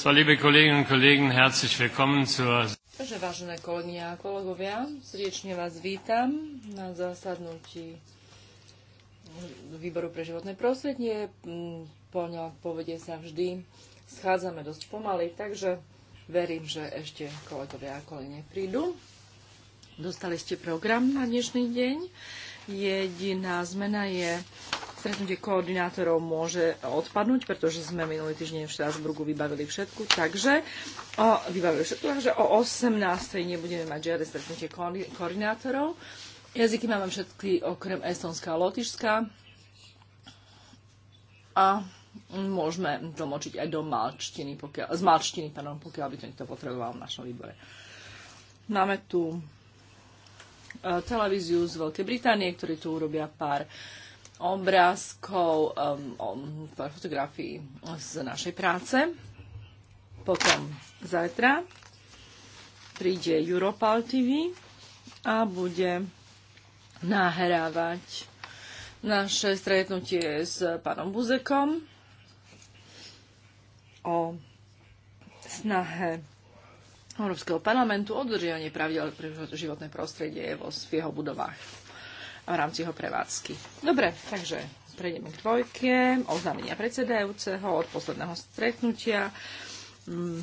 Takže vážené kolegyne a kolegovia, srdečne vás vítam na zasadnutí Výboru pre životné prostredie. Mm, po povede sa vždy schádzame dosť pomaly, takže verím, že ešte kolegovia a kolegyne prídu. Dostali ste program na dnešný deň. Jediná zmena je Stretnutie koordinátorov môže odpadnúť, pretože sme minulý týždeň v Štrásburgu vybavili všetku, takže o, vybavili všetko, takže o 18. nebudeme mať žiadne stretnutie ko koordinátorov. Jazyky máme všetky okrem Estonska a Lotyšska a môžeme tlmočiť aj do malčtiny, pokiaľ, z malčtiny, pardon, pokiaľ by to niekto potreboval v našom výbore. Máme tu e, televíziu z Veľkej Británie, ktorí tu urobia pár obrázkov, um, um, fotografií z našej práce. Potom zajtra príde Europal TV a bude nahrávať naše stretnutie s pánom Buzekom o snahe Európskeho parlamentu o dodržiavanie pravidel pre životné prostredie vo, v jeho budovách v rámci jeho prevádzky. Dobre, takže prejdeme k dvojke, oznámenia predsedajúceho od posledného stretnutia. Mm,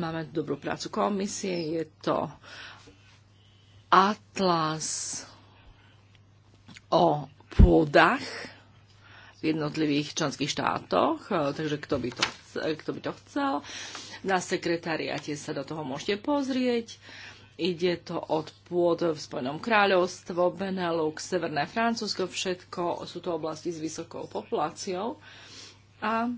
máme dobrú prácu komisie, je to atlas o pôdach v jednotlivých členských štátoch, e, takže kto by to, kto by to chcel. Na sekretariate sa do toho môžete pozrieť. Ide to od pôd v Spojenom kráľovstvo, Benelux, Severné Francúzsko, všetko sú to oblasti s vysokou populáciou. A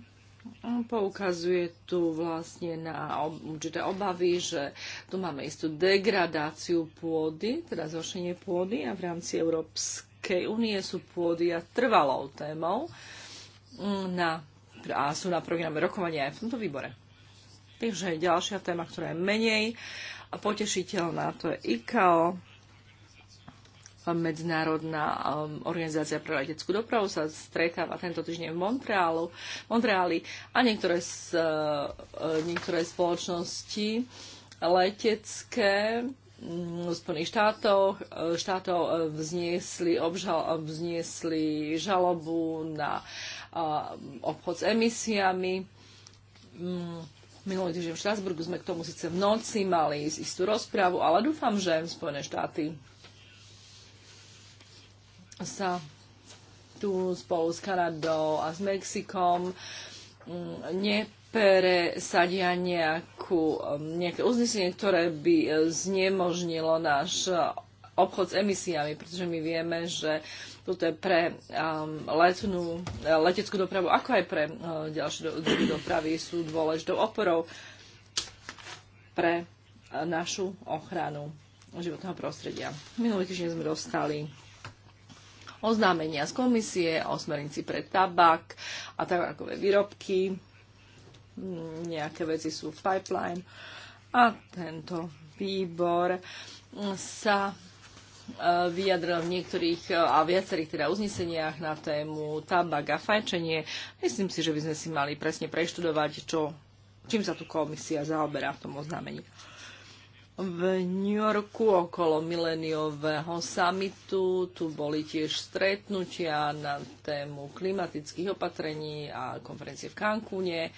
poukazuje tu vlastne na určité obavy, že tu máme istú degradáciu pôdy, teda zhoršenie pôdy a v rámci Európskej únie sú pôdy a trvalou témou na, a sú na programe rokovania aj v tomto výbore. Takže ďalšia téma, ktorá je menej potešiteľná. To je ICAO, Medzinárodná um, organizácia pre leteckú dopravu sa stretáva tento týždeň v Montrealu, Montreali a niektoré, z, e, niektoré spoločnosti letecké mm, v Spojených štátoch, e, štátov e, vzniesli, obžal, vzniesli žalobu na obchod s emisiami mm, Minulý týždeň v Štrasburgu sme k tomu síce v noci mali istú rozprávu, ale dúfam, že Spojené štáty sa tu spolu s Kanadou a s Mexikom mm, nepresadia nejakú, mm, nejaké uznesenie, ktoré by znemožnilo náš obchod s emisiami, pretože my vieme, že toto je pre um, letnú, leteckú dopravu, ako aj pre uh, ďalšie druhy do, dopravy, sú dôležitou oporou pre uh, našu ochranu životného prostredia. Minulý týždeň sme dostali oznámenia z komisie o smernici pre tabak a tabakové výrobky. Mm, nejaké veci sú v pipeline. A tento výbor sa E, vyjadril v niektorých e, a viacerých teda uzneseniach na tému tabak a fajčenie. Myslím si, že by sme si mali presne preštudovať, čo, čím sa tu komisia zaoberá v tom oznámení. V New Yorku okolo mileniového samitu tu boli tiež stretnutia na tému klimatických opatrení a konferencie v Cancúne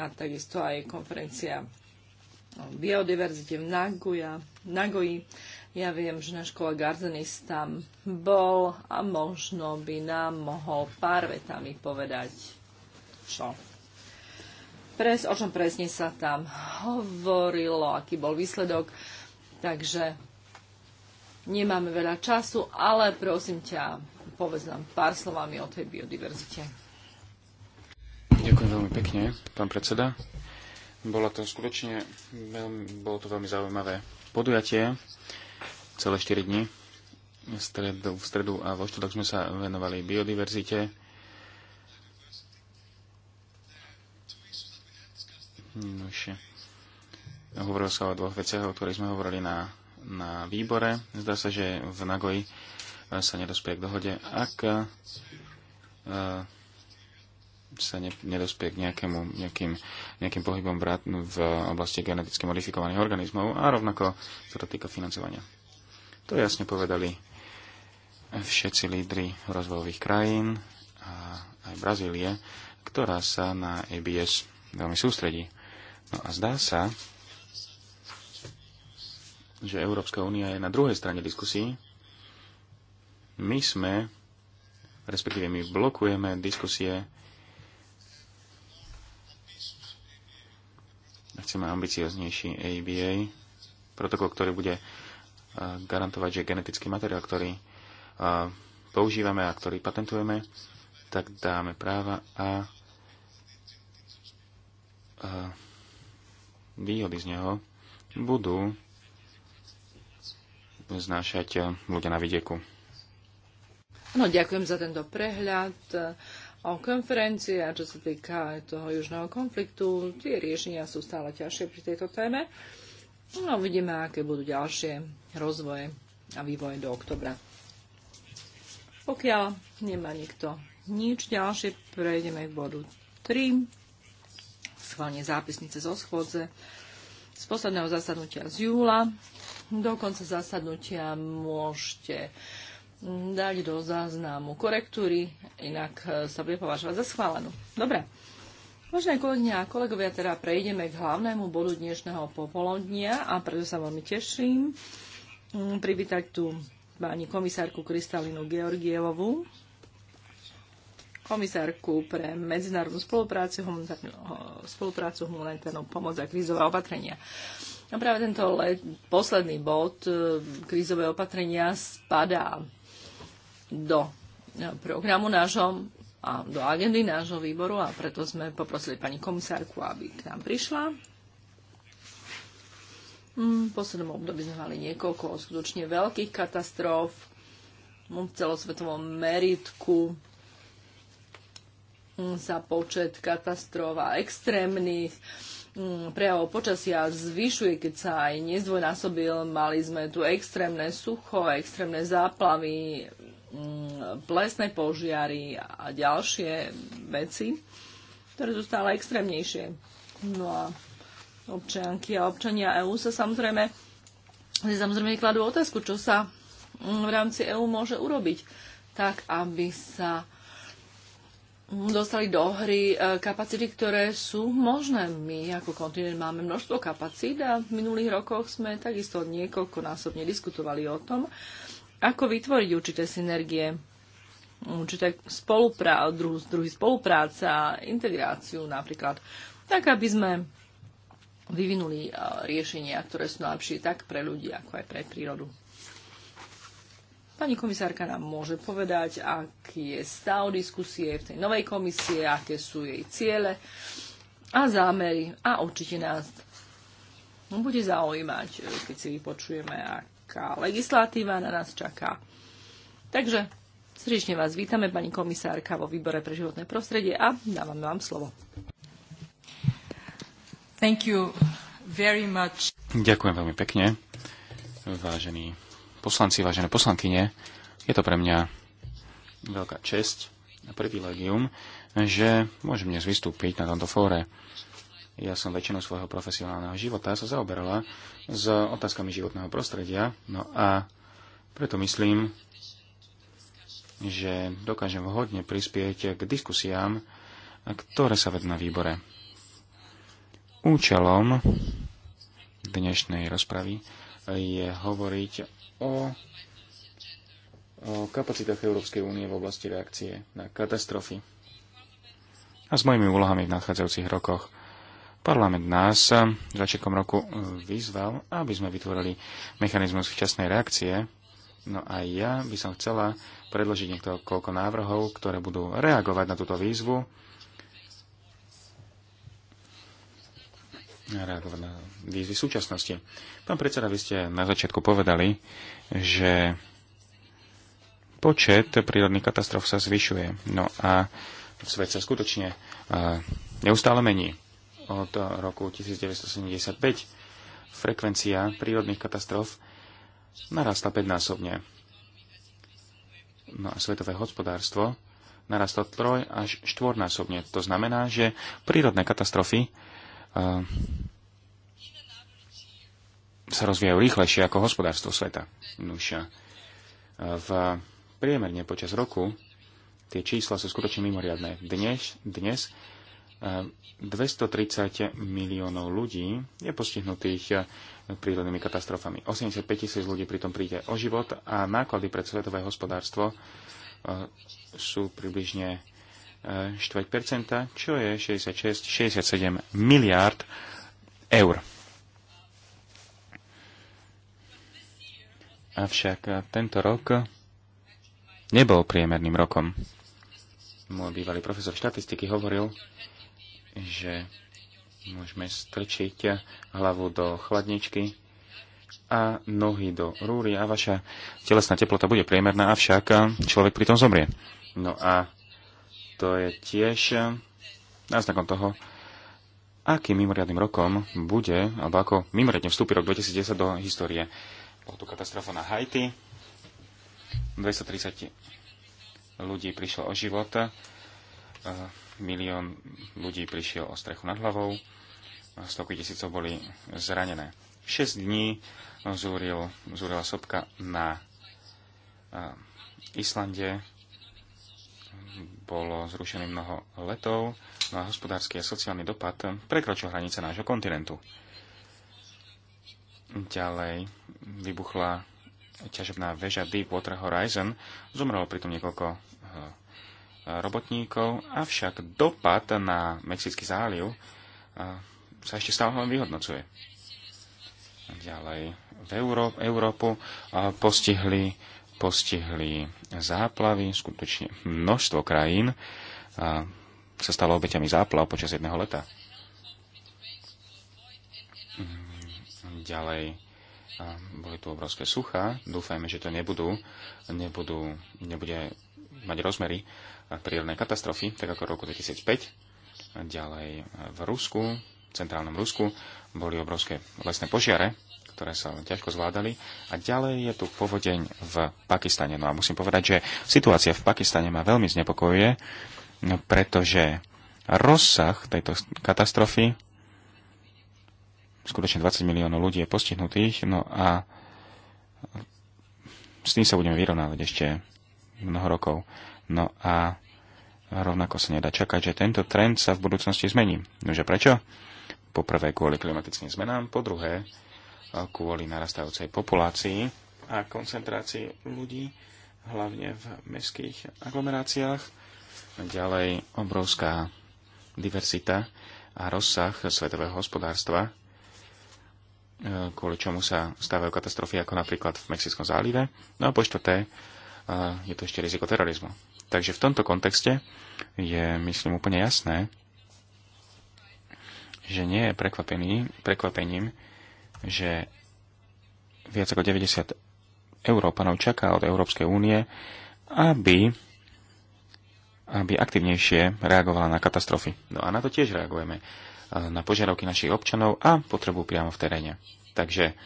a takisto aj konferencia o biodiverzite v Nagoya, Nagoji. Ja viem, že náš kolega Arzenis tam bol a možno by nám mohol pár vetami povedať, čo. Pres, o čom presne sa tam hovorilo, aký bol výsledok. Takže nemáme veľa času, ale prosím ťa, povedz nám pár slovami o tej biodiverzite. Ďakujem veľmi pekne, pán predseda. Bolo to skutočne veľmi, bolo to veľmi zaujímavé podujatie celé 4 dní. V stredu, v stredu a vo štvrtok sme sa venovali biodiverzite. Nož, Hovoril sa o dvoch veciach, o ktorých sme hovorili na, na výbore. Zdá sa, že v Nagoji eh, sa nedospie k dohode, ak eh, sa ne, nedospie k nejakému, nejakým, nejakým pohybom v, v oblasti geneticky modifikovaných organizmov a rovnako sa to týka financovania. To jasne povedali všetci lídry rozvojových krajín a aj Brazílie, ktorá sa na ABS veľmi sústredí. No a zdá sa, že Európska únia je na druhej strane diskusí. My sme, respektíve my blokujeme diskusie, chceme ambicioznejší ABA, protokol, ktorý bude garantovať, že genetický materiál, ktorý používame a ktorý patentujeme, tak dáme práva a výhody z neho budú znášať ľudia na vidieku. No, ďakujem za tento prehľad o konferencii a čo sa týka toho južného konfliktu, tie riešenia sú stále ťažšie pri tejto téme. No uvidíme, aké budú ďalšie rozvoje a vývoje do oktobra. Pokiaľ nemá nikto nič ďalšie, prejdeme k bodu 3. Schválne zápisnice zo schôdze z posledného zasadnutia z júla. Do konca zasadnutia môžete dať do záznamu korektúry, inak sa bude považovať za schválenú. Dobre. Vážené kolegyne a kolegovia, teda prejdeme k hlavnému bodu dnešného popoludnia a preto sa veľmi teším mm, privítať tu pani komisárku Kristalinu Georgievovu, komisárku pre medzinárodnú spoluprácu, spoluprácu humanitárnu pomoc a krízové opatrenia. A práve tento let, posledný bod e, krízové opatrenia spadá do programu nášho do agendy nášho výboru a preto sme poprosili pani komisárku, aby k nám prišla. Mm, v poslednom období sme mali niekoľko skutočne veľkých katastrof v celosvetovom meritku sa mm, počet katastrof a extrémnych mm, prejavov počasia zvyšuje, keď sa aj nezdvojnásobil. Mali sme tu extrémne sucho, extrémne záplavy, Mm, plesné požiary a ďalšie veci, ktoré sú stále extrémnejšie. No a občianky a občania EÚ sa samozrejme, samozrejme kladú otázku, čo sa mm, v rámci EÚ môže urobiť, tak aby sa mm, dostali do hry e, kapacity, ktoré sú možné. My ako kontinent máme množstvo kapacít a v minulých rokoch sme takisto niekoľkonásobne diskutovali o tom, ako vytvoriť určité synergie, určité spoluprá- druh, druhy spolupráce a integráciu napríklad, tak aby sme vyvinuli riešenia, ktoré sú najlepšie tak pre ľudí, ako aj pre prírodu. Pani komisárka nám môže povedať, aký je stav diskusie v tej novej komisie, aké sú jej ciele a zámery. A určite nás bude zaujímať, keď si vypočujeme, ak čaká, legislatíva na nás čaká. Takže srdečne vás vítame, pani komisárka, vo výbore pre životné prostredie a dávame vám slovo. Thank you very much. Ďakujem veľmi pekne, vážení poslanci, vážené poslankyne. Je to pre mňa veľká česť a privilegium, že môžem dnes vystúpiť na tomto fóre ja som väčšinu svojho profesionálneho života sa zaoberala s otázkami životného prostredia. No a preto myslím, že dokážem vhodne prispieť k diskusiám, ktoré sa vedú na výbore. Účelom dnešnej rozpravy je hovoriť o, o kapacitách Európskej únie v oblasti reakcie na katastrofy a s mojimi úlohami v nadchádzajúcich rokoch. Parlament nás začiatkom roku e, vyzval, aby sme vytvorili mechanizmus včasnej reakcie. No a ja by som chcela predložiť niekoľko návrhov, ktoré budú reagovať na túto výzvu. reagovať na výzvy súčasnosti. Pán predseda, vy ste na začiatku povedali, že počet prírodných katastrof sa zvyšuje. No a svet sa skutočne e, neustále mení od roku 1975. Frekvencia prírodných katastrof narastla 5-násobne. No a svetové hospodárstvo narastlo troj až štvornásobne. To znamená, že prírodné katastrofy uh, sa rozvíjajú rýchlejšie ako hospodárstvo sveta. Nuž, eh, v priemerne počas roku tie čísla sú skutočne mimoriadné. Dnes, dnes 230 miliónov ľudí je postihnutých eh, prírodnými katastrofami. 85 tisíc ľudí pritom príde o život a náklady pre svetové hospodárstvo eh, sú približne 4%, eh, čo je 66-67 miliárd eur. Avšak tento rok nebol priemerným rokom. Môj bývalý profesor štatistiky hovoril, že môžeme strčiť hlavu do chladničky a nohy do rúry a vaša telesná teplota bude priemerná, avšak človek pritom zomrie. No a to je tiež náznakom toho, akým mimoriadným rokom bude, alebo ako mimoriadne vstúpi rok 2010 do histórie. Bolo tu katastrofa na Haiti, 230 ľudí prišlo o život, milión ľudí prišiel o strechu nad hlavou, stovky tisícov boli zranené. 6 dní zúril, zúrila sopka na Islande, bolo zrušené mnoho letov, no a hospodársky a sociálny dopad prekročil hranice nášho kontinentu. Ďalej vybuchla ťažobná väža Deepwater Horizon, zomrelo pritom niekoľko robotníkov, avšak dopad na Mexický záliv eh, sa ešte stále len vyhodnocuje. Ďalej, v Euró- Európu eh, postihli, postihli záplavy, skutočne množstvo krajín eh, sa stalo obeťami záplav počas jedného leta. Ďalej, boli tu obrovské sucha. Dúfajme, že to nebudú, nebudú, nebude mať rozmery prírodnej katastrofy, tak ako v roku 2005. Ďalej v Rusku, v centrálnom Rusku, boli obrovské lesné požiare, ktoré sa ťažko zvládali. A ďalej je tu povodeň v Pakistane. No a musím povedať, že situácia v Pakistane ma veľmi znepokojuje, no pretože rozsah tejto katastrofy skutočne 20 miliónov ľudí je postihnutých, no a s tým sa budeme vyrovnávať ešte mnoho rokov. No a rovnako sa nedá čakať, že tento trend sa v budúcnosti zmení. Nože prečo? Po prvé kvôli klimatickým zmenám, po druhé e, kvôli narastajúcej populácii a koncentrácii ľudí, hlavne v mestských aglomeráciách. Ďalej obrovská diversita a rozsah svetového hospodárstva, e, kvôli čomu sa stávajú katastrofy ako napríklad v Mexickom zálive. No a po štvrté, je tu ešte riziko terorizmu. Takže v tomto kontexte je, myslím, úplne jasné, že nie je prekvapený, prekvapením, že viac ako 90 Európanov čaká od Európskej únie, aby, aby aktivnejšie reagovala na katastrofy. No a na to tiež reagujeme. Na požiadavky našich občanov a potrebu priamo v teréne. Takže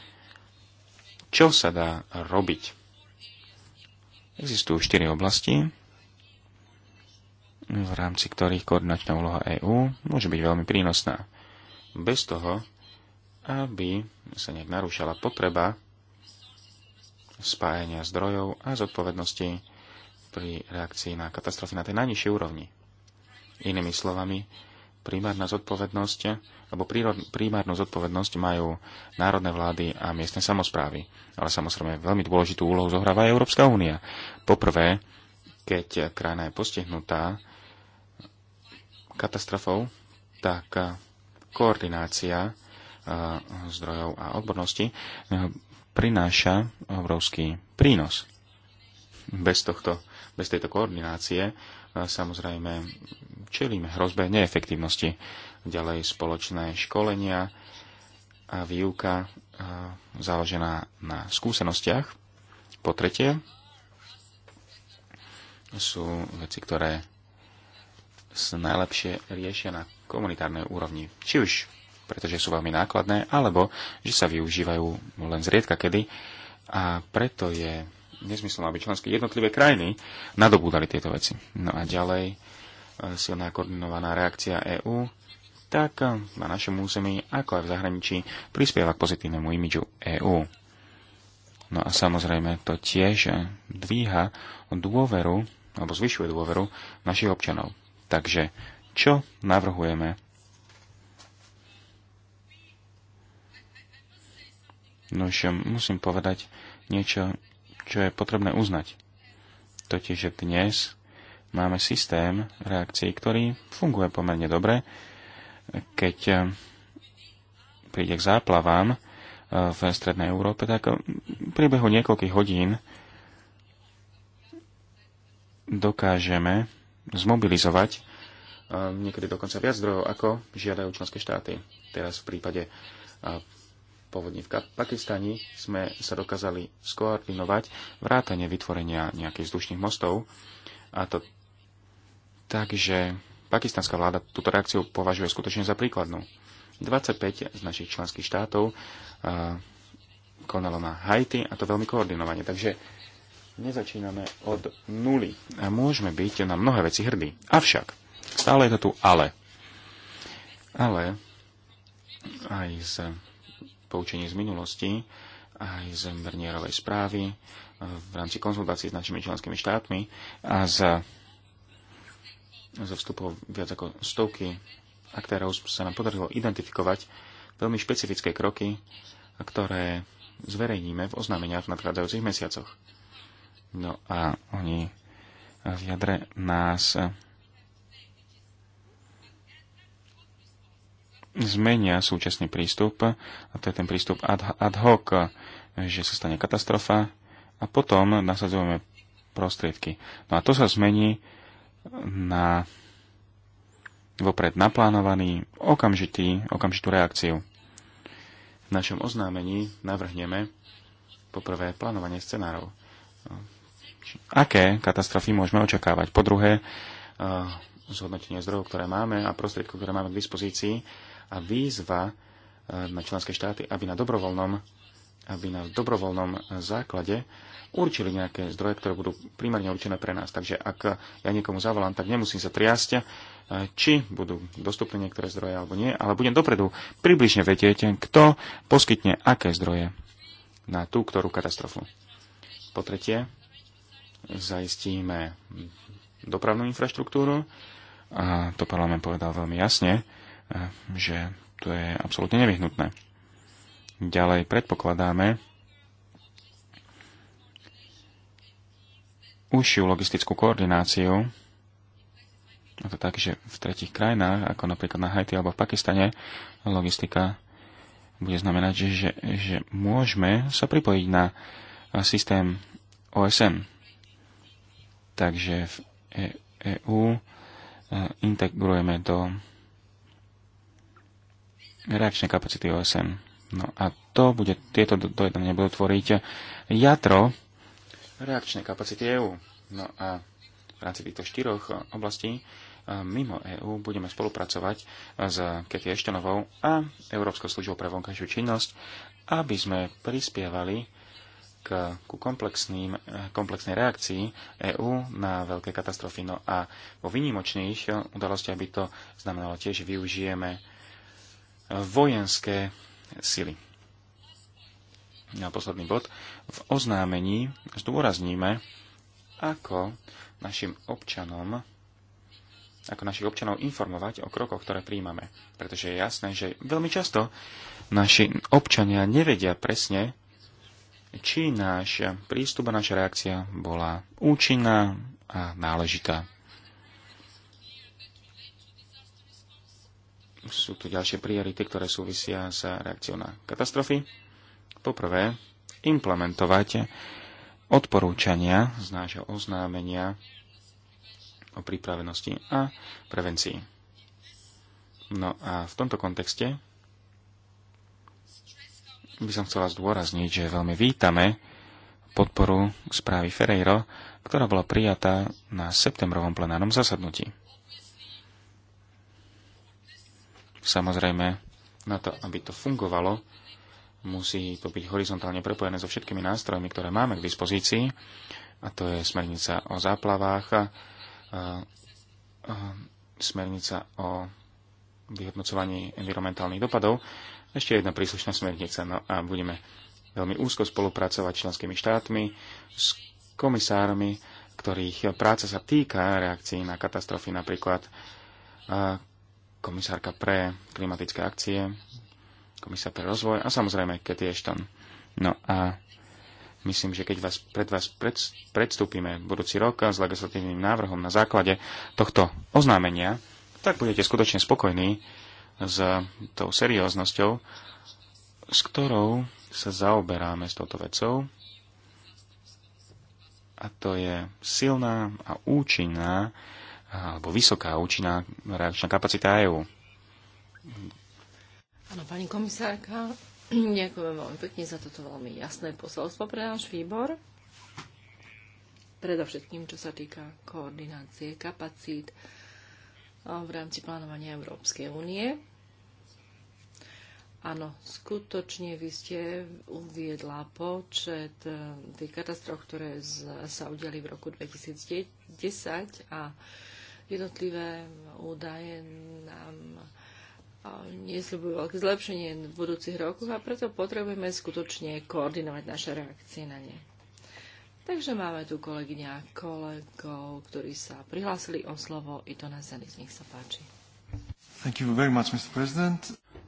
čo sa dá robiť? Existujú štyri oblasti, v rámci ktorých koordinačná úloha EÚ môže byť veľmi prínosná. Bez toho, aby sa nejak narúšala potreba spájania zdrojov a zodpovednosti pri reakcii na katastrofy na tej najnižšej úrovni. Inými slovami, primárna zodpovednosť, alebo primárnu zodpovednosť majú národné vlády a miestne samozprávy. Ale samozrejme veľmi dôležitú úlohu zohráva aj Európska únia. Poprvé, keď krajina je postihnutá katastrofou, tak koordinácia e, zdrojov a odbornosti e, prináša obrovský prínos. Bez, tohto, bez tejto koordinácie e, samozrejme čelíme hrozbe neefektívnosti. Ďalej spoločné školenia a výuka založená na skúsenostiach. Po tretie sú veci, ktoré sú najlepšie riešia na komunitárnej úrovni. Či už pretože sú veľmi nákladné, alebo že sa využívajú len zriedka kedy a preto je nezmyslom, aby členské jednotlivé krajiny nadobúdali tieto veci. No a ďalej silná koordinovaná reakcia EÚ, tak na našom území, ako aj v zahraničí, prispieva k pozitívnemu imidžu EÚ. No a samozrejme to tiež dvíha dôveru, alebo zvyšuje dôveru našich občanov. Takže čo navrhujeme? No už musím povedať niečo, čo je potrebné uznať. Totiž, že dnes máme systém reakcií, ktorý funguje pomerne dobre. Keď eh, príde k záplavám eh, v strednej Európe, tak eh, v priebehu niekoľkých hodín dokážeme zmobilizovať niekedy dokonca viac zdrojov, ako žiadajú členské štáty. Teraz v prípade povodní v Pakistani sme sa dokázali skoordinovať vrátane vytvorenia nejakých vzdušných mostov a to Takže pakistanská vláda túto reakciu považuje skutočne za príkladnú. 25 z našich členských štátov konalo na Haiti a to veľmi koordinovane. Takže nezačíname od nuly a môžeme byť na mnohé veci hrdí. Avšak, stále je to tu ale. Ale aj z poučení z minulosti, aj z mernierovej správy, v rámci konzultácií s našimi členskými štátmi a z zo vstupov viac ako stovky aktérov sa nám podarilo identifikovať veľmi špecifické kroky, ktoré zverejníme v oznámeniach v nadchádzajúcich mesiacoch. No a oni v jadre nás zmenia súčasný prístup, a to je ten prístup ad, ad hoc, že sa stane katastrofa a potom nasadzujeme prostriedky. No a to sa zmení na vopred naplánovaný okamžitý, okamžitú reakciu. V našom oznámení navrhneme poprvé plánovanie scenárov. Aké katastrofy môžeme očakávať? Po druhé, eh, zhodnotenie zdrojov, ktoré máme a prostriedkov, ktoré máme k dispozícii a výzva eh, na členské štáty, aby na dobrovoľnom, aby na dobrovoľnom eh, základe určili nejaké zdroje, ktoré budú primárne určené pre nás. Takže ak ja niekomu zavolám, tak nemusím sa triasť, eh, či budú dostupné niektoré zdroje alebo nie, ale budem dopredu približne vedieť, kto poskytne aké zdroje na tú ktorú katastrofu. Po tretie, zaistíme dopravnú infraštruktúru. A to parlament povedal veľmi jasne, eh, že to je absolútne nevyhnutné. Ďalej predpokladáme, užšiu logistickú koordináciu, a to tak, že v tretich krajinách, ako napríklad na Haiti alebo v Pakistane, logistika bude znamenať, že, že, že môžeme sa pripojiť na systém OSN. Takže v EU e e, integrujeme do reakčné kapacity OSN. No a to bude, tieto dojednania budú tvoriť jatro reakčné kapacity EÚ. No a v rámci týchto štyroch oblastí mimo EÚ budeme spolupracovať s Kety Eštenovou a Európskou službou pre vonkajšiu činnosť, aby sme prispievali k, ku komplexným, komplexnej reakcii EÚ na veľké katastrofy. No a vo výnimočných udalostiach by to znamenalo tiež, že využijeme vojenské sily na posledný bod, v oznámení zdôrazníme, ako našim občanom ako našich občanov informovať o krokoch, ktoré príjmame. Pretože je jasné, že veľmi často naši občania nevedia presne, či náš prístup a naša reakcia bola účinná a náležitá. Sú tu ďalšie priority, ktoré súvisia s reakciou na katastrofy Poprvé, implementovať odporúčania z nášho oznámenia o pripravenosti a prevencii. No a v tomto kontexte by som chcela zdôrazniť, že veľmi vítame podporu správy Ferreiro, ktorá bola prijatá na septembrovom plenárnom zasadnutí. Samozrejme, na to, aby to fungovalo, Musí to byť horizontálne prepojené so všetkými nástrojmi, ktoré máme k dispozícii, a to je smernica o záplavách, a, a, smernica o vyhodnocovaní environmentálnych dopadov, ešte jedna príslušná smernica. No a budeme veľmi úzko spolupracovať s členskými štátmi, s komisármi, ktorých práca sa týka reakcií na katastrofy, napríklad komisárka pre klimatické akcie, komisia pre rozvoj a samozrejme Katie Ashton. No a myslím, že keď vás, pred vás pred, predstúpime budúci rok s legislatívnym návrhom na základe tohto oznámenia, tak budete skutočne spokojní s tou serióznosťou, s ktorou sa zaoberáme s touto vecou. A to je silná a účinná, alebo vysoká účinná reakčná kapacita EU. Áno, pani komisárka, ďakujem veľmi pekne za toto veľmi jasné posolstvo pre náš výbor. Predovšetkým, čo sa týka koordinácie kapacít v rámci plánovania Európskej únie. Áno, skutočne vy ste uviedla počet e, tých katastrof, ktoré z, sa udiali v roku 2010 a jednotlivé údaje nám nesľubujú veľké zlepšenie v budúcich rokoch a preto potrebujeme skutočne koordinovať naše reakcie na ne. Takže máme tu kolegyňa a kolegov, ktorí sa prihlásili o slovo. I to na Zelis, nech sa páči. Thank you very much, Mr. President.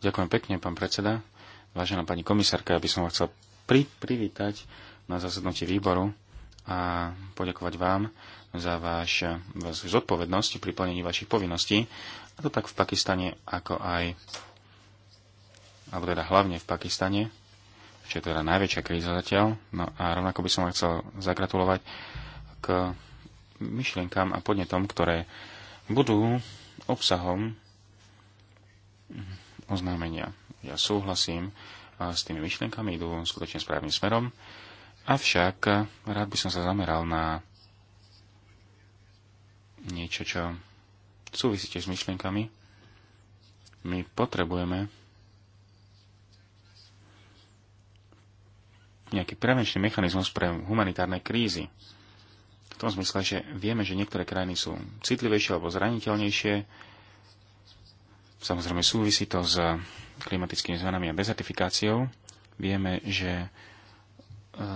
Ďakujem pekne, pán predseda. Vážená pani komisárka, ja by som vás chcel pri, privítať na zasadnutí výboru a poďakovať vám za váš, zodpovednosť pri plnení vašich povinností a to tak v Pakistane, ako aj, alebo teda hlavne v Pakistane, čo je teda najväčšia kríza zatiaľ. No a rovnako by som vám chcel zagratulovať k myšlienkám a podnetom, ktoré budú obsahom oznámenia. Ja súhlasím s tými myšlienkami, idú skutočne správnym smerom, avšak rád by som sa zameral na niečo, čo súvisí tiež s myšlienkami. My potrebujeme nejaký prevenčný mechanizmus pre humanitárne krízy. V tom zmysle, že vieme, že niektoré krajiny sú citlivejšie alebo zraniteľnejšie. Samozrejme súvisí to s klimatickými zmenami a bezertifikáciou. Vieme, že e,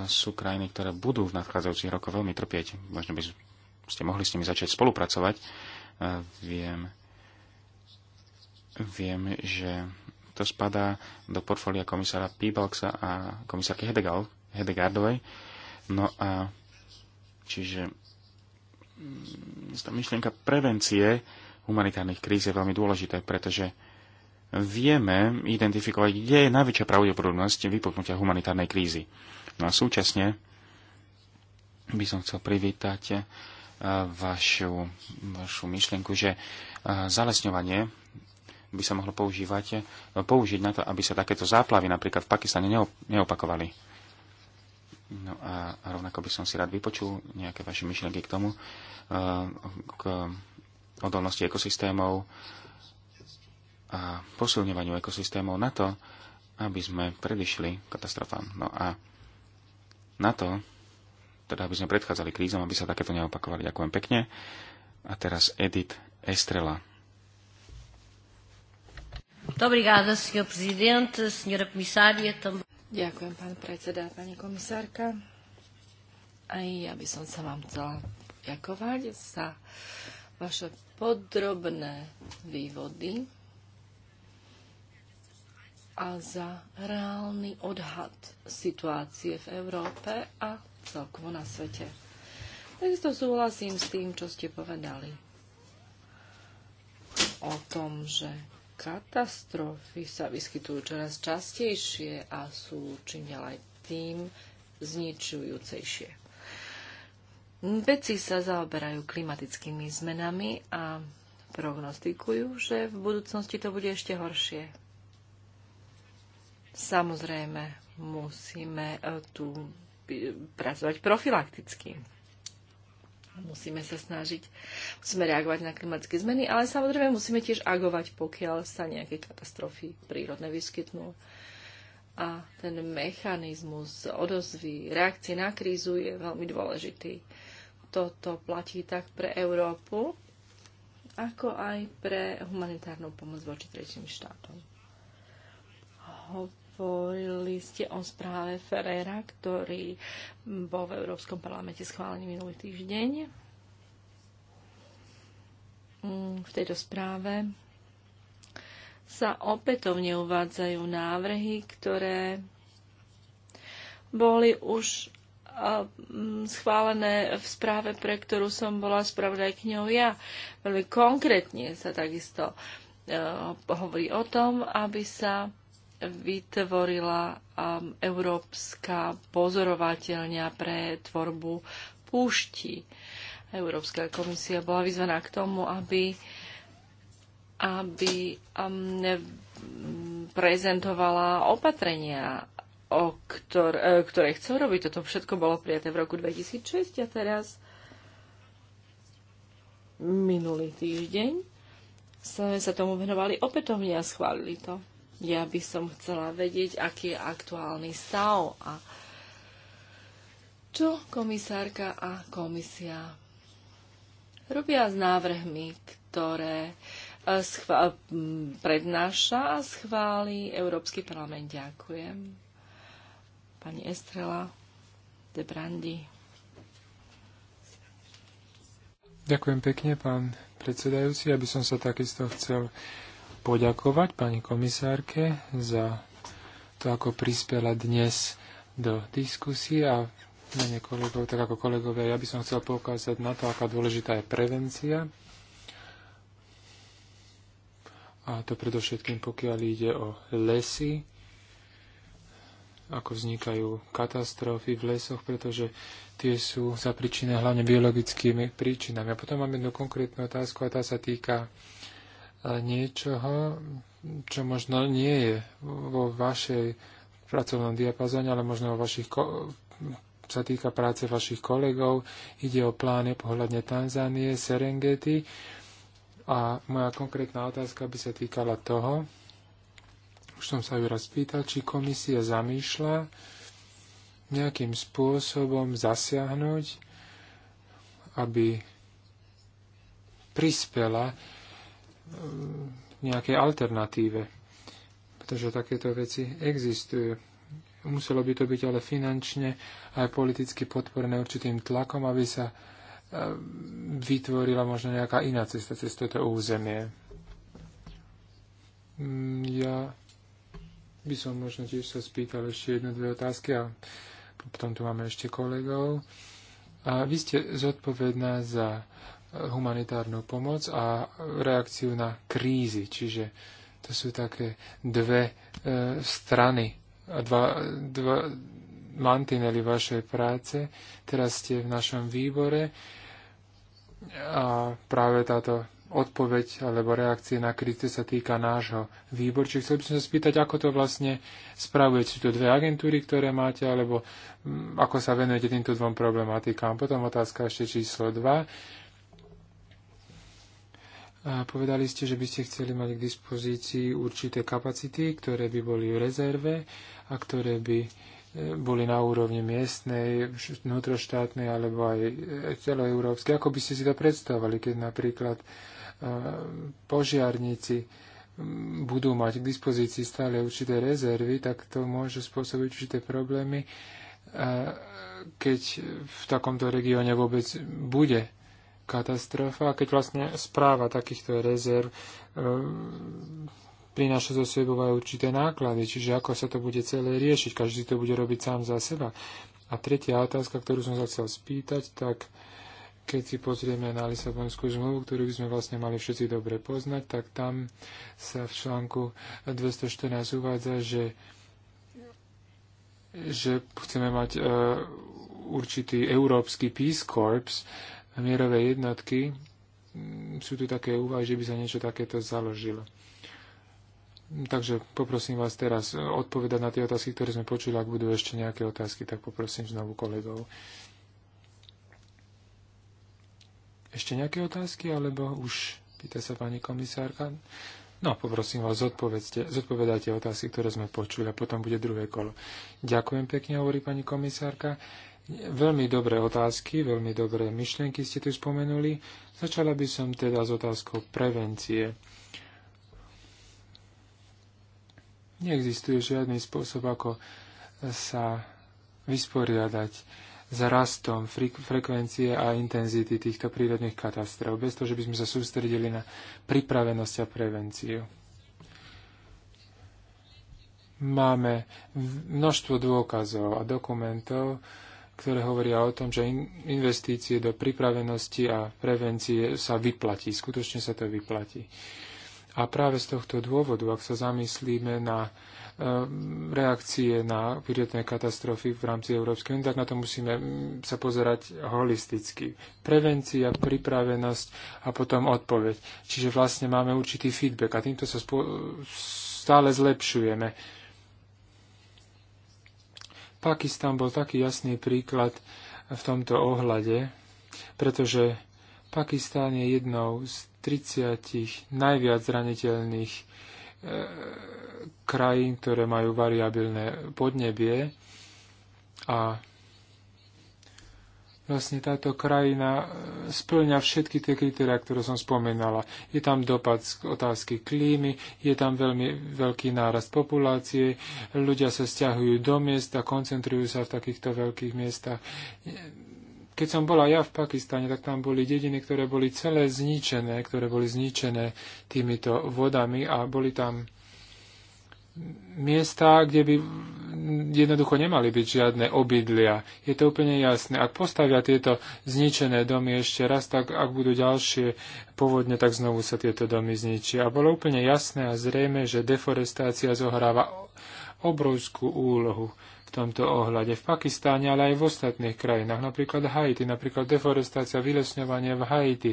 sú krajiny, ktoré budú v nadchádzajúcich rokoch veľmi trpieť. Možno by ste mohli s nimi začať spolupracovať Viem, viem, že to spadá do portfólia komisára Pibalksa a komisárky Hedegal, Hedegardovej. No a čiže mm, tá myšlienka prevencie humanitárnych kríz je veľmi dôležité, pretože vieme identifikovať, kde je najväčšia pravdepodobnosť vypuknutia humanitárnej krízy. No a súčasne by som chcel privítať vašu, vašu myšlienku, že zalesňovanie by sa mohlo používať, e, použiť na to, aby sa takéto záplavy napríklad v Pakistane neopakovali. No a rovnako by som si rád vypočul nejaké vaše myšlienky k tomu, e, k odolnosti ekosystémov a posilňovaniu ekosystémov na to, aby sme predišli katastrofám. No a na to teda aby sme predchádzali krízom, aby sa takéto neopakovali. Ďakujem pekne. A teraz Edith Estrela. Ďakujem, pán predseda, pani komisárka. Aj ja by som sa vám chcela ďakovať za vaše podrobné vývody a za reálny odhad situácie v Európe a celkovo na svete. Takisto súhlasím s tým, čo ste povedali o tom, že katastrofy sa vyskytujú čoraz častejšie a sú čím ďalej tým zničujúcejšie. Veci sa zaoberajú klimatickými zmenami a prognostikujú, že v budúcnosti to bude ešte horšie. Samozrejme, musíme eh, tu pracovať profilakticky. Musíme sa snažiť, musíme reagovať na klimatické zmeny, ale samozrejme musíme tiež agovať, pokiaľ sa nejaké katastrofy prírodne vyskytnú. A ten mechanizmus odozvy, reakcie na krízu je veľmi dôležitý. Toto platí tak pre Európu, ako aj pre humanitárnu pomoc voči tretím štátom hovorili ste o správe Ferrera, ktorý bol v Európskom parlamente schválený minulý týždeň. Mm, v tejto správe sa opätovne uvádzajú návrhy, ktoré boli už mm, schválené v správe, pre ktorú som bola spravodajkňou ja. Veľmi konkrétne sa takisto e, hovorí o tom, aby sa vytvorila um, Európska pozorovateľňa pre tvorbu púšti. Európska komisia bola vyzvaná k tomu, aby, aby um, ne, prezentovala opatrenia, o ktor, e, ktoré chce robiť. Toto všetko bolo prijaté v roku 2006 a teraz minulý týždeň sme sa tomu venovali opätovne a schválili to. Ja by som chcela vedieť, aký je aktuálny stav a čo komisárka a komisia robia s návrhmi, ktoré eh, prednáša a schváli Európsky parlament. Ďakujem. Pani Estrela de Brandy. Ďakujem pekne, pán predsedajúci. Ja by som sa takisto chcel poďakovať pani komisárke za to, ako prispela dnes do diskusie a mene kolegov, tak ako kolegovia, ja by som chcel poukázať na to, aká dôležitá je prevencia. A to predovšetkým, pokiaľ ide o lesy, ako vznikajú katastrofy v lesoch, pretože tie sú zapričinené hlavne biologickými príčinami. A potom mám jednu konkrétnu otázku a tá sa týka niečoho, čo možno nie je vo vašej pracovnom diapazone, ale možno vo vašich sa týka práce vašich kolegov, ide o plány pohľadne Tanzánie, Serengeti. A moja konkrétna otázka by sa týkala toho, už som sa ju raz pýtal, či komisia zamýšľa nejakým spôsobom zasiahnuť, aby prispela nejakej alternatíve, pretože takéto veci existujú. Muselo by to byť ale finančne aj politicky podporené určitým tlakom, aby sa e, vytvorila možno nejaká iná cesta cez toto územie. Mm, ja by som možno tiež sa spýtal ešte jednu, dve otázky a potom tu máme ešte kolegov. A vy ste zodpovedná za humanitárnu pomoc a reakciu na krízy. Čiže to sú také dve e, strany a dva, dva mantinely vašej práce. Teraz ste v našom výbore a práve táto odpoveď alebo reakcie na kríze sa týka nášho výboru. Čiže chcel by som sa spýtať, ako to vlastne spravujete. Sú to dve agentúry, ktoré máte, alebo mm, ako sa venujete týmto dvom problematikám. Potom otázka ešte číslo 2 a povedali ste, že by ste chceli mať k dispozícii určité kapacity, ktoré by boli v rezerve a ktoré by e, boli na úrovni miestnej, vnútroštátnej alebo aj e, celoeurópskej. Ako by ste si to predstavovali, keď napríklad e, požiarníci budú mať k dispozícii stále určité rezervy, tak to môže spôsobiť určité problémy, keď v takomto regióne vôbec bude katastrofa, keď vlastne správa takýchto rezerv e, prináša zo sebou aj určité náklady, čiže ako sa to bude celé riešiť, každý to bude robiť sám za seba. A tretia otázka, ktorú som sa chcel spýtať, tak keď si pozrieme na Lisabonskú zmluvu, ktorú by sme vlastne mali všetci dobre poznať, tak tam sa v článku 214 uvádza, že, že chceme mať uh, určitý európsky Peace Corps, mierové jednotky, mm, sú tu také úvahy, že by sa niečo takéto založilo. Takže poprosím vás teraz odpovedať na tie otázky, ktoré sme počuli. Ak budú ešte nejaké otázky, tak poprosím znovu kolegov. Ešte nejaké otázky, alebo už pýta sa pani komisárka? No, poprosím vás, zodpovedajte otázky, ktoré sme počuli a potom bude druhé kolo. Ďakujem pekne, hovorí pani komisárka. Veľmi dobré otázky, veľmi dobré myšlienky ste tu spomenuli. Začala by som teda s otázkou prevencie. Neexistuje žiadny spôsob, ako sa vysporiadať s rastom frekvencie a intenzity týchto prírodných katastrof, bez toho, že by sme sa sústredili na pripravenosť a prevenciu. Máme množstvo dôkazov a dokumentov, ktoré hovoria o tom, že investície do pripravenosti a prevencie sa vyplatí, skutočne sa to vyplatí. A práve z tohto dôvodu, ak sa zamyslíme na ehm, reakcie na prírodné katastrofy v rámci Európskej únie, tak na to musíme mm, sa pozerať holisticky. Prevencia, pripravenosť a potom odpoveď. Čiže vlastne máme určitý feedback a týmto sa stále zlepšujeme Pakistan bol taký jasný príklad v tomto ohľade, pretože Pakistán je jednou z 30 najviac zraniteľných e, krajín, ktoré majú variabilné podnebie a vlastne táto krajina e, splňa všetky tie kritéria, ktoré som spomenala. Je tam dopad z otázky klímy, je tam veľmi veľký nárast populácie, ľudia sa stiahujú do miest a koncentrujú sa v takýchto veľkých miestach. Keď som bola ja v Pakistane, tak tam boli dediny, ktoré boli celé zničené, ktoré boli zničené týmito vodami a boli tam miesta, kde by jednoducho nemali byť žiadne obydlia. Je to úplne jasné. Ak postavia tieto zničené domy ešte raz, tak ak budú ďalšie povodne, tak znovu sa tieto domy zničia. A bolo úplne jasné a zrejme, že deforestácia zohráva obrovskú úlohu v tomto ohľade. V Pakistáne, ale aj v ostatných krajinách, napríklad Haiti, napríklad deforestácia, vylesňovanie v Haiti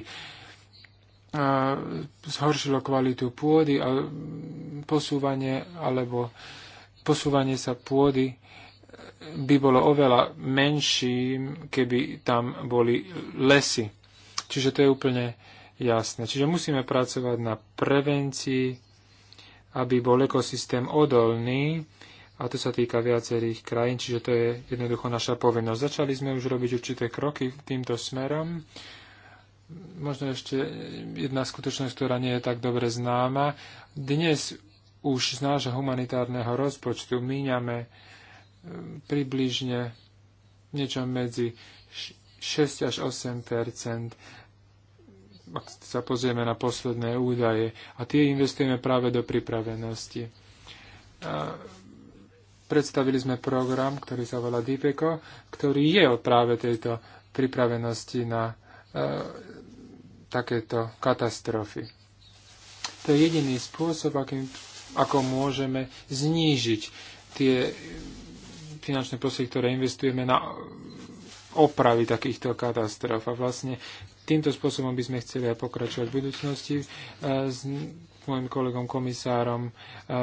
zhoršilo kvalitu pôdy a posúvanie alebo posúvanie sa pôdy by bolo oveľa menším, keby tam boli lesy. Čiže to je úplne jasné. Čiže musíme pracovať na prevencii, aby bol ekosystém odolný a to sa týka viacerých krajín, čiže to je jednoducho naša povinnosť. Začali sme už robiť určité kroky týmto smerom možno ešte jedna skutočnosť, ktorá nie je tak dobre známa. Dnes už z nášho humanitárneho rozpočtu míňame e, približne niečo medzi 6 až 8 ak sa pozrieme na posledné údaje. A tie investujeme práve do pripravenosti. A predstavili sme program, ktorý sa volá DIPECO, ktorý je o práve tejto pripravenosti na e, takéto katastrofy. To je jediný spôsob, akým, ako môžeme znížiť tie finančné prostriedky, ktoré investujeme na opravy takýchto katastrof. A vlastne týmto spôsobom by sme chceli aj pokračovať v budúcnosti. E, s môjim kolegom komisárom e,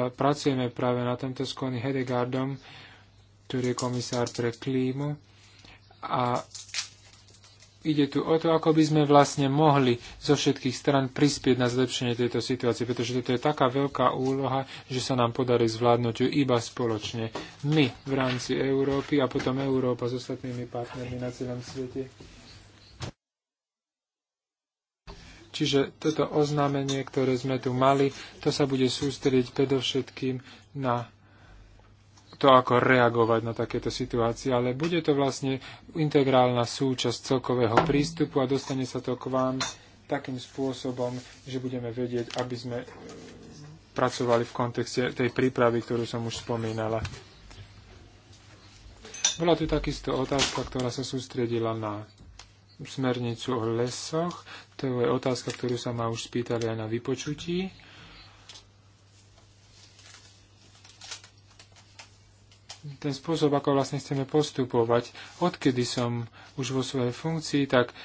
pracujeme práve na tomto s Kony Hedegardom, ktorý je komisár pre klímu. A ide tu o to, ako by sme vlastne mohli zo všetkých stran prispieť na zlepšenie tejto situácie, pretože toto je taká veľká úloha, že sa nám podarí zvládnuť ju iba spoločne. My v rámci Európy a potom Európa s ostatnými partnermi na celom svete. Čiže toto oznámenie, ktoré sme tu mali, to sa bude sústrediť predovšetkým na to, ako reagovať na takéto situácie, ale bude to vlastne integrálna súčasť celkového prístupu a dostane sa to k vám takým spôsobom, že budeme vedieť, aby sme e, pracovali v kontexte tej prípravy, ktorú som už spomínala. Bola tu takisto otázka, ktorá sa sústredila na smernicu o lesoch. To je otázka, ktorú sa ma už spýtali aj na vypočutí ten spôsob, ako vlastne chceme postupovať. Odkedy som už vo svojej funkcii, tak e,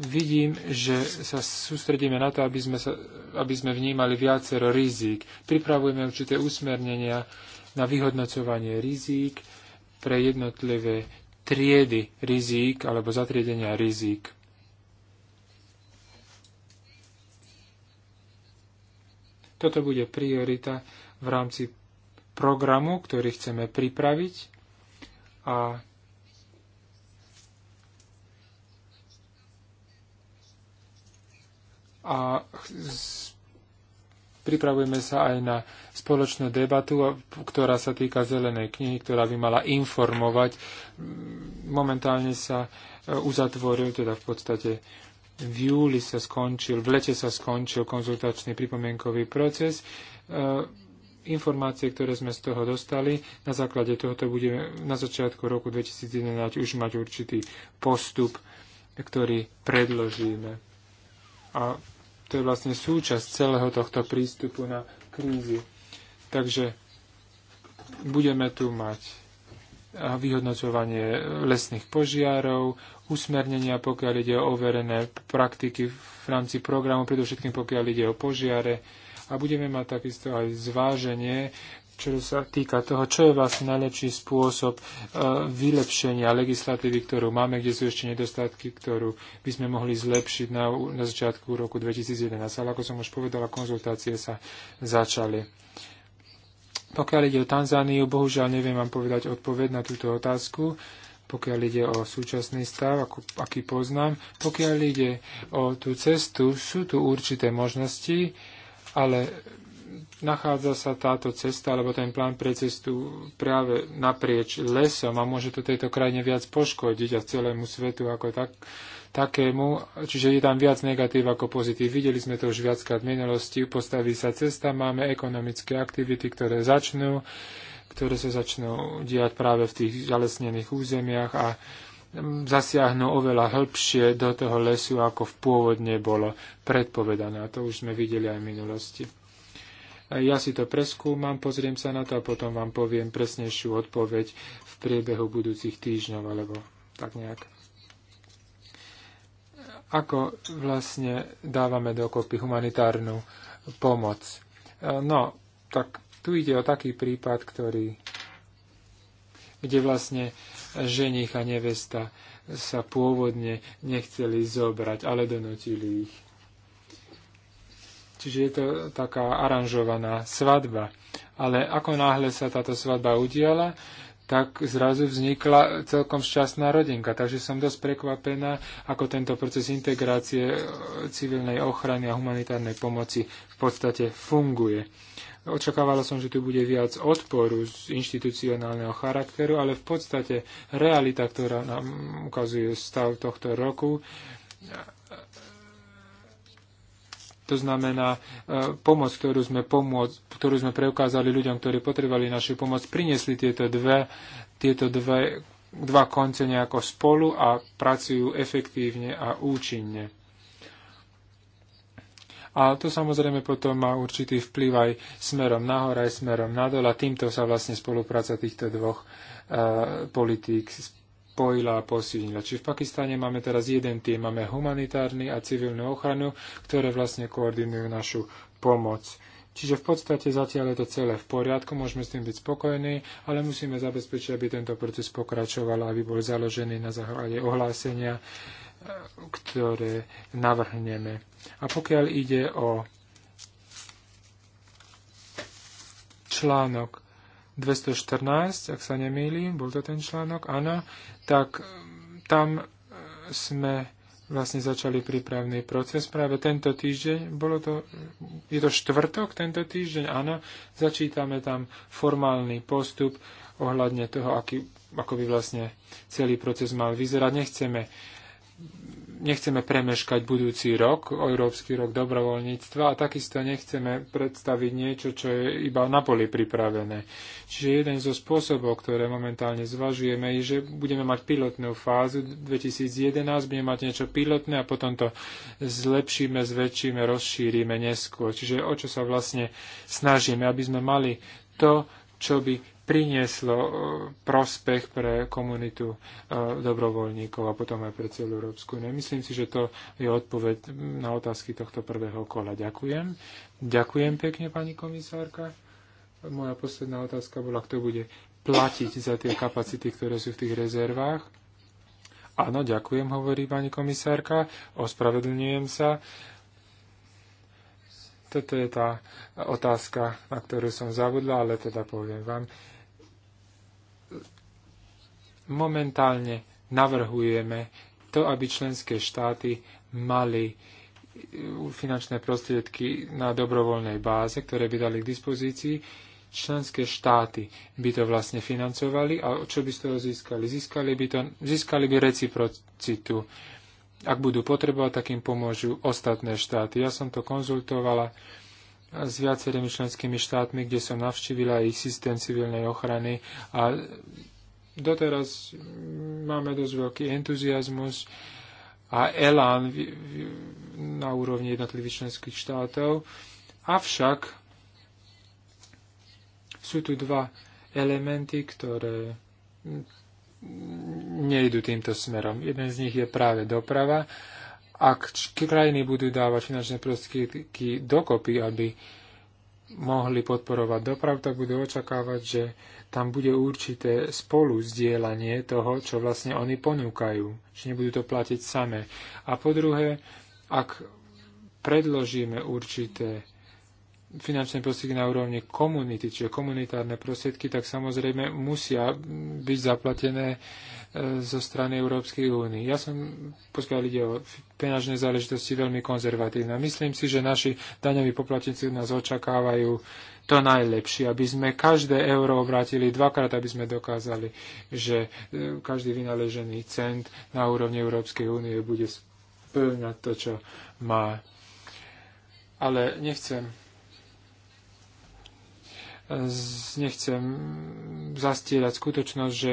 vidím, že sa sústredíme na to, aby sme, sa, aby sme vnímali viacero rizík. Pripravujeme určité usmernenia na vyhodnocovanie rizík pre jednotlivé triedy rizík alebo zatriedenia rizík. Toto bude priorita v rámci programu, ktorý chceme pripraviť a a pripravujeme sa aj na spoločnú debatu, ktorá sa týka zelenej knihy, ktorá by mala informovať. Momentálne sa e, uzatvoril, teda v podstate v júli sa skončil, v lete sa skončil konzultačný pripomienkový proces. E, informácie, ktoré sme z toho dostali, na základe tohoto budeme na začiatku roku 2011 už mať určitý postup, ktorý predložíme. A to je vlastne súčasť celého tohto prístupu na krízy. Takže budeme tu mať vyhodnocovanie lesných požiarov, usmernenia, pokiaľ ide o overené praktiky v rámci programu, predovšetkým pokiaľ ide o požiare, a budeme mať takisto aj zváženie, čo sa týka toho, čo je vlastne najlepší spôsob e, vylepšenia legislatívy, ktorú máme, kde sú ešte nedostatky, ktorú by sme mohli zlepšiť na, na začiatku roku 2011. Ale ako som už povedala, konzultácie sa začali. Pokiaľ ide o Tanzániu, bohužiaľ neviem vám povedať odpoveď na túto otázku, pokiaľ ide o súčasný stav, ako, aký poznám. Pokiaľ ide o tú cestu, sú tu určité možnosti, ale nachádza sa táto cesta, alebo ten plán pre cestu práve naprieč lesom a môže to tejto krajine viac poškodiť a celému svetu ako tak, takému. Čiže je tam viac negatív ako pozitív. Videli sme to už viackrát v minulosti. Postaví sa cesta, máme ekonomické aktivity, ktoré začnú, ktoré sa začnú diať práve v tých zalesnených územiach a zasiahnu oveľa hĺbšie do toho lesu, ako v pôvodne bolo predpovedané. A to už sme videli aj v minulosti. Ja si to preskúmam, pozriem sa na to a potom vám poviem presnejšiu odpoveď v priebehu budúcich týždňov alebo tak nejak. Ako vlastne dávame dokopy humanitárnu pomoc? E, no, tak tu ide o taký prípad, ktorý kde vlastne ženich a nevesta sa pôvodne nechceli zobrať, ale donotili ich. Čiže je to taká aranžovaná svadba. Ale ako náhle sa táto svadba udiala, tak zrazu vznikla celkom šťastná rodinka. Takže som dosť prekvapená, ako tento proces integrácie eh, civilnej ochrany a humanitárnej pomoci v podstate funguje. Očakávala som, že tu bude viac odporu z inštitucionálneho charakteru, ale v podstate realita, ktorá nám ukazuje stav tohto roku, to znamená, e, pomoc, ktorú sme, pomoc, ktorú sme preukázali ľuďom, ktorí potrebovali našu pomoc, priniesli tieto dve, tieto dve, dva konce nejako spolu a pracujú efektívne a účinne. A to samozrejme potom má určitý vplyv aj smerom nahor, aj smerom nadol a týmto sa vlastne spolupráca týchto dvoch e, politík spojila a posilnila. Čiže v Pakistane máme teraz jeden tým, máme humanitárny a civilnú ochranu, ktoré vlastne koordinujú našu pomoc. Čiže v podstate zatiaľ je to celé v poriadku, môžeme s tým byť spokojní, ale musíme zabezpečiť, aby tento proces pokračoval, aby bol založený na základe ohlásenia ktoré navrhneme. A pokiaľ ide o článok 214, ak sa nemýlim, bol to ten článok, áno, tak mm, tam e, sme vlastne začali prípravný proces. Práve tento týždeň, bolo to, je to štvrtok tento týždeň, áno, začítame tam formálny postup ohľadne toho, aký, ako by vlastne celý proces mal vyzerať. Nechceme nechceme premeškať budúci rok, Európsky rok dobrovoľníctva a takisto nechceme predstaviť niečo, čo je iba na poli pripravené. Čiže jeden zo spôsobov, ktoré momentálne zvažujeme, je, že budeme mať pilotnú fázu 2011, budeme mať niečo pilotné a potom to zlepšíme, zväčšíme, rozšírime neskôr. Čiže o čo sa vlastne snažíme, aby sme mali to, čo by prinieslo e, prospech pre komunitu e, dobrovoľníkov a potom aj pre celú Európsku Myslím si, že to je odpoveď na otázky tohto prvého kola. Ďakujem. Ďakujem pekne, pani komisárka. Moja posledná otázka bola, kto bude platiť za tie kapacity, ktoré sú v tých rezervách. Áno, ďakujem, hovorí pani komisárka. Ospravedlňujem sa. Uh, toto je tá otázka, na ktorú som zavudla, ale teda poviem vám. Momentálne navrhujeme to, aby členské štáty mali e, finančné prostriedky na dobrovoľnej báze, ktoré by dali k dispozícii. Členské štáty by to vlastne financovali a čo by z toho získali? Získali by, to, získali by reciprocitu. Uh, ak budú potrebovať, tak im pomôžu ostatné štáty. Ja som to konzultovala s viacerými členskými štátmi, kde som navštívila ich systém civilnej ochrany a doteraz máme dosť veľký entuziasmus a elán na úrovni jednotlivých členských štátov. Avšak sú tu dva elementy, ktoré nejdu týmto smerom. Jeden z nich je práve doprava. Ak krajiny budú dávať finančné prostriedky dokopy, aby mohli podporovať dopravu, tak budú očakávať, že tam bude určité spolu zdieľanie toho, čo vlastne oni ponúkajú. Či nebudú to platiť samé. A po druhé, ak predložíme určité finančné prostriedky na úrovni komunity, čiže komunitárne prostriedky, tak samozrejme musia byť zaplatené e, zo strany Európskej únie. Ja som, pokiaľ ide o peňažné záležitosti, veľmi konzervatívna. Myslím si, že naši daňoví poplatníci nás očakávajú to najlepšie, aby sme každé euro obrátili dvakrát, aby sme dokázali, že e, každý vynaležený cent na úrovni Európskej únie bude splňať to, čo má. Ale nechcem nechcem zastierať skutočnosť, že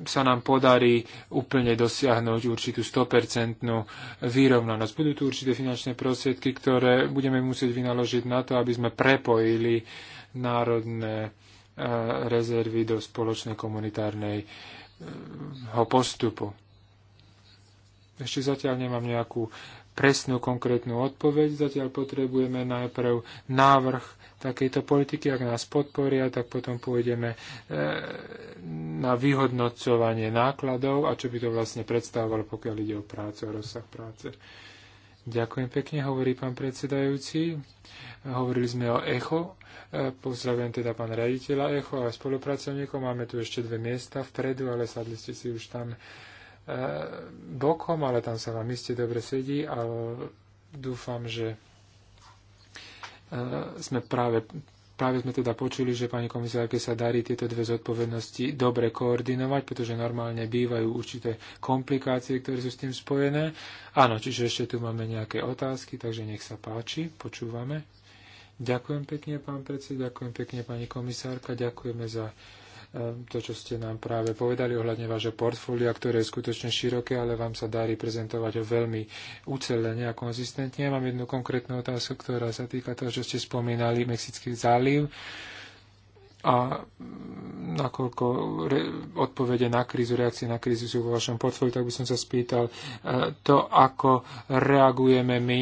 sa nám podarí úplne dosiahnuť určitú 100% vyrovnanosť. Budú tu určité finančné prostriedky, ktoré budeme musieť vynaložiť na to, aby sme prepojili národné e, rezervy do spoločnej komunitárnej e, postupu. Ešte zatiaľ nemám nejakú presnú konkrétnu odpoveď. Zatiaľ potrebujeme najprv návrh takejto politiky. Ak nás podporia, tak potom pôjdeme e, na vyhodnocovanie nákladov a čo by to vlastne predstavovalo, pokiaľ ide o prácu a rozsah práce. Ďakujem pekne, hovorí pán predsedajúci. Hovorili sme o ECHO. E, pozdravujem teda pán raditeľa ECHO a spolupracovníkov. Máme tu ešte dve miesta vpredu, ale sadli ste si už tam E, bokom, ale tam sa vám iste dobre sedí a dúfam, že e, sme práve, práve sme teda počuli, že pani komisárke sa darí tieto dve zodpovednosti dobre koordinovať, pretože normálne bývajú určité komplikácie, ktoré sú s tým spojené. Áno, čiže ešte tu máme nejaké otázky, takže nech sa páči, počúvame. Ďakujem pekne, pán predsed, ďakujem pekne, pani komisárka, ďakujeme za Ehm, to, čo ste nám práve povedali ohľadne vášho portfólia, ktoré je skutočne široké, ale vám sa darí prezentovať ho veľmi ucelene a konzistentne. Mám jednu konkrétnu otázku, ktorá sa týka toho, čo ste spomínali, Mexický záliv. Uh, a nakoľko re- odpovede na krízu, reakcie na krízu sú vo vašom portfóliu, tak by som sa spýtal e, to, ako reagujeme my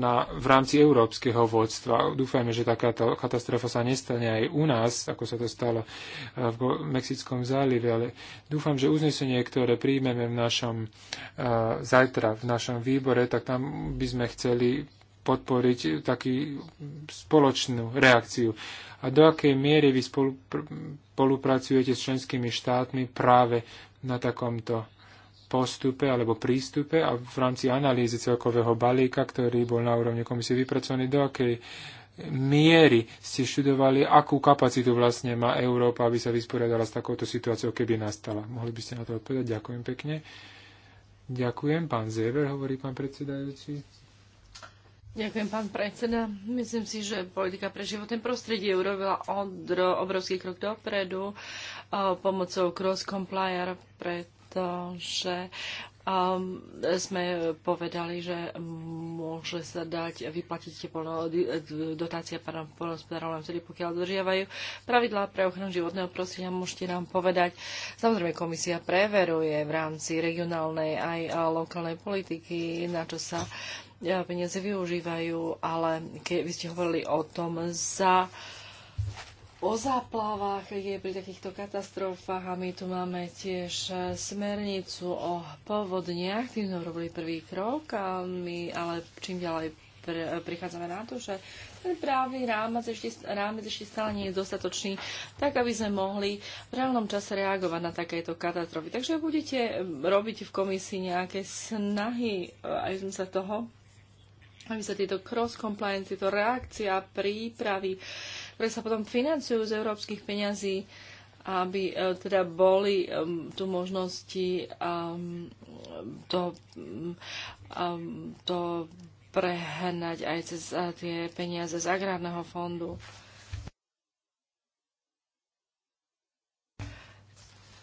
na, v rámci európskeho vodstva. Dúfajme, že takáto katastrofa sa nestane aj u nás, ako sa to stalo e, v Mexickom zálive, ale dúfam, že uznesenie, ktoré príjmeme v našom e, zajtra v našom výbore, tak tam by sme chceli podporiť takú spoločnú reakciu. A do akej miery vy spolupracujete s členskými štátmi práve na takomto postupe alebo prístupe a v rámci analýzy celkového balíka, ktorý bol na úrovni komisie vypracovaný, do akej miery ste študovali, akú kapacitu vlastne má Európa, aby sa vysporiadala s takouto situáciou, keby nastala. Mohli by ste na to odpovedať? Ďakujem pekne. Ďakujem. Pán Zéber, hovorí pán predsedajúci. Ďakujem, pán predseda. Myslím si, že politika pre životné prostredie urobila odro, obrovský krok dopredu uh, pomocou cross-complier, pretože um, sme povedali, že môže sa dať vyplatiť plno, dotácia polnospodárov len vtedy, pokiaľ dodržiavajú pravidlá pre ochranu životného prostredia. Môžete nám povedať, samozrejme komisia preveruje v rámci regionálnej aj lokálnej politiky, na čo sa peniaze využívajú, ale keď vy ste hovorili o tom za o záplavách, je pri takýchto katastrofách a my tu máme tiež smernicu o povodniach, tým sme robili prvý krok a my ale čím ďalej pr- prichádzame na to, že ten právny rámec ešte, rámec ešte stále nie je dostatočný, tak aby sme mohli v reálnom čase reagovať na takéto katastrofy. Takže budete robiť v komisii nejaké snahy, eh, aj som sa toho aby sa tieto cross-compliance, tieto reakcia, prípravy, ktoré sa potom financujú z európskych peňazí, aby e, teda boli um, tu možnosti um, to, um, to prehnať aj cez tie peniaze z agrárneho fondu.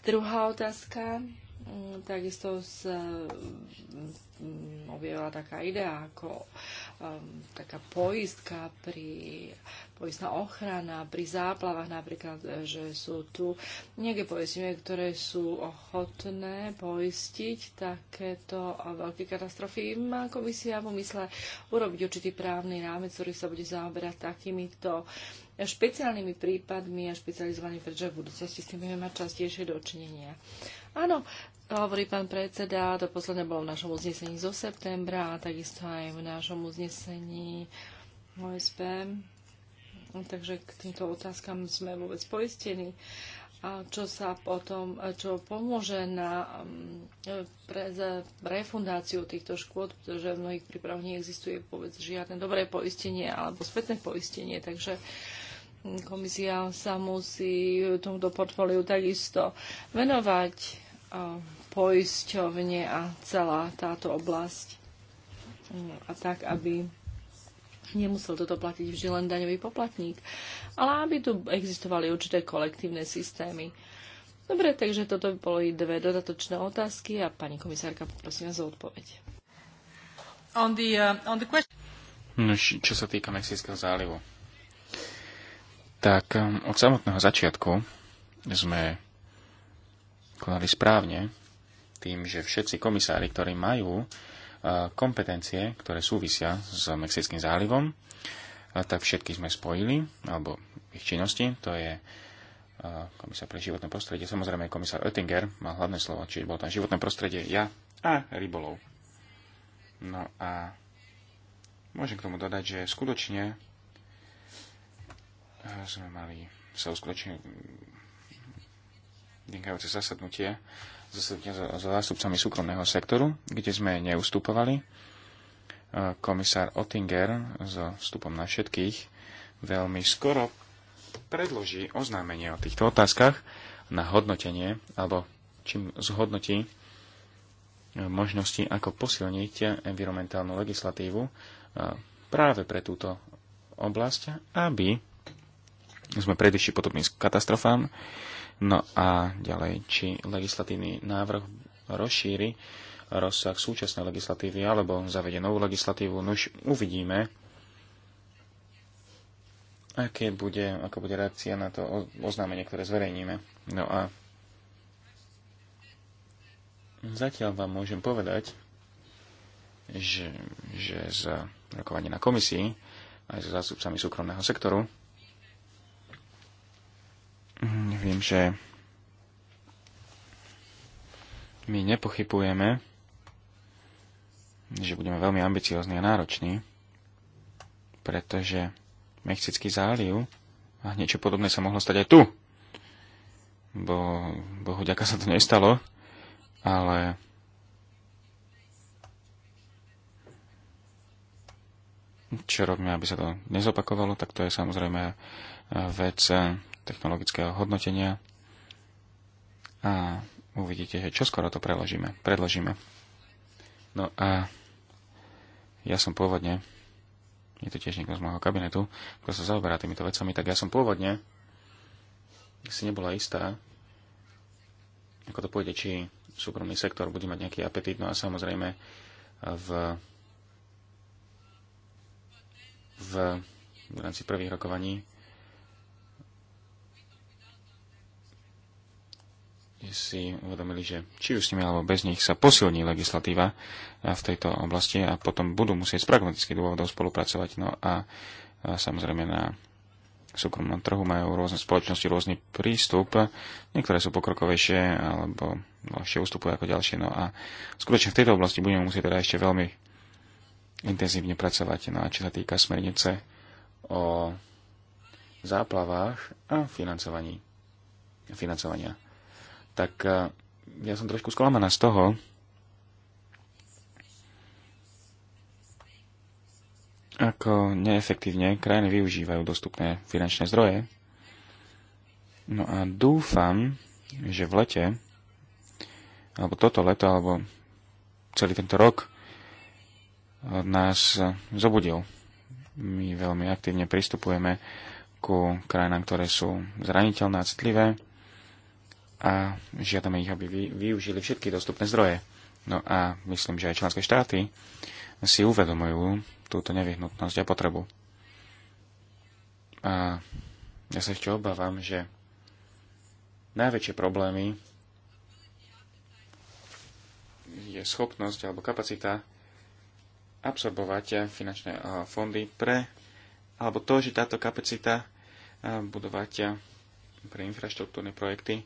Druhá otázka Mm, takisto sa mm, objavila taká idea ako um, taká poistka pri poistná ochrana pri záplavách napríklad, e, že sú tu nejaké poistenie, ktoré sú ochotné poistiť takéto veľké katastrofy. Má komisia v umysle urobiť určitý právny rámec, ktorý sa bude zaoberať takýmito špeciálnymi prípadmi a špecializovanými, pretože v budúcnosti s tým budeme mať častejšie dočinenia. Áno, hovorí pán predseda, to posledné bolo v našom uznesení zo septembra a takisto aj v našom uznesení OSP. Takže k týmto otázkam sme vôbec poistení. A čo sa potom, čo pomôže na um, pre, refundáciu týchto škôd, pretože v mnohých prípravoch neexistuje vôbec žiadne dobré poistenie alebo spätné poistenie, takže komisia sa musí tomuto portfóliu takisto venovať poisťovne a celá táto oblasť. No, a tak, aby nemusel toto platiť vždy len daňový poplatník, ale aby tu existovali určité kolektívne systémy. Dobre, takže toto by boli dve dodatočné otázky a pani komisárka, poprosím vás o odpoveď. On the, uh, on the question... no, čo sa týka Mexického zálivu, tak um, od samotného začiatku sme konali správne tým, že všetci komisári, ktorí majú e, kompetencie, ktoré súvisia s Mexickým zálivom, tak všetky sme spojili, alebo ich činnosti, to je e, komisár pre životné prostredie, samozrejme komisár Oettinger má hlavné slovo, čiže bol tam životné prostredie, ja a rybolov. No a môžem k tomu dodať, že skutočne e, sme mali sa uskutočne vynikajúce zasadnutie, zasadnutie so zástupcami súkromného sektoru, kde sme neustupovali. E, komisár Ottinger so vstupom na všetkých veľmi skoro predloží oznámenie o týchto otázkach na hodnotenie, alebo čím zhodnotí e, možnosti, ako posilniť environmentálnu legislatívu e, práve pre túto oblasť, aby sme predišli podobným katastrofám. No a ďalej, či legislatívny návrh rozšíri rozsah súčasnej legislatívy alebo zavede novú legislatívu, no už uvidíme, aké bude, aká bude reakcia na to oznámenie, ktoré zverejníme. No a zatiaľ vám môžem povedať, že, že za rokovanie na komisii aj so zástupcami súkromného sektoru Viem, že my nepochybujeme, že budeme veľmi ambiciozní a nároční, pretože Mexický záliv a niečo podobné sa mohlo stať aj tu. Bo, bohu ďaká sa to nestalo, ale čo robíme, aby sa to nezopakovalo, tak to je samozrejme vec technologického hodnotenia a uvidíte, že čoskoro to preložíme, predložíme. No a ja som pôvodne, je to tiež niekto z môjho kabinetu, kto sa zaoberá týmito vecami, tak ja som pôvodne si nebola istá, ako to pôjde, či súkromný sektor bude mať nejaký apetít, no a samozrejme v, v, v rámci prvých rokovaní si uvedomili, že či už s nimi alebo bez nich sa posilní legislatíva e, v tejto oblasti a potom budú musieť z pragmatických dôvodov spolupracovať. No a e, samozrejme na súkromnom trhu majú rôzne spoločnosti rôzny prístup. Niektoré sú pokrokovejšie alebo ešte ustupujú ako ďalšie. No a skutočne v tejto oblasti budeme musieť teda ešte veľmi intenzívne pracovať. No a čo sa týka smernice o záplavách a financovaní, financovania tak e, ja som trošku sklamaná z toho, ako neefektívne krajiny využívajú dostupné finančné zdroje. No a dúfam, že v lete, alebo toto leto, alebo celý tento rok nás zobudil. My veľmi aktívne pristupujeme ku krajinám, ktoré sú zraniteľné a citlivé a žiadame ich, aby využili všetky dostupné zdroje. No a myslím, že aj členské štáty si uvedomujú túto nevyhnutnosť a potrebu. A ja sa ešte obávam, že najväčšie problémy je schopnosť alebo kapacita absorbovať finančné fondy pre, alebo to, že táto kapacita budovať pre infraštruktúrne projekty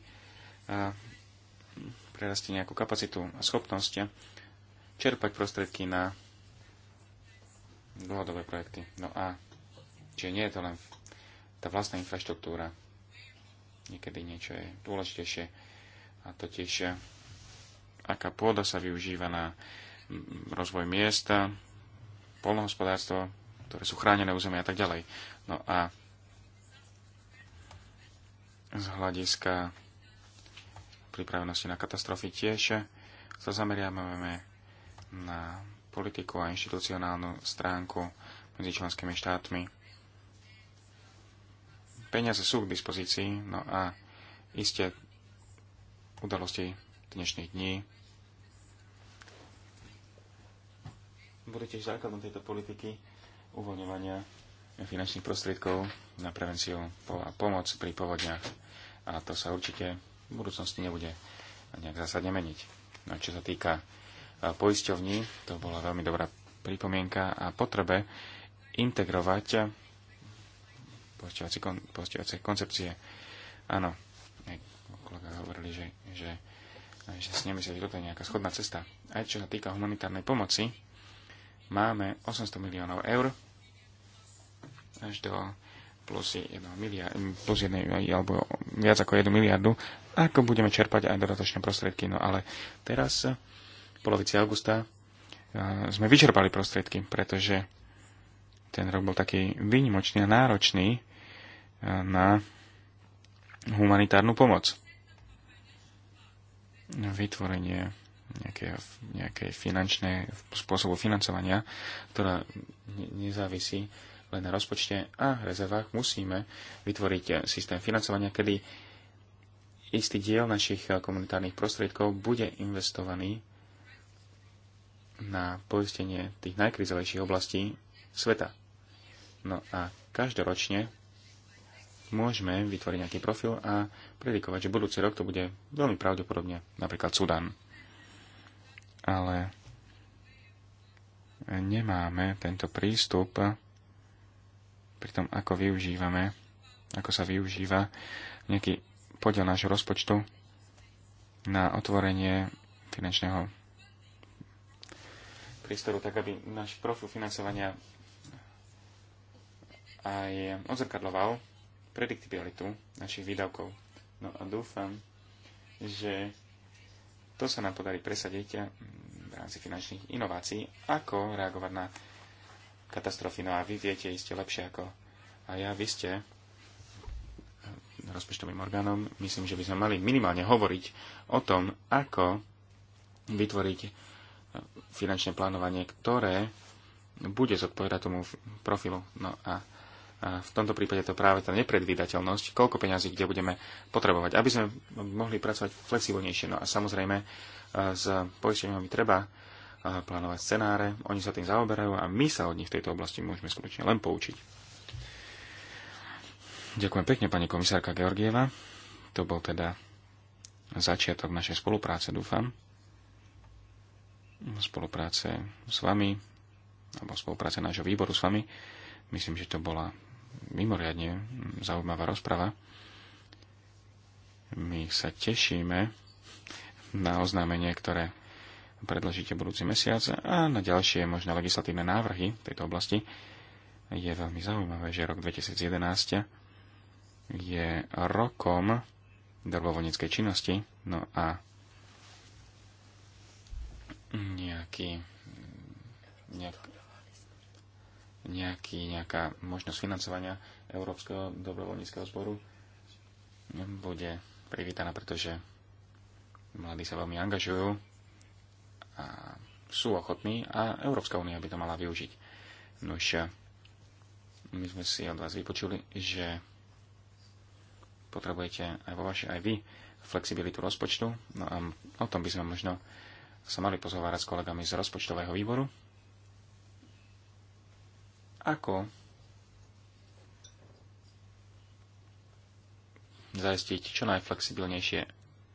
prerastie nejakú kapacitu a schopnosť čerpať prostriedky na dlhodobé projekty. No a čiže nie je to len tá vlastná infraštruktúra. Niekedy niečo je dôležitejšie. A totiž, e, aká pôda sa využíva na mm, rozvoj miesta, polnohospodárstvo, ktoré sú chránené územia a tak ďalej. No a z hľadiska pripravenosti na katastrofy tiež sa zameriavame na politiku a inštitucionálnu stránku medzi členskými štátmi. Peniaze sú k dispozícii, no a iste udalosti dnešných dní boli tiež základom tejto politiky uvoľňovania finančných prostriedkov na prevenciu a pomoc pri povodniach. A to sa určite v budúcnosti nebude nejak zásadne meniť. No čo sa týka e, poisťovní, to bola veľmi dobrá pripomienka a potrebe integrovať e, poisťovacie, kon, koncepcie. Áno, kolega hovorili, že, že, že s nimi že toto je nejaká schodná cesta. Aj čo sa týka humanitárnej pomoci, máme 800 miliónov eur až do plus, miliard, plus 1, alebo viac ako 1 miliardu, ako budeme čerpať aj dodatočné prostriedky. No ale teraz, eh, v polovici augusta, eh, sme vyčerpali prostriedky, pretože ten rok bol taký výnimočný a náročný eh, na humanitárnu pomoc. Vytvorenie nejakej, nejakej finančnej spôsobu financovania, ktorá nezávisí len na rozpočte a rezervách, musíme vytvoriť systém financovania, kedy istý diel našich komunitárnych prostriedkov bude investovaný na poistenie tých najkrizovejších oblastí sveta. No a každoročne môžeme vytvoriť nejaký profil a predikovať, že budúci rok to bude veľmi pravdepodobne napríklad Sudan. Ale nemáme tento prístup pri tom, ako využívame, ako sa využíva nejaký podiel nášho rozpočtu na otvorenie finančného priestoru, tak aby náš profil financovania aj odzrkadloval prediktibilitu našich výdavkov. No a dúfam, že to sa nám podarí presadiť v rámci finančných inovácií, ako reagovať na katastrofy. No a vy viete iste lepšie ako a ja, vy ste eh, rozpočtovým orgánom, myslím, že by sme mali minimálne hovoriť o tom, ako vytvoriť eh, finančné plánovanie, ktoré bude zodpovedať tomu profilu. No a v tomto prípade to práve tá nepredvídateľnosť, koľko peňazí kde budeme potrebovať, aby sme mohli pracovať flexibilnejšie. No a samozrejme eh, s poisteniami treba plánovať scenáre. Oni sa tým zaoberajú a my sa od nich v tejto oblasti môžeme skutočne len poučiť. Ďakujem pekne, pani komisárka Georgieva. To bol teda začiatok našej spolupráce, dúfam. Spolupráce s vami, alebo spolupráce nášho výboru s vami. Myslím, že to bola mimoriadne zaujímavá rozprava. My sa tešíme na oznámenie, ktoré predložíte budúci mesiac a na ďalšie možné legislatívne návrhy v tejto oblasti. Je veľmi zaujímavé, že rok 2011 je rokom dobrovoľníckej činnosti, no a nejaký, nejak, nejaký, nejaká možnosť financovania Európskeho dobrovoľníckého zboru bude privítaná, pretože mladí sa veľmi angažujú sú ochotní a Európska únia by to mala využiť. Nuž, my sme si od vás vypočuli, že potrebujete aj vo vašej, aj vy flexibilitu rozpočtu. No a o tom by sme možno sa mali pozhovárať s kolegami z rozpočtového výboru. Ako zaistiť čo najflexibilnejšie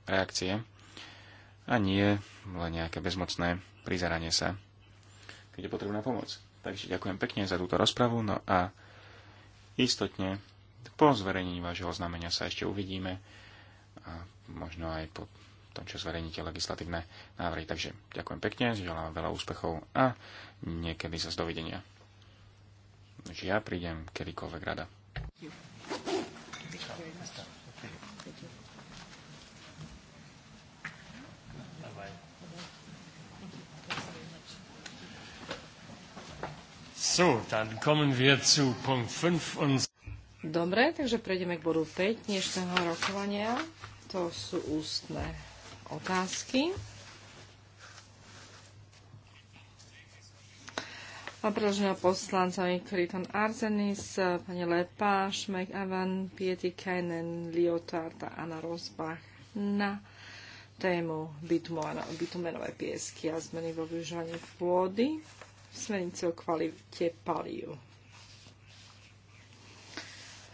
reakcie a nie len nejaké bezmocné prizeranie sa, keď je potrebná pomoc. Takže ďakujem pekne za túto rozpravu, no a istotne po zverejnení vášho oznámenia sa ešte uvidíme a možno aj po tom, čo zverejníte legislatívne návrhy. Takže ďakujem pekne, želám veľa úspechov a niekedy sa z dovidenia. Že ja prídem kedykoľvek rada. Thank you. So, dann kommen wir zu Punkt 5 und... Dobre, takže prejdeme k bodu 5 dnešného rokovania. To sú ústne otázky. Pán predloženého poslancami Kriton Arzenis, pani Lepáš, McEwan, Pieti Kajnen, Liotard a Anna Rosbach na tému bitumenové piesky a zmeny vo využívaní pôdy smernice o kvalite palív.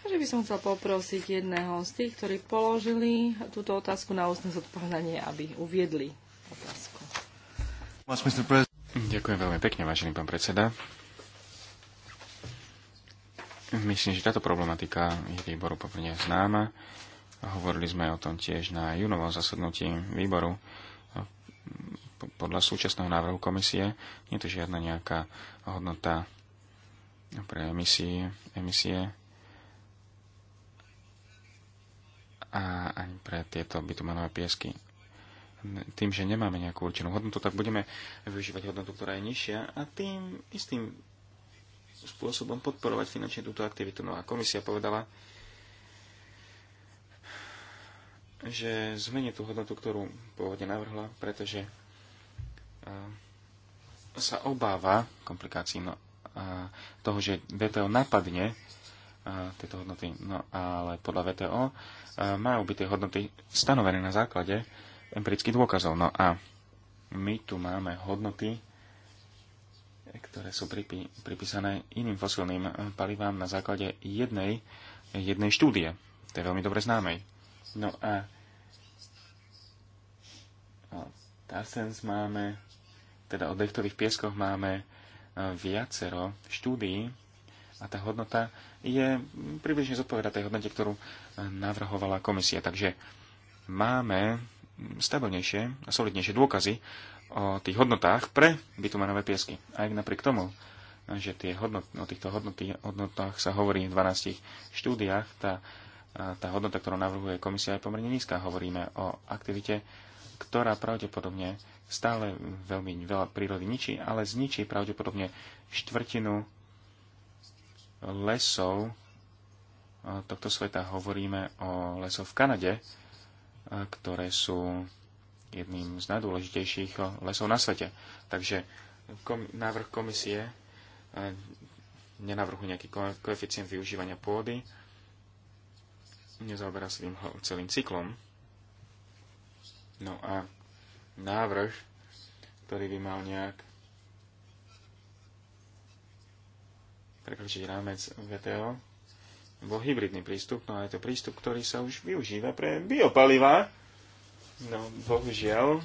Takže by som chcel poprosiť jedného z tých, ktorí položili túto otázku na ústne zodpovedanie, aby uviedli otázku. Ďakujem veľmi pekne, vážený pán predseda. Myslím, že táto problematika je výboru poprne známa. Hovorili sme o tom tiež na júnovom zasadnutí výboru podľa súčasného návrhu komisie nie je to žiadna nejaká hodnota pre emisie, emisie a ani pre tieto bitumenové piesky. Tým, že nemáme nejakú určenú hodnotu, tak budeme využívať hodnotu, ktorá je nižšia a tým istým spôsobom podporovať finančne túto aktivitu. No a komisia povedala, že zmenie tú hodnotu, ktorú pôvodne navrhla, pretože Eh, sa obáva komplikácií no, eh, toho, že VTO napadne a eh, tieto hodnoty. No ale podľa VTO a majú byť tie hodnoty stanovené na základe empirických dôkazov. No a my tu máme hodnoty, ktoré sú pripi- pripísané iným fosilným palivám na základe jednej, jednej štúdie. To je veľmi dobre známej. No a Tarsens máme, teda o dechtových pieskoch máme e, viacero štúdií a tá hodnota je približne zodpoveda tej hodnote, ktorú e, navrhovala komisia. Takže máme stabilnejšie a solidnejšie dôkazy o tých hodnotách pre bitumenové piesky. Aj napriek tomu, že tie hodnot, o týchto hodnoty, hodnotách sa hovorí v 12 štúdiách, tá, tá hodnota, ktorú navrhuje komisia, je pomerne nízka. Hovoríme o aktivite, ktorá pravdepodobne stále veľmi veľa prírody ničí, ale zničí pravdepodobne štvrtinu lesov tohto sveta. Hovoríme o lesoch v Kanade, ktoré sú jedným z najdôležitejších lesov na svete. Takže kom- návrh komisie nenavrhuje nejaký koeficient využívania pôdy, nezaoberá sa tým celým cyklom. No a návrh, ktorý by mal nejak prekročiť rámec VTO, bol hybridný prístup, no a je to prístup, ktorý sa už využíva pre biopaliva. No, bohužiaľ,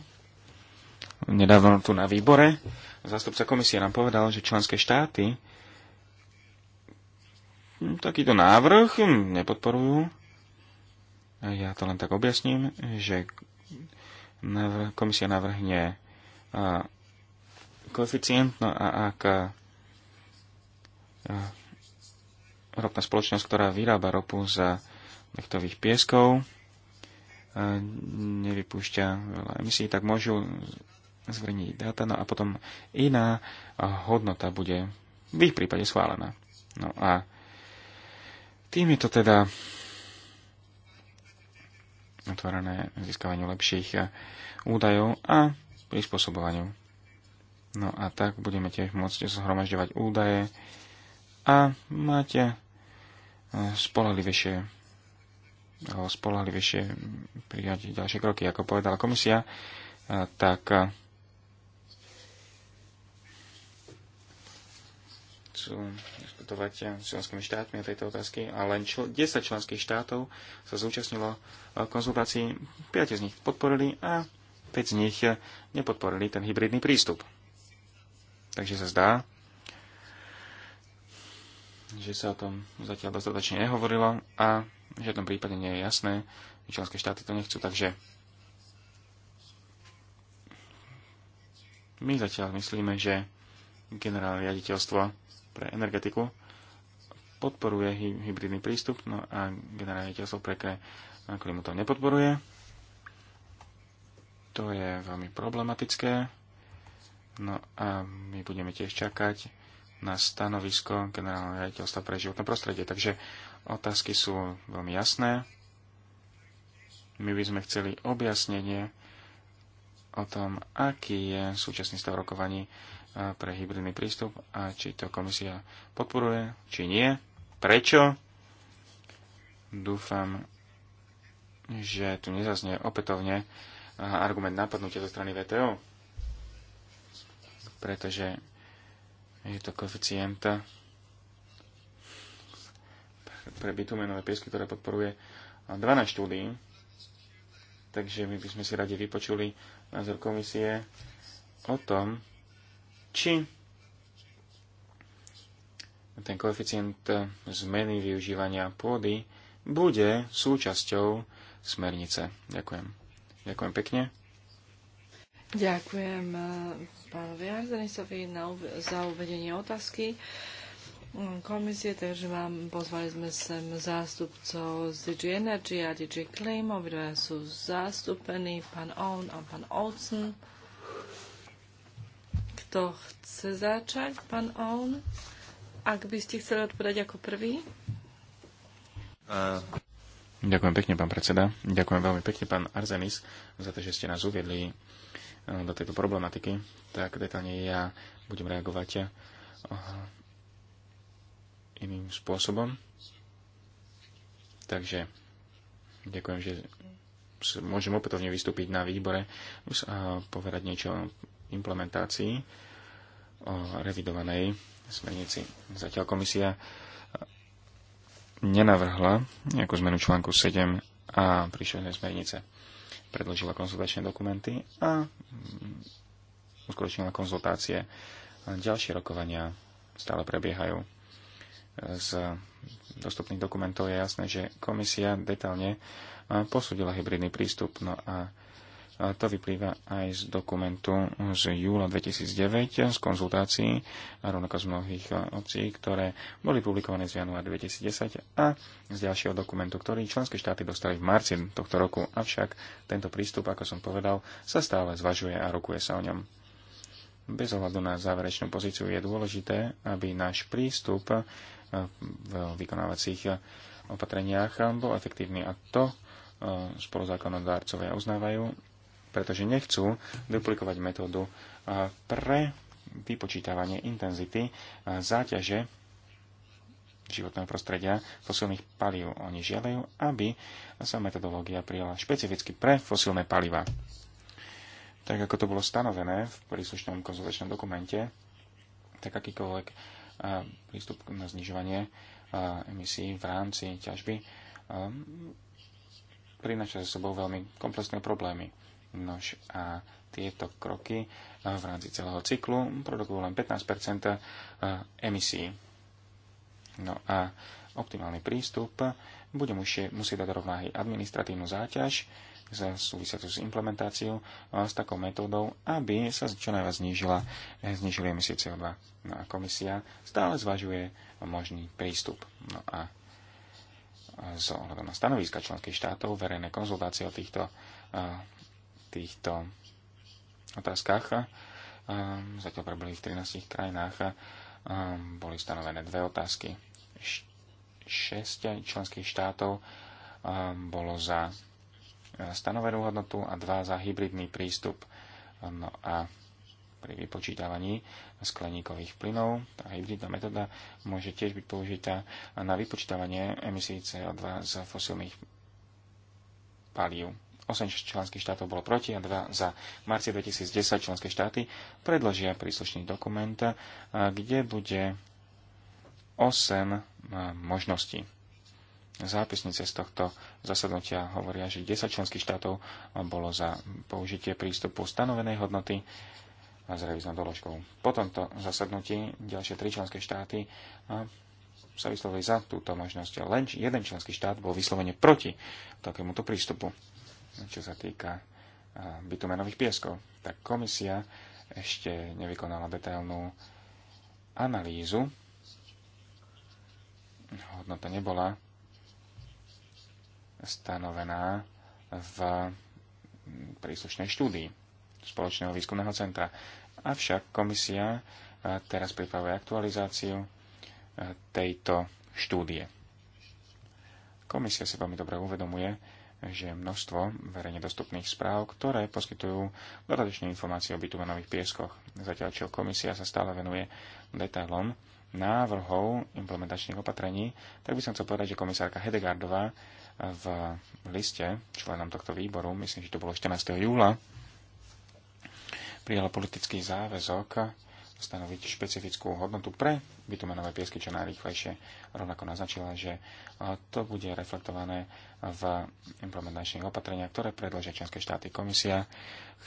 nedávno tu na výbore zástupca komisie nám povedal, že členské štáty takýto návrh nepodporujú. Ja to len tak objasním, že komisia navrhne koeficient, no a ak ropná spoločnosť, ktorá vyrába ropu z nechtových pieskov, nevypúšťa veľa emisí, tak môžu zverejniť dáta, no a potom iná hodnota bude v ich prípade schválená. No a tým je to teda otvorené získavaniu lepších eh, údajov a prispôsobovaniu. No a tak budeme tiež môcť zhromažďovať údaje a máte eh, spolahlivejšie spolahlivejšie prijať ďalšie kroky. Ako povedala komisia, eh, tak sú diskutovať s členskými štátmi o tejto otázky a len čl- 10 členských štátov sa zúčastnilo eh, konzultácií, 5 z nich podporili a 5 z nich eh, nepodporili ten hybridný prístup. Takže sa zdá, že sa o tom zatiaľ dostatočne nehovorilo a v žiadnom prípade nie je jasné, že členské štáty to nechcú, takže my zatiaľ myslíme, že generálne riaditeľstvo pre energetiku podporuje hybridný prístup, no a generálne tieľstvo pre mu to nepodporuje. To je veľmi problematické. No a my budeme tiež čakať na stanovisko generálneho riaditeľstva pre životné prostredie. Takže otázky sú veľmi jasné. My by sme chceli objasnenie o tom, aký je súčasný stav rokovaní pre hybridný prístup a či to komisia podporuje, či nie, prečo. Dúfam, že tu nezaznie opätovne argument napadnutia zo strany VTO, pretože je to koeficient pre bitumenové piesky, ktoré podporuje 12 štúdií, takže my by sme si radi vypočuli názor komisie o tom, či ten koeficient zmeny využívania pôdy bude súčasťou smernice. Ďakujem. Ďakujem pekne. Ďakujem eh, pánovi Arzenisovi za uvedenie otázky mm, komisie, takže vám pozvali sme sem zástupcov z DG Energy a DG Claim, obidva sú zastúpení, pán Owen a pán Olsen. Kto chce začať? Pán Oln, Ak by ste chceli odpovedať ako prvý. Uh. Ďakujem pekne, pán predseda. Ďakujem veľmi pekne, pán Arzenis, za to, že ste nás uviedli uh, do tejto problematiky. Tak detálne ja budem reagovať uh, iným spôsobom. Takže ďakujem, že môžem opätovne vystúpiť na výbore a uh, povedať niečo implementácii o revidovanej smernici. Zatiaľ komisia nenavrhla nejakú zmenu článku 7 a príšernej smernice. Predložila konzultačné dokumenty a mm, uskutočnila konzultácie. Ďalšie rokovania stále prebiehajú. Z dostupných dokumentov je jasné, že komisia detálne posúdila hybridný prístup, no a to vyplýva aj z dokumentu z júla 2009, z konzultácií a rovnako z mnohých eh, obcí, ktoré boli publikované z januára 2010 a z ďalšieho dokumentu, ktorý členské štáty dostali v marci tohto roku. Avšak tento prístup, ako som povedal, sa stále zvažuje a rokuje sa o ňom. Bez ohľadu na záverečnú pozíciu je dôležité, aby náš prístup eh, v vykonávacích eh, opatreniach bol efektívny a to spoluzákonodárcovia uznávajú pretože nechcú duplikovať metódu pre vypočítavanie intenzity záťaže životného prostredia fosílnych palív. Oni žiadajú, aby sa metodológia prijala špecificky pre fosílne paliva. Tak ako to bolo stanovené v príslušnom konzultačnom dokumente, tak akýkoľvek prístup na znižovanie emisí v rámci ťažby prináša so sebou veľmi komplexné problémy. Nož a tieto kroky eh, v rámci celého cyklu produkujú len 15 eh, emisí. No a optimálny prístup bude musieť dať rovnáhy administratívnu záťaž súvisiacu s implementáciou eh, s takou metódou, aby sa čo najviac znížila, znížili emisie CO2. No a komisia stále zvažuje možný prístup. No a z ohľadom na stanoviska členských štátov verejné konzultácie o týchto týchto otázkach. Zatiaľ preboli v 13 krajinách. Boli stanovené dve otázky. 6 členských štátov bolo za stanovenú hodnotu a dva za hybridný prístup. No a pri vypočítavaní skleníkových plynov. Tá hybridná metóda môže tiež byť použitá na vypočítavanie emisí CO2 z fosílnych palív. 8 členských štátov bolo proti a 2 za. V marci 2010 členské štáty predložia príslušný dokument, kde bude 8 možností. Zápisnice z tohto zasadnutia hovoria, že 10 členských štátov bolo za použitie prístupu stanovenej hodnoty s revíznou doložkou. Po tomto zasadnutí ďalšie tri členské štáty sa vyslovili za túto možnosť. Len jeden členský štát bol vyslovene proti takémuto prístupu čo sa týka bitumenových pieskov. Tak komisia ešte nevykonala detailnú analýzu. Hodnota nebola stanovená v príslušnej štúdii Spoločného výskumného centra. Avšak komisia teraz pripravuje aktualizáciu tejto štúdie. Komisia si veľmi dobre uvedomuje, že je množstvo verejne dostupných správ, ktoré poskytujú dodatočné informácie o bitumenových pieskoch. Zatiaľ, čo komisia sa stále venuje detailom návrhov implementačných opatrení, tak by som chcel povedať, že komisárka Hedegardová v liste členom tohto výboru, myslím, že to bolo 14. júla, prijala politický záväzok stanoviť špecifickú hodnotu pre bitumenové piesky čo najrýchlejšie. Rovnako naznačila, že to bude reflektované v implementačných opatreniach, ktoré predložia členské štáty. Komisia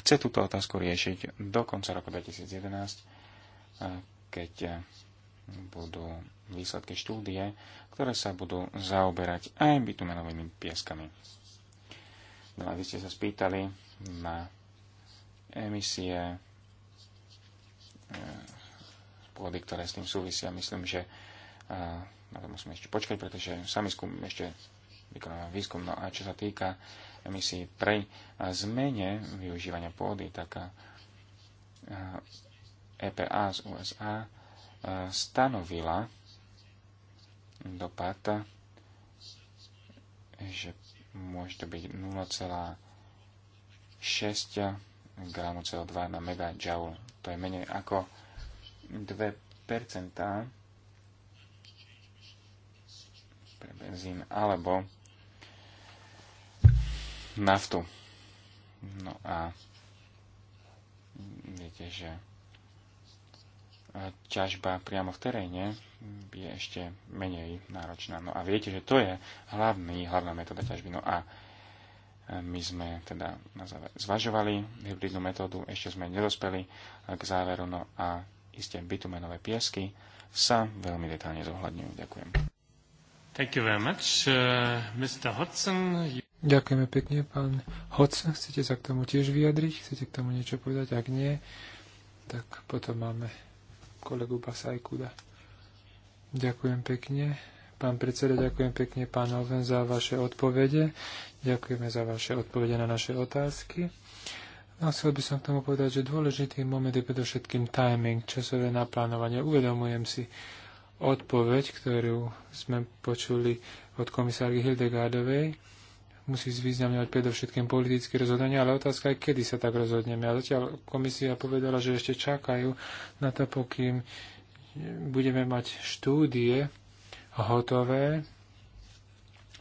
chce túto otázku riešiť do konca roku 2011, keď budú výsledky štúdie, ktoré sa budú zaoberať aj bitumenovými pieskami. No a vy ste sa spýtali na emisie Eh, pôdy, ktoré s tým súvisia. Myslím, že eh, na to musíme ešte počkať, pretože sami skúm, ešte vykonávam výskum. No a čo sa týka emisí pre eh, zmene využívania pôdy, tak EPA e z USA stanovila dopad, že môže to byť 0,6 gramu CO2 na joule. To je menej ako 2% pre benzín alebo naftu. No a viete, že ťažba priamo v teréne je ešte menej náročná. No a viete, že to je hlavný, hlavná metóda ťažby. No a my sme teda na záver zvažovali hybridnú metódu, ešte sme nedospeli k záveru, no a isté bitumenové piesky sa veľmi detálne zohľadňujú. Ďakujem. Thank you very much. Uh, Mr. Hudson. you... Ďakujeme pekne, pán Hodson. Chcete sa k tomu tiež vyjadriť? Chcete k tomu niečo povedať? Ak nie, tak potom máme kolegu Basajkuda. Ďakujem pekne. Pán predseda, ďakujem pekne pán Oven za vaše odpovede. Ďakujeme za vaše odpovede na naše otázky. No chcel by som k tomu povedať, že dôležitý moment je predovšetkým timing, časové naplánovanie. Uvedomujem si odpoveď, ktorú sme počuli od komisárky Hildegardovej. Musí zvýznamňovať predovšetkým politické rozhodnutie, ale otázka je, kedy sa tak rozhodneme. A zatiaľ komisia povedala, že ešte čakajú na to, pokým budeme mať štúdie, hotové.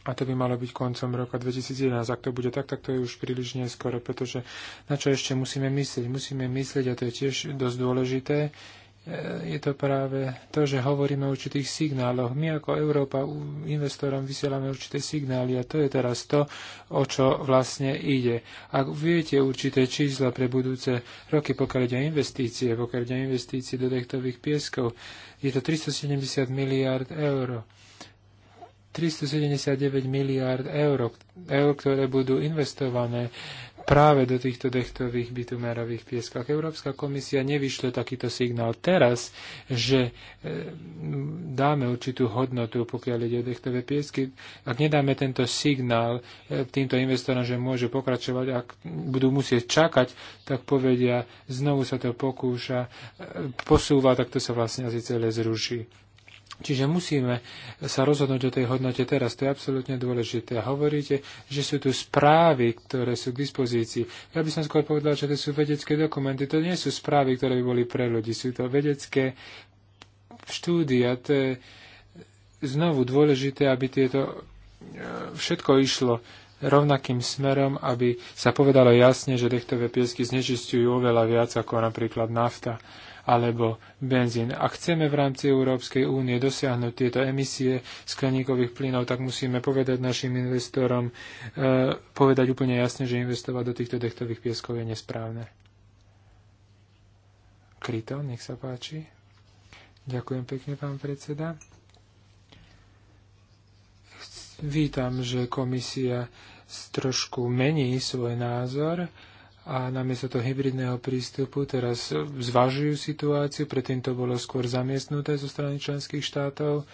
A to by malo byť koncom roka 2011. Ak to bude tak, tak to je už príliš neskoro, pretože na čo ešte musíme myslieť? Musíme myslieť, a to je tiež dosť dôležité, je to práve to, že hovoríme o určitých signáloch. My ako Európa investorom vysielame určité signály a to je teraz to, o čo vlastne ide. Ak viete určité čísla pre budúce roky, pokiaľ ide o investície, pokiaľ ide o investície do dechtových pieskov, je to 370 miliard eur. 379 miliard eur, eur, ktoré budú investované práve do týchto dechtových bitumerových pieskov. Ak Európska komisia nevyšle takýto signál teraz, že e, dáme určitú hodnotu, pokiaľ ide o dechtové piesky, ak nedáme tento signál e, týmto investorom, že môže pokračovať, ak budú musieť čakať, tak povedia, znovu sa to pokúša, e, posúva, tak to sa vlastne asi celé zruší. Čiže musíme sa rozhodnúť o tej hodnote teraz. To je absolútne dôležité. A hovoríte, že sú tu správy, ktoré sú k dispozícii. Ja by som skôr povedal, že to sú vedecké dokumenty. To nie sú správy, ktoré by boli pre ľudí. Sú to vedecké štúdia. To je znovu dôležité, aby tieto e, všetko išlo rovnakým smerom, aby sa povedalo jasne, že dechtové piesky znečistujú oveľa viac ako napríklad nafta alebo benzín. Ak chceme v rámci Európskej únie dosiahnuť tieto emisie skleníkových plynov, tak musíme povedať našim investorom, e, povedať úplne jasne, že investovať do týchto dechtových pieskov je nesprávne. Kryto, nech sa páči. Ďakujem pekne, pán predseda. Vítam, že komisia trošku mení svoj názor a namiesto toho hybridného prístupu teraz zvažujú situáciu, predtým to bolo skôr zamiestnuté zo strany členských štátov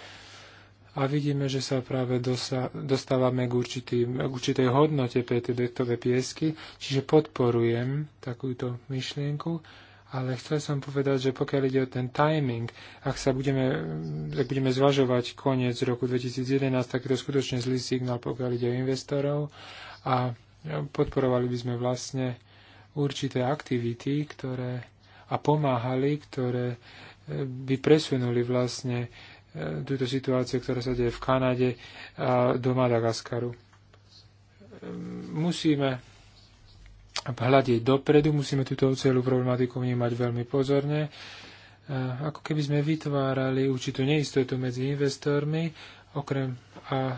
a vidíme, že sa práve dosa, dostávame k, určitým, k určitej hodnote pre tie detové piesky, čiže podporujem takúto myšlienku, ale chcel som povedať, že pokiaľ ide o ten timing, ak sa budeme, ak budeme zvažovať koniec roku 2011, tak je to skutočne zlý signál, pokiaľ ide o investorov a podporovali by sme vlastne určité aktivity, ktoré a pomáhali, ktoré e, by presunuli vlastne e, túto situáciu, ktorá sa deje v Kanade a do Madagaskaru. E, musíme hľadiť dopredu, musíme túto celú problematiku vnímať veľmi pozorne, ako keby sme vytvárali určitú neistotu medzi investormi, okrem a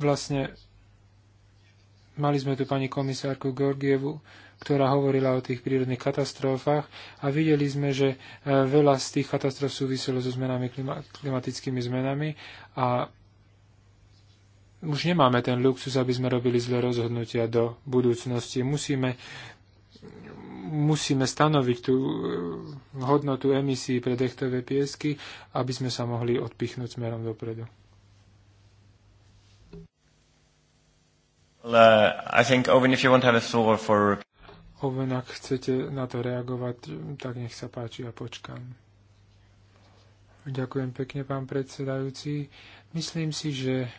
vlastne mali sme tu pani komisárku Georgievu, ktorá hovorila o tých prírodných katastrofách a videli sme, že e, veľa z tých katastrof súviselo so zmenami, klimatickými zmenami a už nemáme ten luxus, aby sme robili zlé rozhodnutia do budúcnosti. Musíme, musíme stanoviť tú e, hodnotu emisí pre dechtové piesky, aby sme sa mohli odpichnúť smerom dopredu. Well, uh, I think, Owen, if you want to have a floor for... Owen, ak chcete na to reagovať, tak nech sa páči, a počkám. Ďakujem pekne, pán predsedajúci. Myslím si, že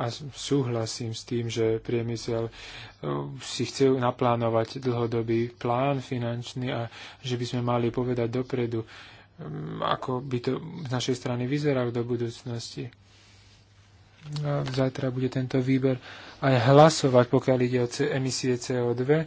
a súhlasím s tým, že priemysel uh, si chce naplánovať dlhodobý plán finančný a že by sme mali povedať dopredu, um, ako by to z našej strany vyzeralo do budúcnosti zajtra bude tento výber aj hlasovať, pokiaľ ide o emisie CO2,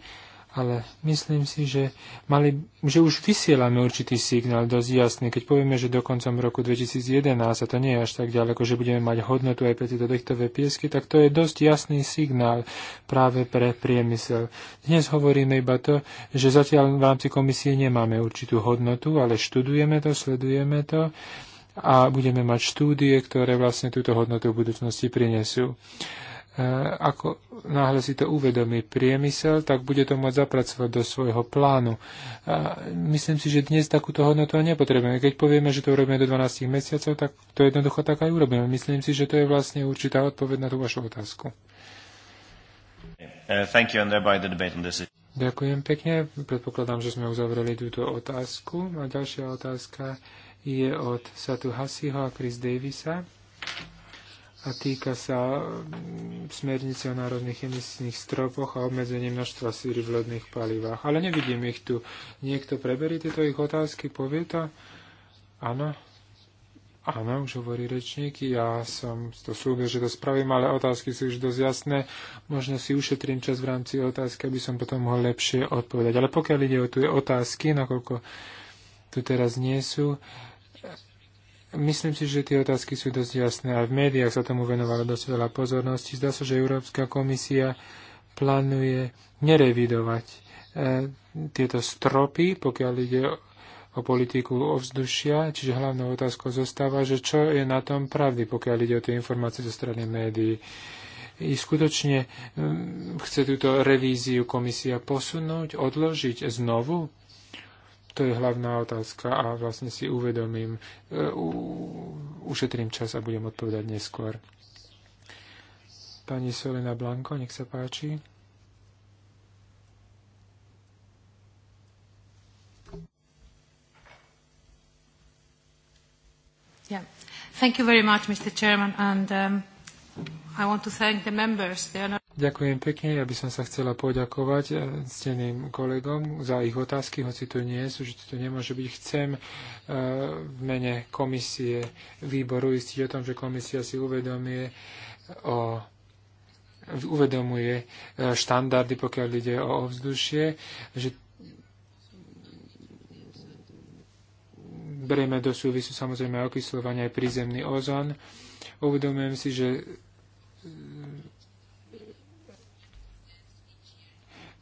ale myslím si, že, mali, že už vysielame určitý signál dosť jasný, keď povieme, že do koncom roku 2011, a to nie je až tak ďaleko, že budeme mať hodnotu aj pre tieto dechtové piesky, tak to je dosť jasný signál práve pre priemysel. Dnes hovoríme iba to, že zatiaľ v rámci komisie nemáme určitú hodnotu, ale študujeme to, sledujeme to a budeme mať štúdie, ktoré vlastne túto hodnotu v budúcnosti prinesú. E, ako náhle si to uvedomí priemysel, tak bude to môcť zapracovať do svojho plánu. A e, myslím si, že dnes takúto hodnotu nepotrebujeme. Keď povieme, že to urobíme do 12 mesiacov, tak to jednoducho tak aj urobíme. Myslím si, že to je vlastne určitá odpoveď na tú vašu otázku. Uh, thank you, the debate on this Ďakujem pekne. Predpokladám, že sme uzavreli túto otázku. A ďalšia otázka je od Satu Hasiho a Chris Davisa a týka sa mm, smernice o národných emisných stropoch a obmedzení množstva síry v lodných palivách. Ale nevidím ich tu. Niekto preberie tieto ich otázky, povie to? Áno. Áno, už hovorí rečník, ja som to slúbil, že to spravím, ale otázky sú už dosť jasné. Možno si ušetrím čas v rámci otázky, aby som potom mohol lepšie odpovedať. Ale pokiaľ ide o tie otázky, nakoľko tu teraz nie sú, Myslím si, že tie otázky sú dosť jasné. A v médiách sa tomu venovalo dosť veľa pozornosti. Zdá sa, že Európska komisia plánuje nerevidovať e, tieto stropy, pokiaľ ide o politiku ovzdušia, čiže hlavnou otázkou zostáva, že čo je na tom pravdy, pokiaľ ide o tie informácie zo strany médií. I skutočne chce túto revíziu komisia posunúť, odložiť znovu, to je hlavná otázka a vlastne si uvedomím, e, ušetrím čas a budem odpovedať neskôr. Pani Solina Blanko, nech sa páči. Yeah. Thank you very much, Mr. Chairman, and um, Ďakujem pekne, ja by som sa chcela poďakovať steným eh, kolegom za ich otázky, hoci to nie sú, že to nemôže byť. Chcem eh, v mene komisie výboru istiť o tom, že komisia si uvedomuje o uvedomuje eh, štandardy, pokiaľ ide o ovzdušie, že Berieme do súvisu samozrejme okyslovanie aj prízemný ozon. Uvedomujem si, že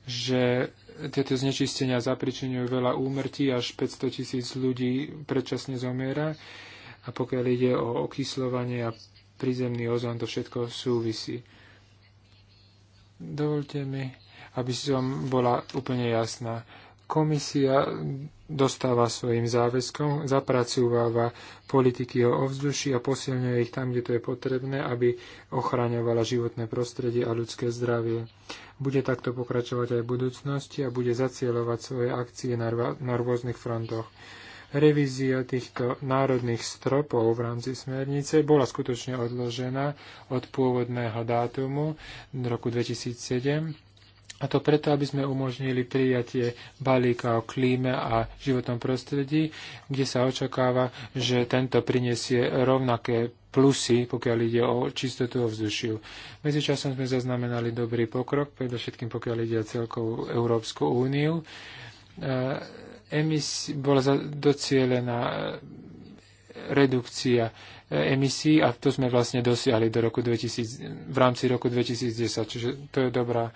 že tieto znečistenia zapričinujú veľa úmrtí, až 500 tisíc ľudí predčasne zomiera. A pokiaľ ide o okyslovanie a prízemný ozón, to všetko súvisí. Dovolte mi, aby som bola úplne jasná. Komisia dostáva svojim záväzkom, zapracúvava politiky o ovzduši a posilňuje ich tam, kde to je potrebné, aby ochraňovala životné prostredie a ľudské zdravie. Bude takto pokračovať aj v budúcnosti a bude zacielovať svoje akcie na, na rôznych frontoch. Revízia týchto národných stropov v rámci smernice bola skutočne odložená od pôvodného dátumu roku 2007 a to preto, aby sme umožnili prijatie balíka o klíme a životnom prostredí, kde sa očakáva, že tento prinesie rovnaké plusy, pokiaľ ide o čistotu ovzdušiu. Medzičasom sme zaznamenali dobrý pokrok, predovšetkým pokiaľ ide o celkovú Európsku úniu. E, emis, bola docielená e, redukcia e, emisí a to sme vlastne dosiahli do roku 2000, v rámci roku 2010, čiže to je dobrá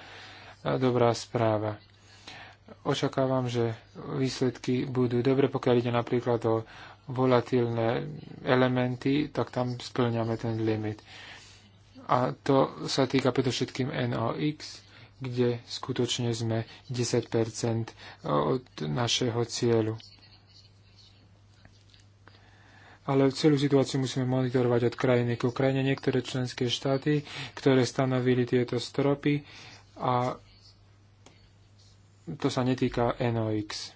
dobrá správa. Očakávam, že výsledky budú dobre, pokiaľ ide napríklad o volatilné elementy, tak tam splňame ten limit. A to sa týka predovšetkým NOx, kde skutočne sme 10 od našeho cieľu. Ale celú situáciu musíme monitorovať od krajiny ku krajine. Niektoré členské štáty, ktoré stanovili tieto stropy a to sa netýka NOx.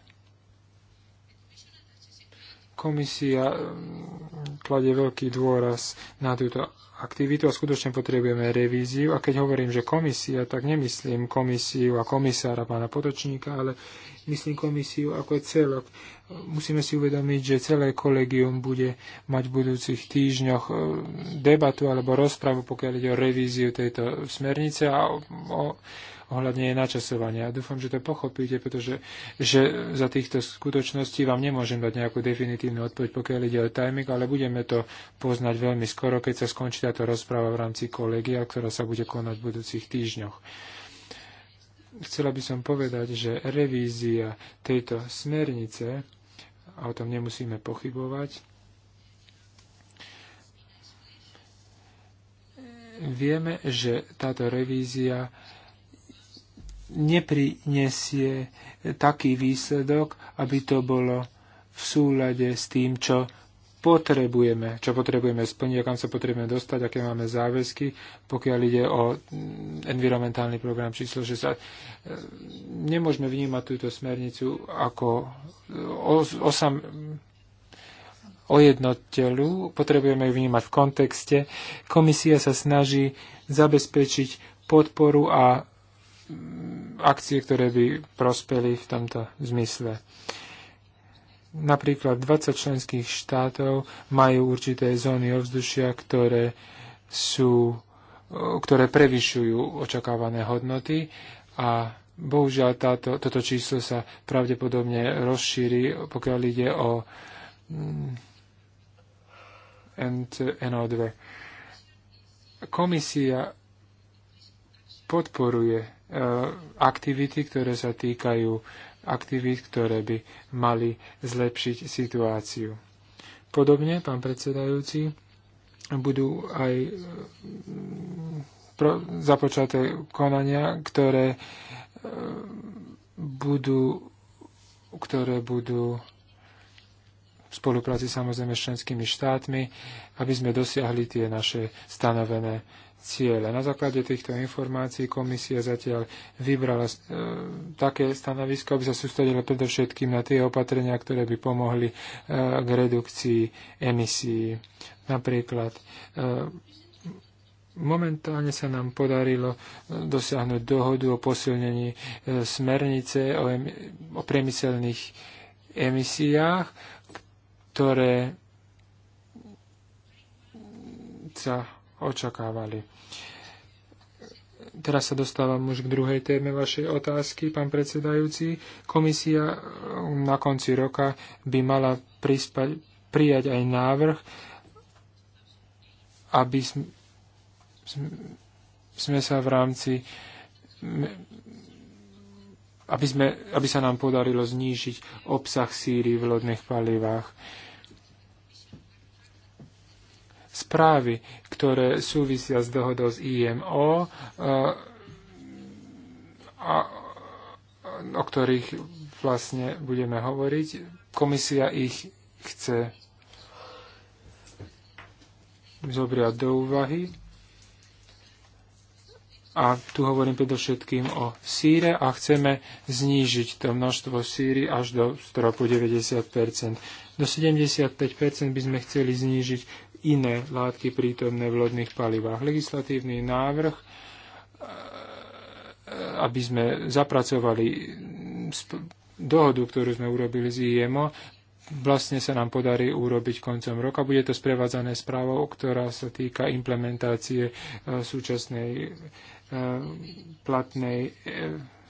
Komisia mm, kladie veľký dôraz na túto aktivitu a skutočne potrebujeme revíziu. A keď hovorím, že komisia, tak nemyslím komisiu a komisára pána Potočníka, ale myslím komisiu ako je celok. Musíme si uvedomiť, že celé kolegium bude mať v budúcich týždňoch e, debatu alebo rozpravu, pokiaľ ide o revíziu tejto smernice a o ohľadne jej načasovania. Dúfam, že to pochopíte, pretože že za týchto skutočností vám nemôžem dať nejakú definitívnu odpoveď, pokiaľ ide o timing, ale budeme to poznať veľmi skoro, keď sa skončí táto rozpráva v rámci kolegia, ktorá sa bude konať v budúcich týždňoch chcela by som povedať, že revízia tejto smernice, a o tom nemusíme pochybovať, vieme, že táto revízia neprinesie taký výsledok, aby to bolo v súlade s tým, čo potrebujeme, čo potrebujeme splniť, kam sa potrebujeme dostať, aké máme záväzky, pokiaľ ide o mm, environmentálny program číslo 60. E, nemôžeme vnímať túto smernicu ako e, osam, mm, ojednoteľu, potrebujeme ju vnímať v kontexte. Komisia sa snaží zabezpečiť podporu a akcie, ktoré by prospeli v tomto zmysle. Napríklad 20 členských štátov majú určité zóny ovzdušia, ktoré, sú, ktoré prevyšujú očakávané hodnoty a bohužiaľ táto, toto číslo sa pravdepodobne rozšíri, pokiaľ ide o mm, NO2. Komisia podporuje Eh, aktivity, ktoré sa týkajú aktivít, ktoré by mali zlepšiť situáciu. Podobne, pán predsedajúci, budú aj eh, započaté konania, ktoré eh, budú, ktoré budú v spolupráci samozrejme s členskými štátmi, aby sme dosiahli tie naše stanovené ciele. Na základe týchto informácií komisia zatiaľ vybrala e, také stanovisko, aby sa sústredila predovšetkým na tie opatrenia, ktoré by pomohli e, k redukcii emisí. Napríklad e, Momentálne sa nám podarilo e, dosiahnuť dohodu o posilnení e, smernice o, em- o priemyselných emisiách, ktoré sa očakávali. Teraz sa dostávam už k druhej téme vašej otázky, pán predsedajúci. Komisia na konci roka by mala prispať, prijať aj návrh, aby sme sa v rámci aby, sme, aby sa nám podarilo znížiť obsah síry v lodných palivách správy, ktoré súvisia s dohodou z IMO, eh, a, o ktorých vlastne budeme hovoriť. Komisia ich chce zobrať do úvahy. A tu hovorím predovšetkým o síre a chceme znížiť to množstvo síry až do stropu 90 Do 75 by sme chceli znížiť iné látky prítomné v lodných palivách. Legislatívny návrh, eh, aby sme zapracovali dohodu, ktorú sme urobili z IEMO, vlastne sa nám podarí urobiť koncom roka. Bude to sprevádzané správou, ktorá sa týka implementácie eh, súčasnej eh, platnej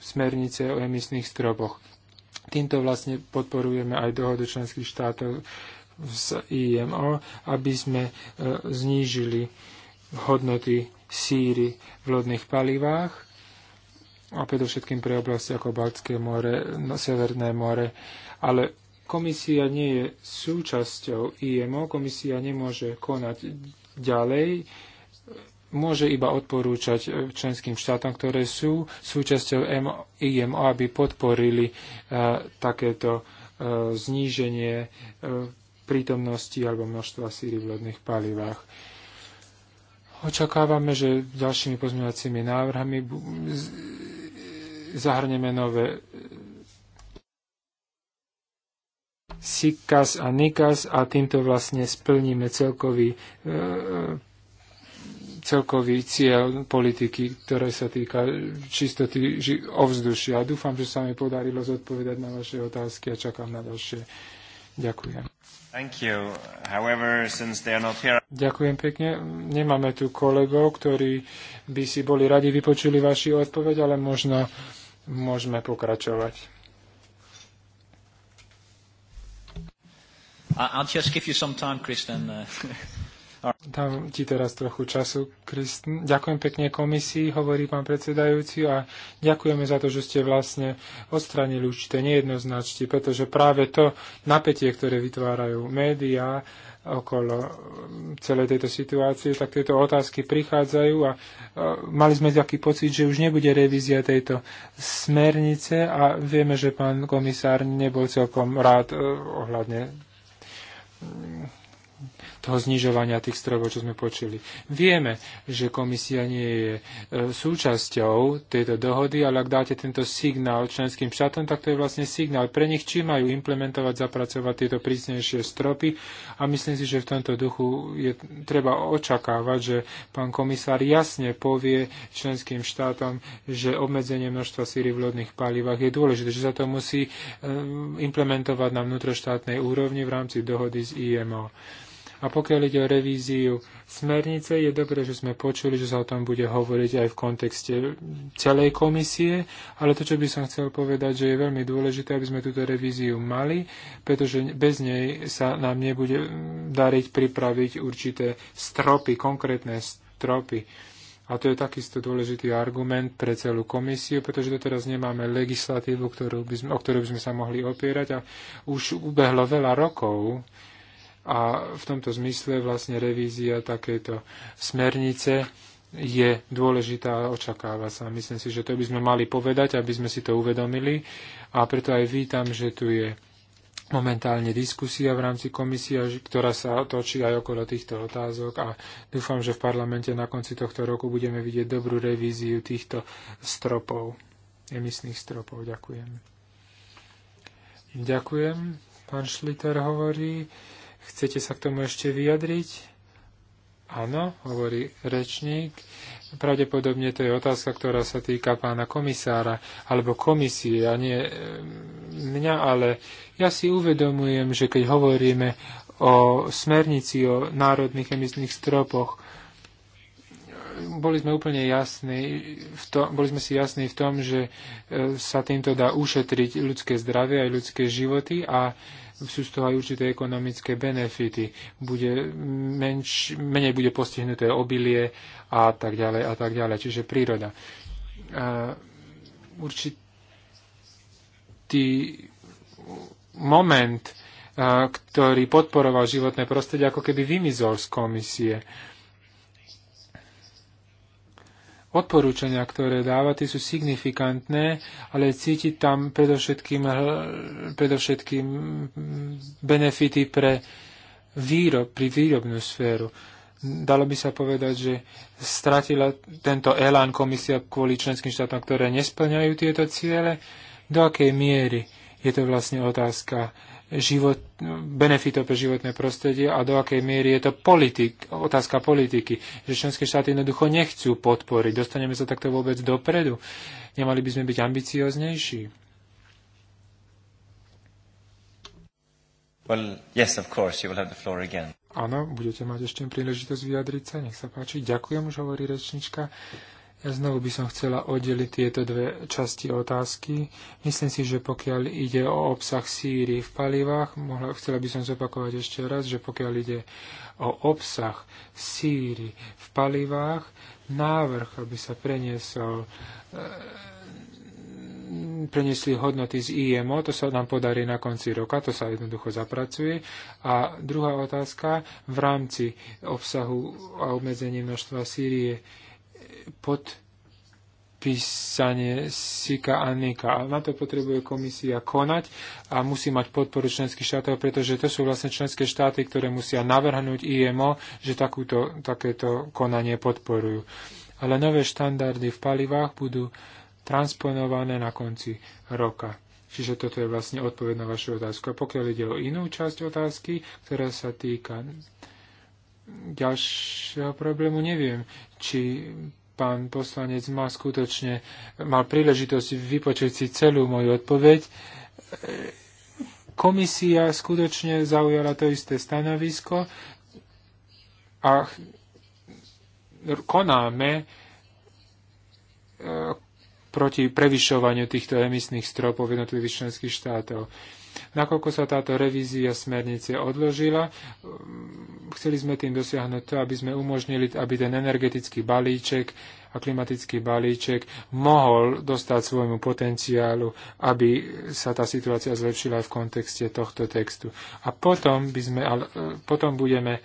smernice o emisných stropoch. Týmto vlastne podporujeme aj dohodu členských štátov z IMO, aby sme e, znížili hodnoty síry v lodných palivách a predovšetkým pre oblasti ako Baltské more, no, Severné more. Ale komisia nie je súčasťou IMO, komisia nemôže konať ďalej, môže iba odporúčať e, členským štátom, ktoré sú súčasťou IMO, aby podporili uh, takéto uh, zníženie uh, prítomnosti alebo množstva síry v lodných palivách. Očakávame, že ďalšími pozmeňovacími návrhami zahrneme nové SIKAS a NIKAS a týmto vlastne splníme celkový, e, e, celkový cieľ politiky, ktoré sa týka čistoty ovzdušia. Dúfam, že sa mi podarilo zodpovedať na vaše otázky a čakám na ďalšie. Ďakujem. Ďakujem pekne. Nemáme tu kolegov, ktorí by si boli radi vypočuli vaši odpoveď, ale možno môžeme pokračovať. I'll just give you some time, Kristen. Uh, Dám ti teraz trochu času, Kristen. Ďakujem pekne komisii, hovorí pán predsedajúci, a ďakujeme za to, že ste vlastne odstranili určité nejednoznačti, pretože práve to napätie, ktoré vytvárajú médiá okolo um, celej tejto situácie, tak tieto otázky prichádzajú a uh, mali sme taký pocit, že už nebude revízia tejto smernice a vieme, že pán komisár nebol celkom rád uh, ohľadne um, toho znižovania tých strojov, čo sme počuli. Vieme, že komisia nie je e, súčasťou tejto dohody, ale ak dáte tento signál členským štátom, tak to je vlastne signál pre nich, či majú implementovať, zapracovať tieto prísnejšie stropy. A myslím si, že v tomto duchu je treba očakávať, že pán komisár jasne povie členským štátom, že obmedzenie množstva síry v lodných palivách je dôležité, že sa to musí e, implementovať na vnútroštátnej úrovni v rámci dohody s IMO. A pokiaľ ide o revíziu smernice, je dobré, že sme počuli, že sa o tom bude hovoriť aj v kontexte celej komisie, ale to, čo by som chcel povedať, že je veľmi dôležité, aby sme túto revíziu mali, pretože bez nej sa nám nebude dariť pripraviť určité stropy, konkrétne stropy. A to je takisto dôležitý argument pre celú komisiu, pretože doteraz nemáme legislatívu, ktorú by sme, o ktorú by sme sa mohli opierať a už ubehlo veľa rokov a v tomto zmysle vlastne revízia takejto smernice je dôležitá a očakáva sa. Myslím si, že to by sme mali povedať, aby sme si to uvedomili. A preto aj vítam, že tu je momentálne diskusia v rámci komisie, ktorá sa točí aj okolo týchto otázok a dúfam, že v parlamente na konci tohto roku budeme vidieť dobrú revíziu týchto stropov, emisných stropov. Ďakujem. Ďakujem. Pán Šliter hovorí. Chcete sa k tomu ešte vyjadriť? Áno, hovorí rečník. Pravdepodobne to je otázka, ktorá sa týka pána komisára alebo komisie a nie e, mňa, ale ja si uvedomujem, že keď hovoríme o smernici o národných emisných stropoch, boli sme úplne jasní, v tom, boli sme si jasní v tom, že e, sa týmto dá ušetriť ľudské zdravie aj ľudské životy a sú z toho aj určité ekonomické benefity. Bude menš, menej bude postihnuté obilie a tak ďalej a tak ďalej, čiže príroda. E, určitý moment, e, ktorý podporoval životné prostredie, ako keby vymizol z komisie odporúčania, ktoré dáva, tie sú signifikantné, ale cítiť tam predovšetkým, eh, predovšetkým benefity pre výrob, pri výrobnú sféru. Dalo by sa povedať, že stratila tento elán komisia kvôli členským štátom, ktoré nesplňajú tieto ciele. Do akej miery je to vlastne otázka život, benefitov pre životné prostredie a do akej miery je to politik, otázka politiky, že členské štáty jednoducho nechcú podporiť. Dostaneme sa takto vôbec dopredu. Nemali by sme byť ambicioznejší. Well, yes, of course, you will have the floor again. Áno, budete mať ešte príležitosť vyjadriť sa, nech sa páči. Ďakujem, už hovorí rečnička. Uh, ja znovu by som chcela oddeliť tieto dve časti otázky. Myslím si, že pokiaľ ide o obsah síry v palivách, mohla, chcela by som zopakovať ešte raz, že pokiaľ ide o obsah síry v palivách, návrh, aby sa preniesol eh, preniesli hodnoty z IMO, to sa nám podarí na konci roka, to sa jednoducho zapracuje. A druhá otázka, v rámci obsahu a obmedzení množstva sírie podpísanie Sika a Nika. A na to potrebuje komisia konať a musí mať podporu členských štátov, pretože to sú vlastne členské štáty, ktoré musia navrhnúť IMO, že takúto, takéto konanie podporujú. Ale nové štandardy v palivách budú transponované na konci roka. Čiže toto je vlastne odpoveď na vašu otázku. A pokiaľ ide o inú časť otázky, ktorá sa týka ďalšieho problému, neviem, či pán poslanec mal skutočne, mal príležitosť vypočuť si celú moju odpoveď. Komisia skutočne zaujala to isté stanovisko a konáme e, proti prevyšovaniu týchto emisných stropov v jednotlivých členských štátov. Nakoľko sa táto revízia smernice odložila, um, chceli sme tým dosiahnuť to, aby sme umožnili, aby ten energetický balíček a klimatický balíček mohol dostať svojmu potenciálu, aby sa tá situácia zlepšila aj v kontexte tohto textu. A potom, by sme, e, potom budeme e,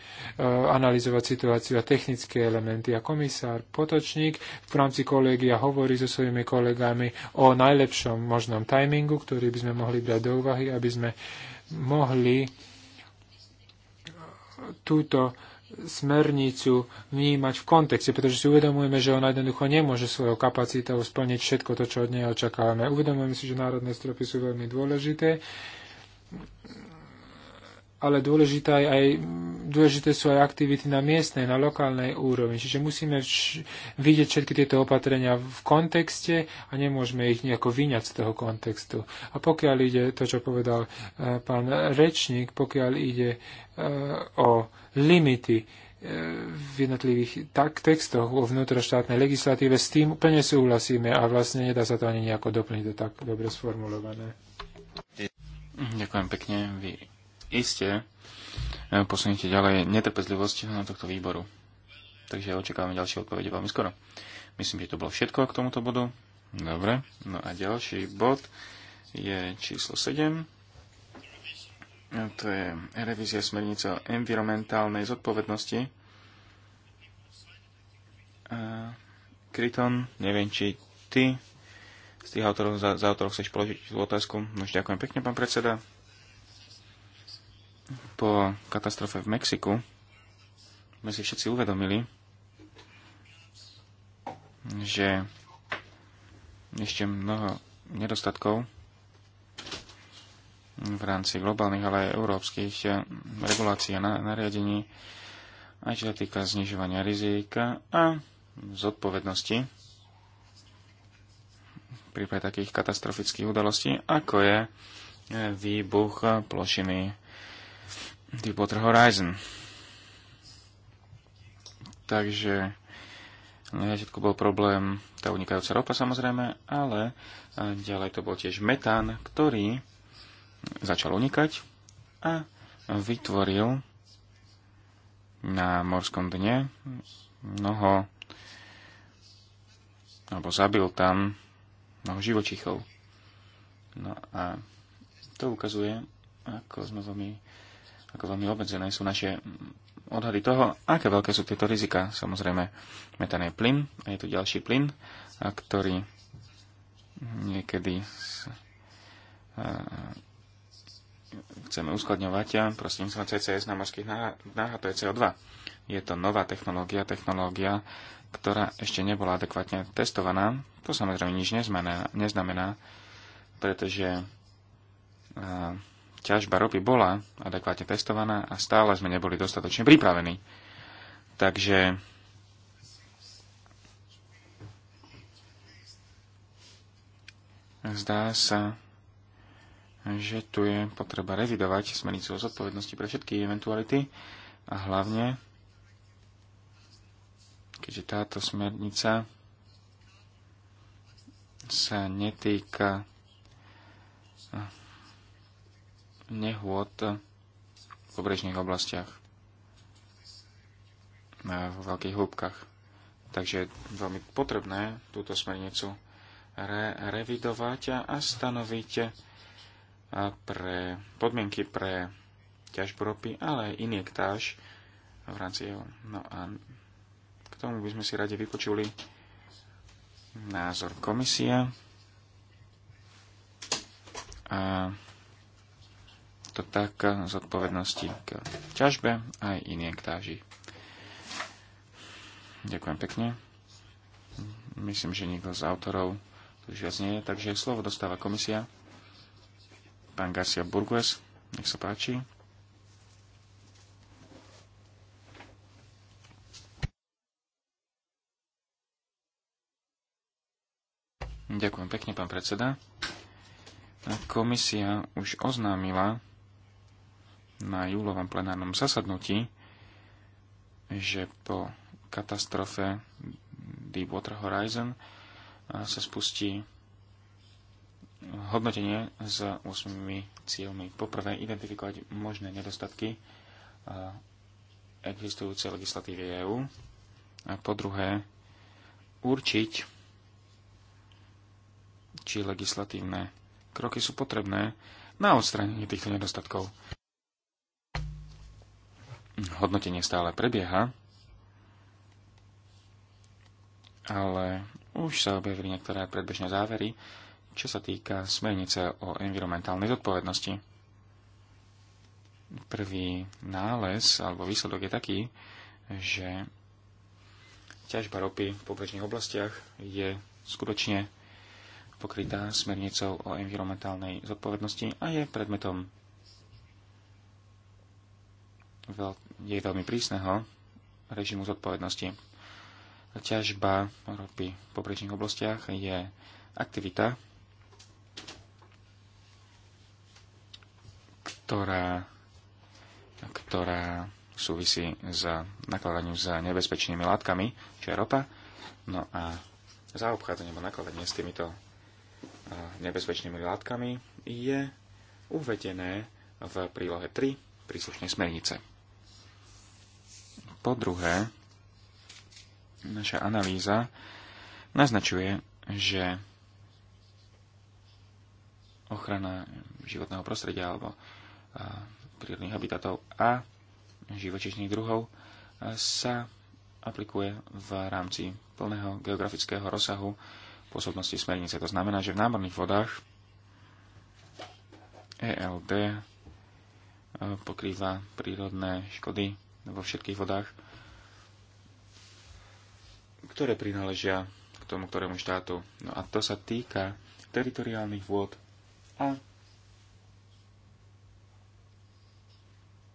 analyzovať situáciu a technické elementy. A komisár Potočník v rámci kolegia hovorí so svojimi kolegami o najlepšom možnom timingu, ktorý by sme mohli brať do úvahy, aby sme mohli túto smernicu vnímať v kontexte, pretože si uvedomujeme, že ona jednoducho nemôže svojou kapacitou splniť všetko to, čo od nej očakávame. Uvedomujeme si, že národné stropy sú veľmi dôležité, ale dôležité, aj, dôležité sú aj aktivity na miestnej, na lokálnej úrovni. Čiže musíme vš- vidieť všetky tieto opatrenia v kontexte a nemôžeme ich nejako vyňať z toho kontextu. A pokiaľ ide to, čo povedal e, pán rečník, pokiaľ ide e, o limity e, v jednotlivých tak, textoch o vnútroštátnej legislatíve, s tým úplne súhlasíme a vlastne nedá sa to ani nejako doplniť, to tak dobre sformulované. Ďakujem pekne. Vy iste e, posuniete ďalej netrpezlivosť na tohto výboru. Takže očakávame ďalšie odpovede veľmi skoro. Myslím, že to bolo všetko k tomuto bodu. Dobre. No a ďalší bod je číslo 7 to je revízia smernice o environmentálnej zodpovednosti. Kryton, neviem, či ty z tých autorov, za, za autorov chceš položiť tú otázku. Nož ďakujem pekne, pán predseda. Po katastrofe v Mexiku sme si všetci uvedomili, že ešte mnoho nedostatkov v rámci globálnych, ale aj európskych eh, regulácií a nariadení, aj čo sa týka znižovania rizika a zodpovednosti v prípade takých katastrofických udalostí, ako je eh, výbuch plošiny Deepwater Horizon. Takže na začiatku bol problém tá unikajúca ropa samozrejme, ale eh, ďalej to bol tiež metán, ktorý začal unikať a vytvoril na morskom dne mnoho alebo zabil tam mnoho živočichov. No a to ukazuje, ako sme veľmi, ako veľmi obmedzené sú naše odhady toho, aké veľké sú tieto rizika. Samozrejme, metán je plyn a je tu ďalší plyn, ktorý niekedy chceme uskladňovať prosím prostredníctvom CCS na morských dnách a to je CO2. Je to nová technológia, technológia, ktorá ešte nebola adekvátne testovaná. To samozrejme nič neznamená pretože ťažba ropy bola adekvátne testovaná a stále sme neboli dostatočne pripravení. Takže zdá sa, že tu je potreba revidovať smernicu o zodpovednosti pre všetky eventuality a hlavne, keďže táto smernica sa netýka eh, nehôd v pobrežných oblastiach eh, v veľkých hĺbkach. Takže je veľmi potrebné túto smernicu re- revidovať a stanoviť pre podmienky pre ťažbu ropy, ale aj iniektáž v rámci EU. No a k tomu by sme si radi vypočuli názor komisia. A to tak z odpovednosti k ťažbe aj iniektáži. Ďakujem pekne. Myslím, že nikto z autorov tu už viac nie je, takže slovo dostáva komisia. Pán Garcia Burgues, nech sa páči. Ďakujem pekne, pán predseda. Komisia už oznámila na júlovom plenárnom zasadnutí, že po katastrofe Deepwater Horizon sa spustí hodnotenie s 8 cieľmi. Poprvé, identifikovať možné nedostatky existujúcej legislatívy EÚ. A po druhé, určiť, či legislatívne kroky sú potrebné na odstránenie týchto nedostatkov. Hodnotenie stále prebieha, ale už sa objavili niektoré predbežné závery, čo sa týka smernice o environmentálnej zodpovednosti. Prvý nález alebo výsledok je taký, že ťažba ropy v pobrežných oblastiach je skutočne pokrytá smernicou o environmentálnej zodpovednosti a je predmetom veľ, jej veľmi prísneho režimu zodpovednosti. Ťažba ropy v pobrežných oblastiach je aktivita, ktorá, ktorá súvisí s nakladaním s nebezpečnými látkami, čo je ropa. No a zaobchádzanie alebo nakladanie s týmito nebezpečnými látkami je uvedené v prílohe 3 príslušnej smernice. Po druhé, naša analýza naznačuje, že ochrana životného prostredia alebo prírodných habitatov a živočíšnych druhov sa aplikuje v rámci plného geografického rozsahu pôsobnosti smernice. To znamená, že v námorných vodách ELD pokrýva prírodné škody vo všetkých vodách, ktoré prináležia k tomu ktorému štátu. No a to sa týka teritoriálnych vôd a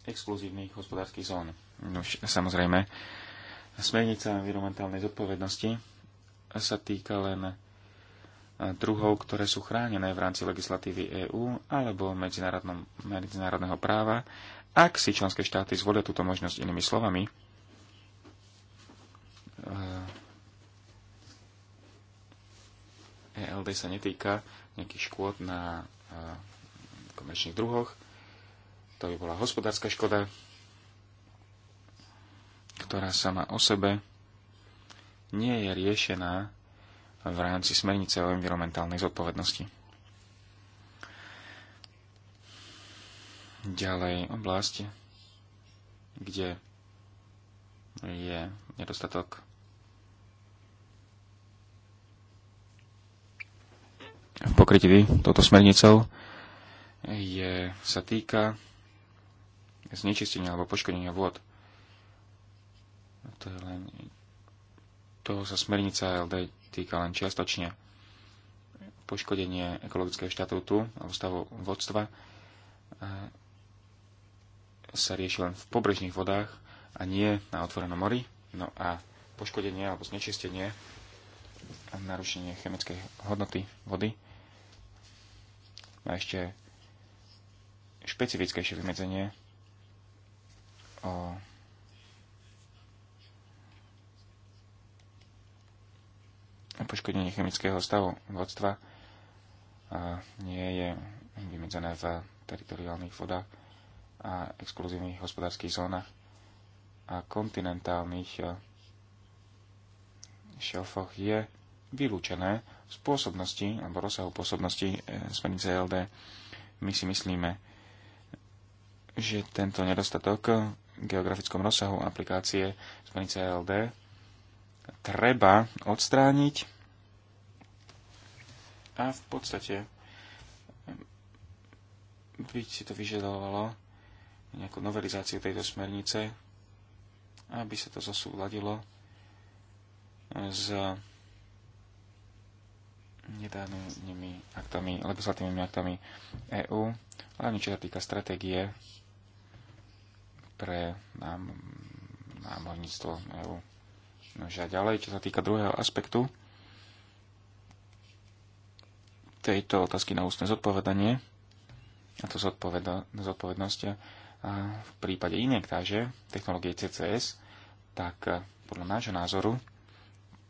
exkluzívnych hospodárskych zón. No, samozrejme, smernica environmentálnej zodpovednosti sa týka len eh, druhov, ktoré sú chránené v rámci legislatívy EÚ alebo medzinárodného práva, ak si členské štáty zvolia túto možnosť inými slovami, ELD eh, e sa netýka nejakých škôd na eh, komerčných druhoch, to by bola hospodárska škoda, ktorá sama o sebe nie je riešená v rámci smernice o environmentálnej zodpovednosti. Ďalej oblasť, kde je nedostatok v pokrytí touto smernicou, je, sa týka znečistenia alebo poškodenia vôd. To je len, toho sa smernica LD týka len čiastočne. Poškodenie ekologického štatútu alebo stavu vodstva eh, sa rieši len v pobrežných vodách a nie na otvorenom mori. No a poškodenie alebo znečistenie a narušenie chemickej hodnoty vody má ešte špecifickejšie vymedzenie a poškodenie chemického stavu vodstva nie je vymedzené v teritoriálnych vodách a exkluzívnych hospodárskych zónach a kontinentálnych e, šelfoch je vylúčené z pôsobnosti alebo rozsahu pôsobnosti e, smernice LD. My si myslíme, že tento nedostatok geografickom rozsahu aplikácie smernice e LD treba odstrániť a v podstate by si to vyžadovalo nejakú novelizáciu tejto smernice, aby sa to zosúladilo s nedávnymi aktami, legislatívnymi aktami EÚ, hlavne čo sa týka stratégie pre nám, námorníctvo EU. No a ďalej, čo sa týka druhého aspektu tejto otázky na ústne zodpovedanie, a to zodpoveda, zodpovednosť a v prípade injektáže technológie CCS, tak e, podľa nášho názoru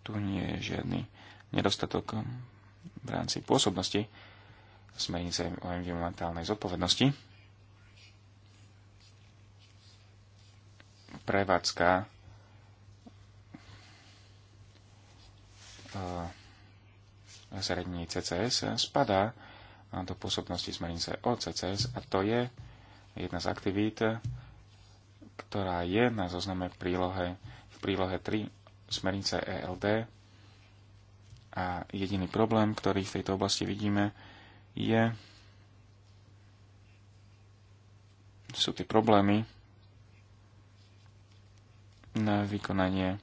tu nie je žiadny nedostatok v rámci pôsobnosti smernice o environmentálnej zodpovednosti prevádzka e, zariadení CCS spadá do pôsobnosti smernice OCCS a to je jedna z aktivít, ktorá je na zozname v prílohe, v prílohe 3 smernice ELD a jediný problém, ktorý v tejto oblasti vidíme, je sú tie problémy, na vykonanie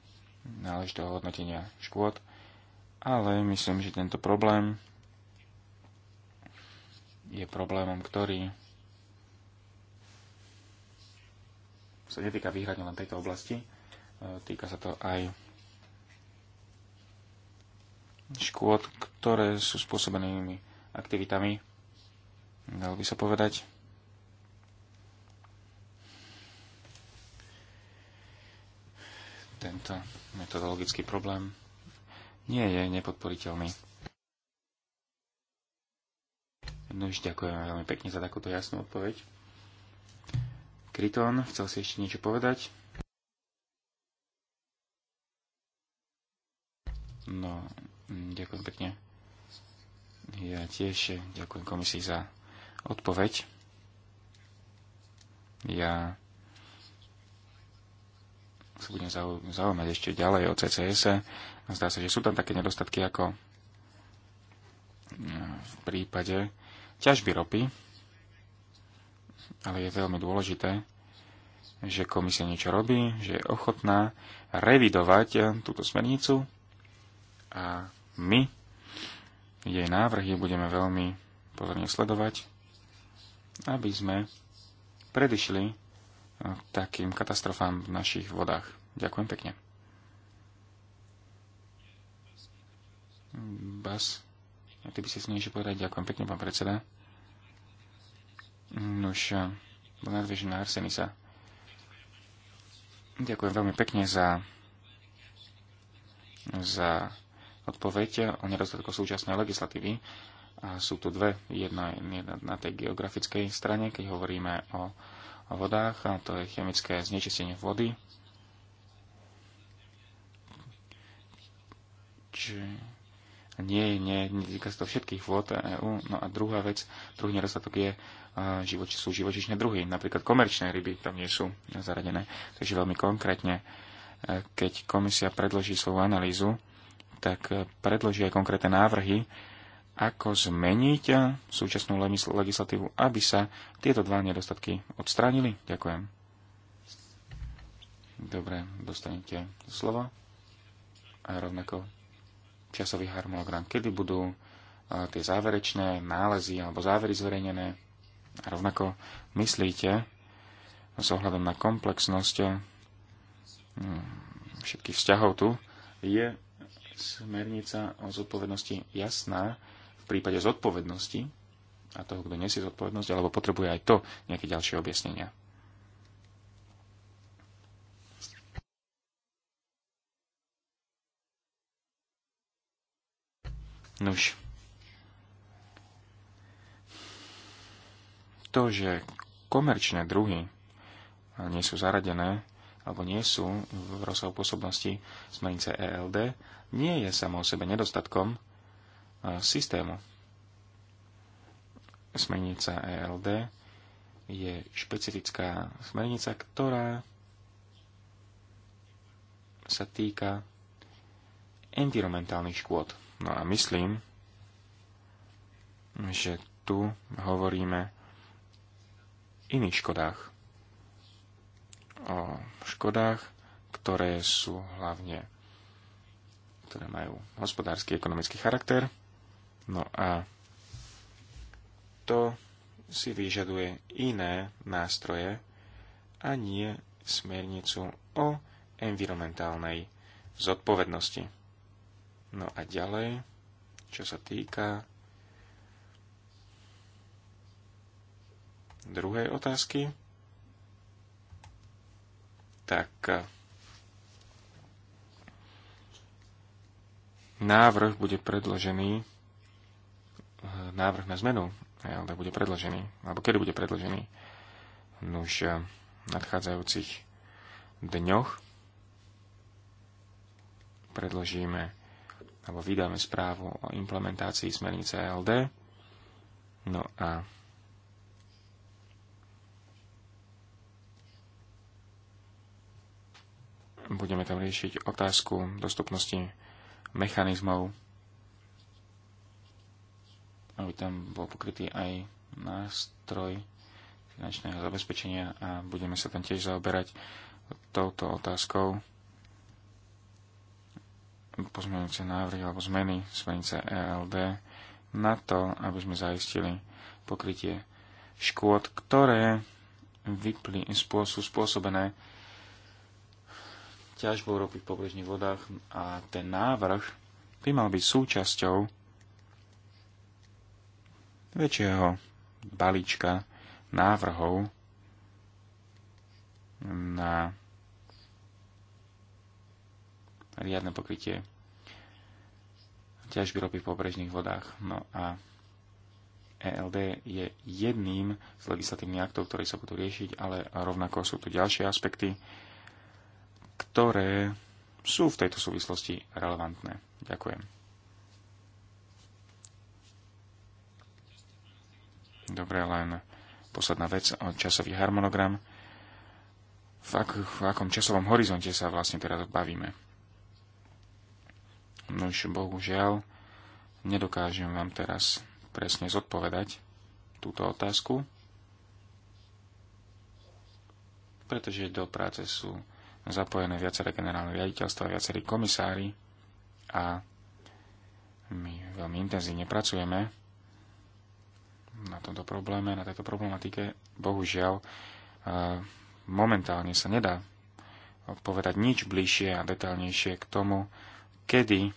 náležitého hodnotenia škôd, ale myslím, že tento problém je problémom, ktorý sa netýka výhradne len tejto oblasti, e, týka sa to aj škôd, ktoré sú spôsobené inými aktivitami, dalo by sa povedať. tento metodologický problém nie je nepodporiteľný. Nož, ďakujem veľmi pekne za takúto jasnú odpoveď. Kryton, chcel si ešte niečo povedať? No, ďakujem pekne. Ja tiež ďakujem komisii za odpoveď. Ja sa budem zaujímať ešte ďalej o CCS. Zdá sa, že sú tam také nedostatky ako e, v prípade ťažby ropy, ale je veľmi dôležité, že komisia niečo robí, že je ochotná revidovať e, túto smernicu a my jej návrhy budeme veľmi pozorne sledovať, aby sme predišli takým katastrofám v našich vodách. Ďakujem pekne. Bas, a ty by si s povedať? Ďakujem pekne, pán predseda. Nož, eh, bol nadviežený na Arsenisa. Ďakujem veľmi pekne za, za odpoveď o nedostatku súčasnej legislatívy. A sú tu dve. Jedna, je na tej geografickej strane, keď hovoríme o vodách, a to je chemické znečistenie vody. Či nie, nie, netýka sa to všetkých vôd EU. No a druhá vec, druhý nedostatok je, živoči, sú živočišné druhy. Napríklad komerčné ryby tam nie sú zaradené. Takže veľmi konkrétne, e, keď komisia predloží svoju analýzu, tak e, predloží aj konkrétne návrhy, ako zmeniť súčasnú legislatívu, aby sa tieto dva nedostatky odstránili? Ďakujem. Dobre, dostanete slovo. A rovnako časový harmonogram, kedy budú e, tie záverečné nálezy alebo závery zverejnené. A rovnako myslíte s ohľadom na komplexnosť e, všetkých vzťahov tu, je smernica o zodpovednosti jasná, prípade zodpovednosti a toho, kto nesie zodpovednosť, alebo potrebuje aj to nejaké ďalšie objasnenia. Nuž. To, že komerčné druhy nie sú zaradené alebo nie sú v rozsahu pôsobnosti smernice ELD, nie je samo o sebe nedostatkom, systému. Smernica ELD je špecifická smernica, ktorá sa týka environmentálnych škôd. No a myslím, že tu hovoríme iných škodách. O škodách, ktoré sú hlavne, ktoré majú hospodársky, ekonomický charakter No a to si vyžaduje iné nástroje a nie smernicu o environmentálnej zodpovednosti. No a ďalej, čo sa týka druhej otázky, tak e, návrh bude predložený návrh na zmenu ELD bude predložený, alebo kedy bude predložený. No už eh, v nadchádzajúcich dňoch predložíme alebo vydáme správu o implementácii smernice ELD. No a budeme tam riešiť otázku dostupnosti mechanizmov aby tam bol pokrytý aj nástroj finančného zabezpečenia a budeme sa tam tiež zaoberať touto otázkou pozmeňujúce návrhy alebo zmeny smernice ELD na to, aby sme zaistili pokrytie škôd, ktoré vypli, sú spôsobené ťažbou ropy v pobrežných vodách a ten návrh by mal byť súčasťou väčšieho balíčka návrhov na riadne pokrytie ťažby ropy v pobrežných vodách. No a ELD je jedným z legislatívnych aktov, ktoré sa budú riešiť, ale rovnako sú tu ďalšie aspekty, ktoré sú v tejto súvislosti relevantné. Ďakujem. Dobre, len posledná vec časový harmonogram. V, ak, v akom časovom horizonte sa vlastne teraz bavíme? No už bohužiaľ nedokážem vám teraz presne zodpovedať túto otázku, pretože do práce sú zapojené viaceré generálne riaditeľstva, viacerí komisári a my veľmi intenzívne pracujeme na tomto probléme, na tejto problematike, bohužiaľ, e, momentálne sa nedá povedať nič bližšie a detaľnejšie k tomu, kedy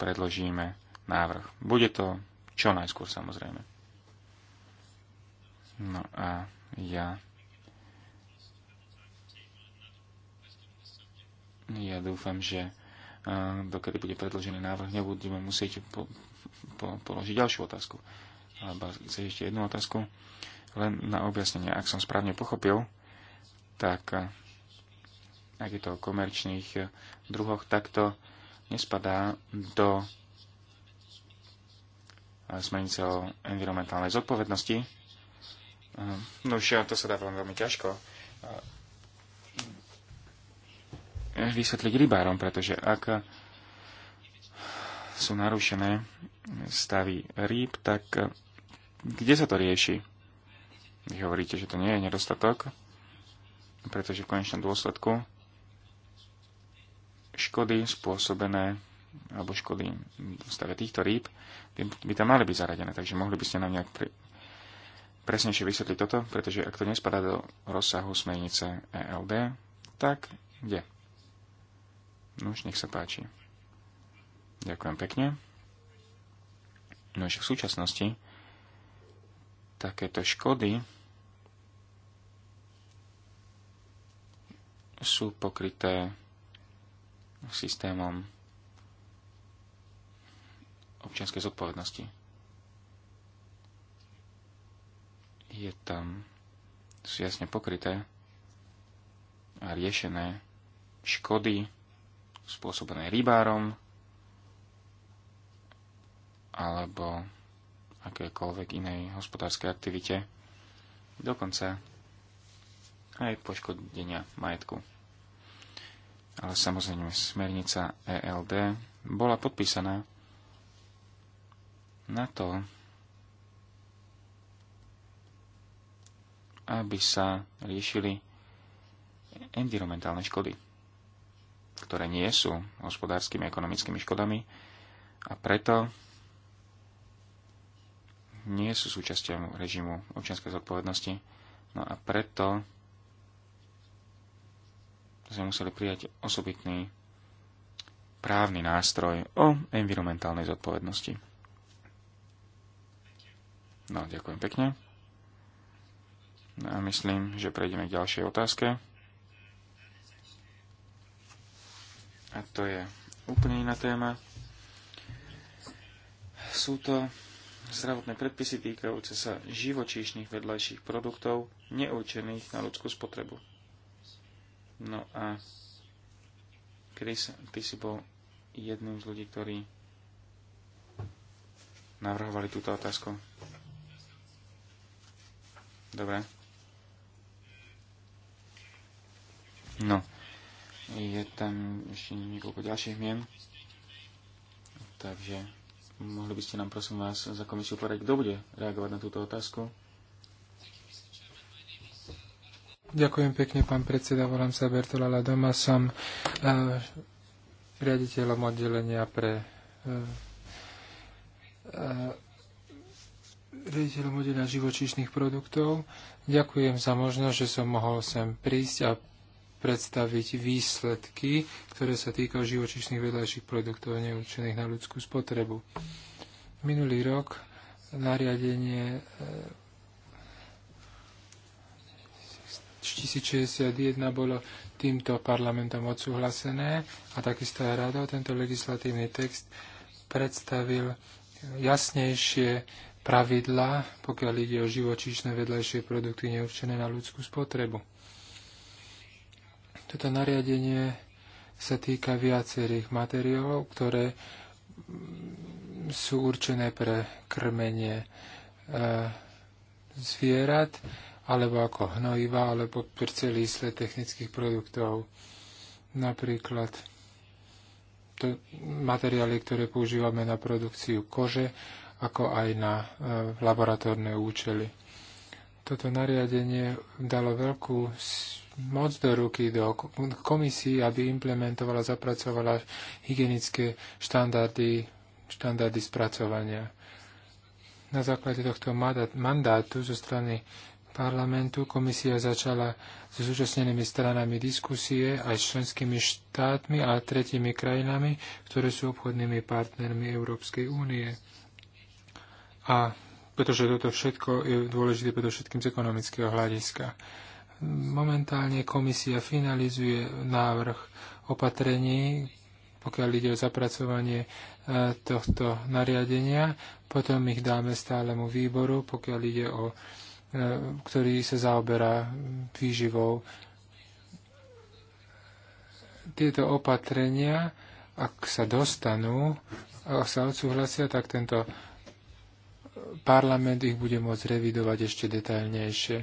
predložíme návrh. Bude to čo najskôr samozrejme. No a ja ja dúfam, že e, dokedy bude predložený návrh, nebudeme musieť po, po, položiť ďalšiu otázku alebo chce ešte jednu otázku, len na objasnenie, ak som správne pochopil, tak eh, ak je to o komerčných eh, druhoch, tak to nespadá do eh, smernice o environmentálnej zodpovednosti. No už to sa dá veľmi, veľmi ťažko vysvetliť rybárom, pretože ak sú narušené stavy rýb, tak kde sa to rieši? Vy hovoríte, že to nie je nedostatok, pretože v konečnom dôsledku škody spôsobené alebo škody v stave týchto rýb by, by tam mali byť zaradené. Takže mohli by ste nám nejak pri, presnejšie vysvetliť toto, pretože ak to nespadá do rozsahu smernice ELD, tak kde? No už nech sa páči. Ďakujem pekne. No už v súčasnosti takéto škody sú pokryté systémom občianskej zodpovednosti. Je tam, sú jasne pokryté a riešené škody spôsobené rybárom alebo akékoľvek inej hospodárskej aktivite, dokonca aj poškodenia majetku. Ale samozrejme, smernica ELD bola podpísaná na to, aby sa riešili environmentálne škody, ktoré nie sú hospodárskymi a ekonomickými škodami a preto nie sú súčasťou režimu občianskej zodpovednosti. No a preto sme museli prijať osobitný právny nástroj o environmentálnej zodpovednosti. No, ďakujem pekne. No a myslím, že prejdeme k ďalšej otázke. A to je úplne iná téma. Sú to zdravotné predpisy týkajúce sa živočíšnych vedľajších produktov neurčených na ľudskú spotrebu. No a Chris, ty si bol jedným z ľudí, ktorí navrhovali túto otázku. Dobre. No. Je tam ešte niekoľko ďalších mien. Takže Mohli by ste nám prosím vás za komisiu povedať, kto bude reagovať na túto otázku? Ďakujem pekne, pán predseda. Volám sa Bertola Ladoma. Som uh, riaditeľom oddelenia pre uh, uh, riaditeľom oddelenia živočíšnych produktov. Ďakujem za možnosť, že som mohol sem prísť a predstaviť výsledky, ktoré sa týkajú živočišných vedľajších produktov neurčených na ľudskú spotrebu. Minulý rok nariadenie 1061 eh, bolo týmto parlamentom odsúhlasené a takisto aj rado tento legislatívny text predstavil jasnejšie pravidla, pokiaľ ide o živočíšne vedľajšie produkty neurčené na ľudskú spotrebu. Toto nariadenie sa týka viacerých materiálov, ktoré sú určené pre krmenie e, zvierat, alebo ako hnojiva, alebo pre celý sled technických produktov. Napríklad to, materiály, ktoré používame na produkciu kože, ako aj na e, laboratórne účely. Toto nariadenie dalo veľkú moc do ruky do komisii, aby implementovala, zapracovala hygienické štandardy, štandardy spracovania. Na základe tohto mandátu zo strany parlamentu komisia začala so zúčastnenými stranami diskusie aj s členskými štátmi a tretimi krajinami, ktoré sú obchodnými partnermi Európskej únie. A pretože toto všetko je dôležité predovšetkým z ekonomického hľadiska. Momentálne komisia finalizuje návrh opatrení, pokiaľ ide o zapracovanie e, tohto nariadenia. Potom ich dáme stálemu výboru, pokiaľ ide o e, ktorý sa zaoberá výživou. Tieto opatrenia, ak sa dostanú, ak sa odsúhlasia, tak tento parlament ich bude môcť revidovať ešte detailnejšie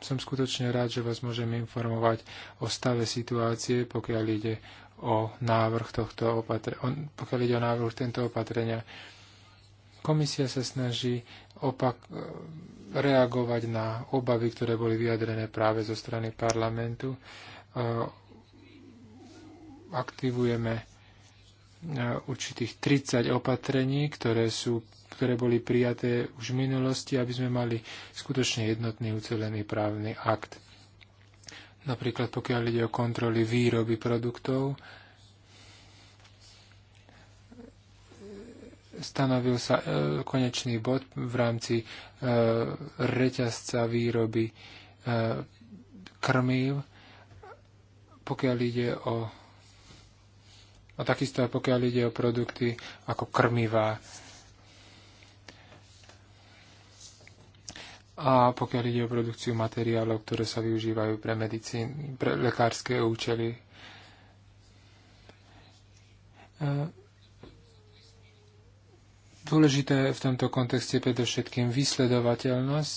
som skutočne rád, že vás môžem informovať o stave situácie, pokiaľ ide o návrh tohto opatrenia, pokiaľ ide o návrh tento opatrenia. Komisia sa snaží opak reagovať na obavy, ktoré boli vyjadrené práve zo strany parlamentu. E, aktivujeme určitých 30 opatrení, ktoré, sú, ktoré boli prijaté už v minulosti, aby sme mali skutočne jednotný ucelený právny akt. Napríklad pokiaľ ide o kontroly výroby produktov, stanovil sa e, konečný bod v rámci e, reťazca výroby e, krmív, pokiaľ ide o a takisto aj pokiaľ ide o produkty ako krmivá. A pokiaľ ide o produkciu materiálov, ktoré sa využívajú pre, medicín, pre lekárske účely. E, dôležité v tomto kontexte predovšetkým vysledovateľnosť,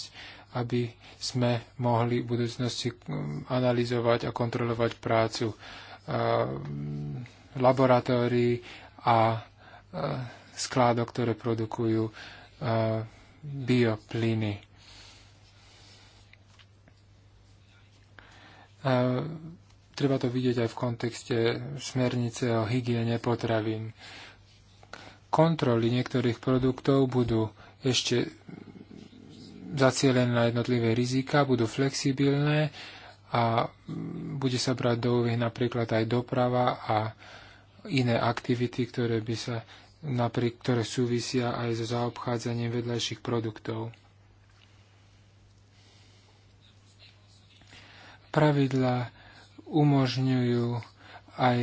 aby sme mohli v budúcnosti analyzovať a kontrolovať prácu e, laboratórií a e, skládok, ktoré produkujú e, bioplyny. E, treba to vidieť aj v kontexte smernice o hygiene potravín. Kontroly niektorých produktov budú ešte zacielené na jednotlivé rizika, budú flexibilné a bude sa brať do úvahy napríklad aj doprava a iné aktivity, ktoré by sa napriek, ktoré súvisia aj so zaobchádzaním vedľajších produktov. Pravidla umožňujú aj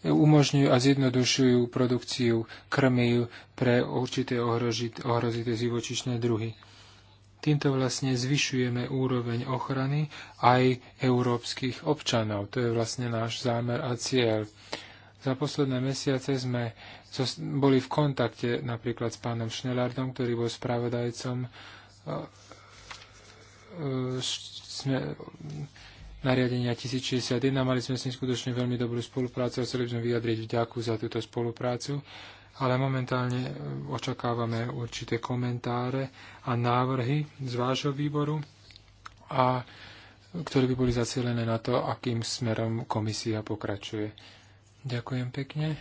umožňujú a zjednodušujú produkciu krmív pre určité ohrozité živočišné druhy. Týmto vlastne zvyšujeme úroveň ochrany aj európskych občanov. To je vlastne náš zámer a cieľ. Za posledné mesiace sme boli v kontakte napríklad s pánom Šnelardom, ktorý bol spravodajcom nariadenia 1061. Mali sme s ním skutočne veľmi dobrú spoluprácu a chceli by sme vyjadriť vďaku za túto spoluprácu, ale momentálne e, očakávame určité komentáre a návrhy z vášho výboru, a, ktoré by boli zacielené na to, akým smerom komisia pokračuje. Ďakujem pekne.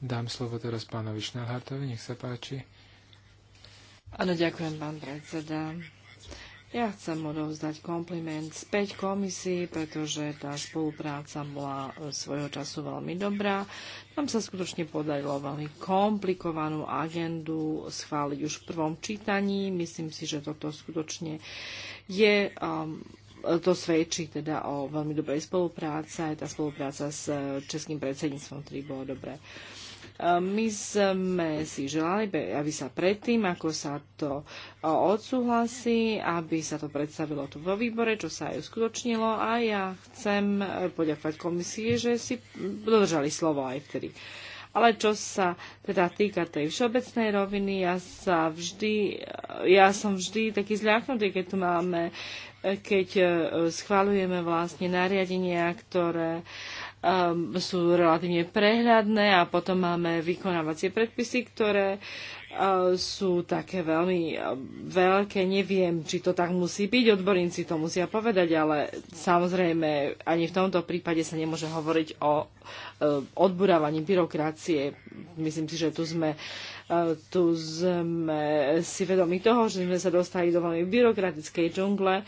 Dám slovo teraz pánovi Šnelhartovi, nech sa páči. Áno, ďakujem, pán predseda. Ja chcem odovzdať kompliment späť komisii, pretože tá spolupráca bola svojho času veľmi dobrá. Tam sa skutočne podarilo veľmi komplikovanú agendu schváliť už v prvom čítaní. Myslím si, že toto skutočne je um, to svedčí teda o veľmi dobrej spolupráce, aj tá spolupráca s eh, českým predsedníctvom, ktorý bolo dobré. Eh, my sme si želali, aby sa predtým, ako sa to eh, odsúhlasí, aby sa to predstavilo tu vo výbore, čo sa aj uskutočnilo a ja chcem poďakovať komisii, že si dodržali slovo aj vtedy. Ale čo sa teda týka tej všeobecnej roviny, ja, sa vždy, ja som vždy taký zľaknutý, keď tu máme keď e, schváľujeme vlastne nariadenia, ktoré e, sú relatívne prehľadné a potom máme vykonávacie predpisy, ktoré Eh, sú také veľmi eh, veľké. Neviem, či to tak musí byť, odborníci to musia povedať, ale samozrejme ani v tomto prípade sa nemôže hovoriť o eh, odburávaní byrokracie. Myslím si, že tu sme, tu sme si vedomi toho, že sme sa dostali do veľmi byrokratickej džungle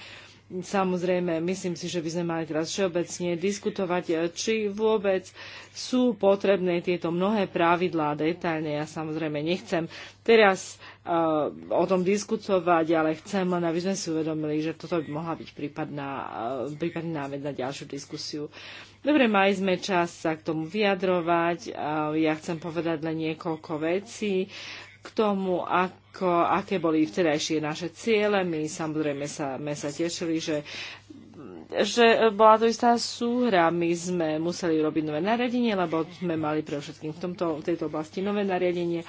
Samozrejme, myslím si, že by sme mali teraz všeobecne diskutovať, e, či vôbec sú potrebné tieto mnohé pravidlá detailne. Ja samozrejme nechcem teraz uh, o tom diskutovať, ale chcem len, aby sme si uvedomili, že toto by mohla byť prípadná, uh, prípadný námed na ďalšiu diskusiu. Dobre, mali sme čas sa k tomu vyjadrovať. Uh, ja chcem povedať len niekoľko vecí k tomu, ako, aké boli vtedajšie naše ciele. My samozrejme sa, my sa tešili, že že bola to istá súhra. My sme museli robiť nové nariadenie, lebo sme mali pre všetkým v tomto, v tejto oblasti nové nariadenie.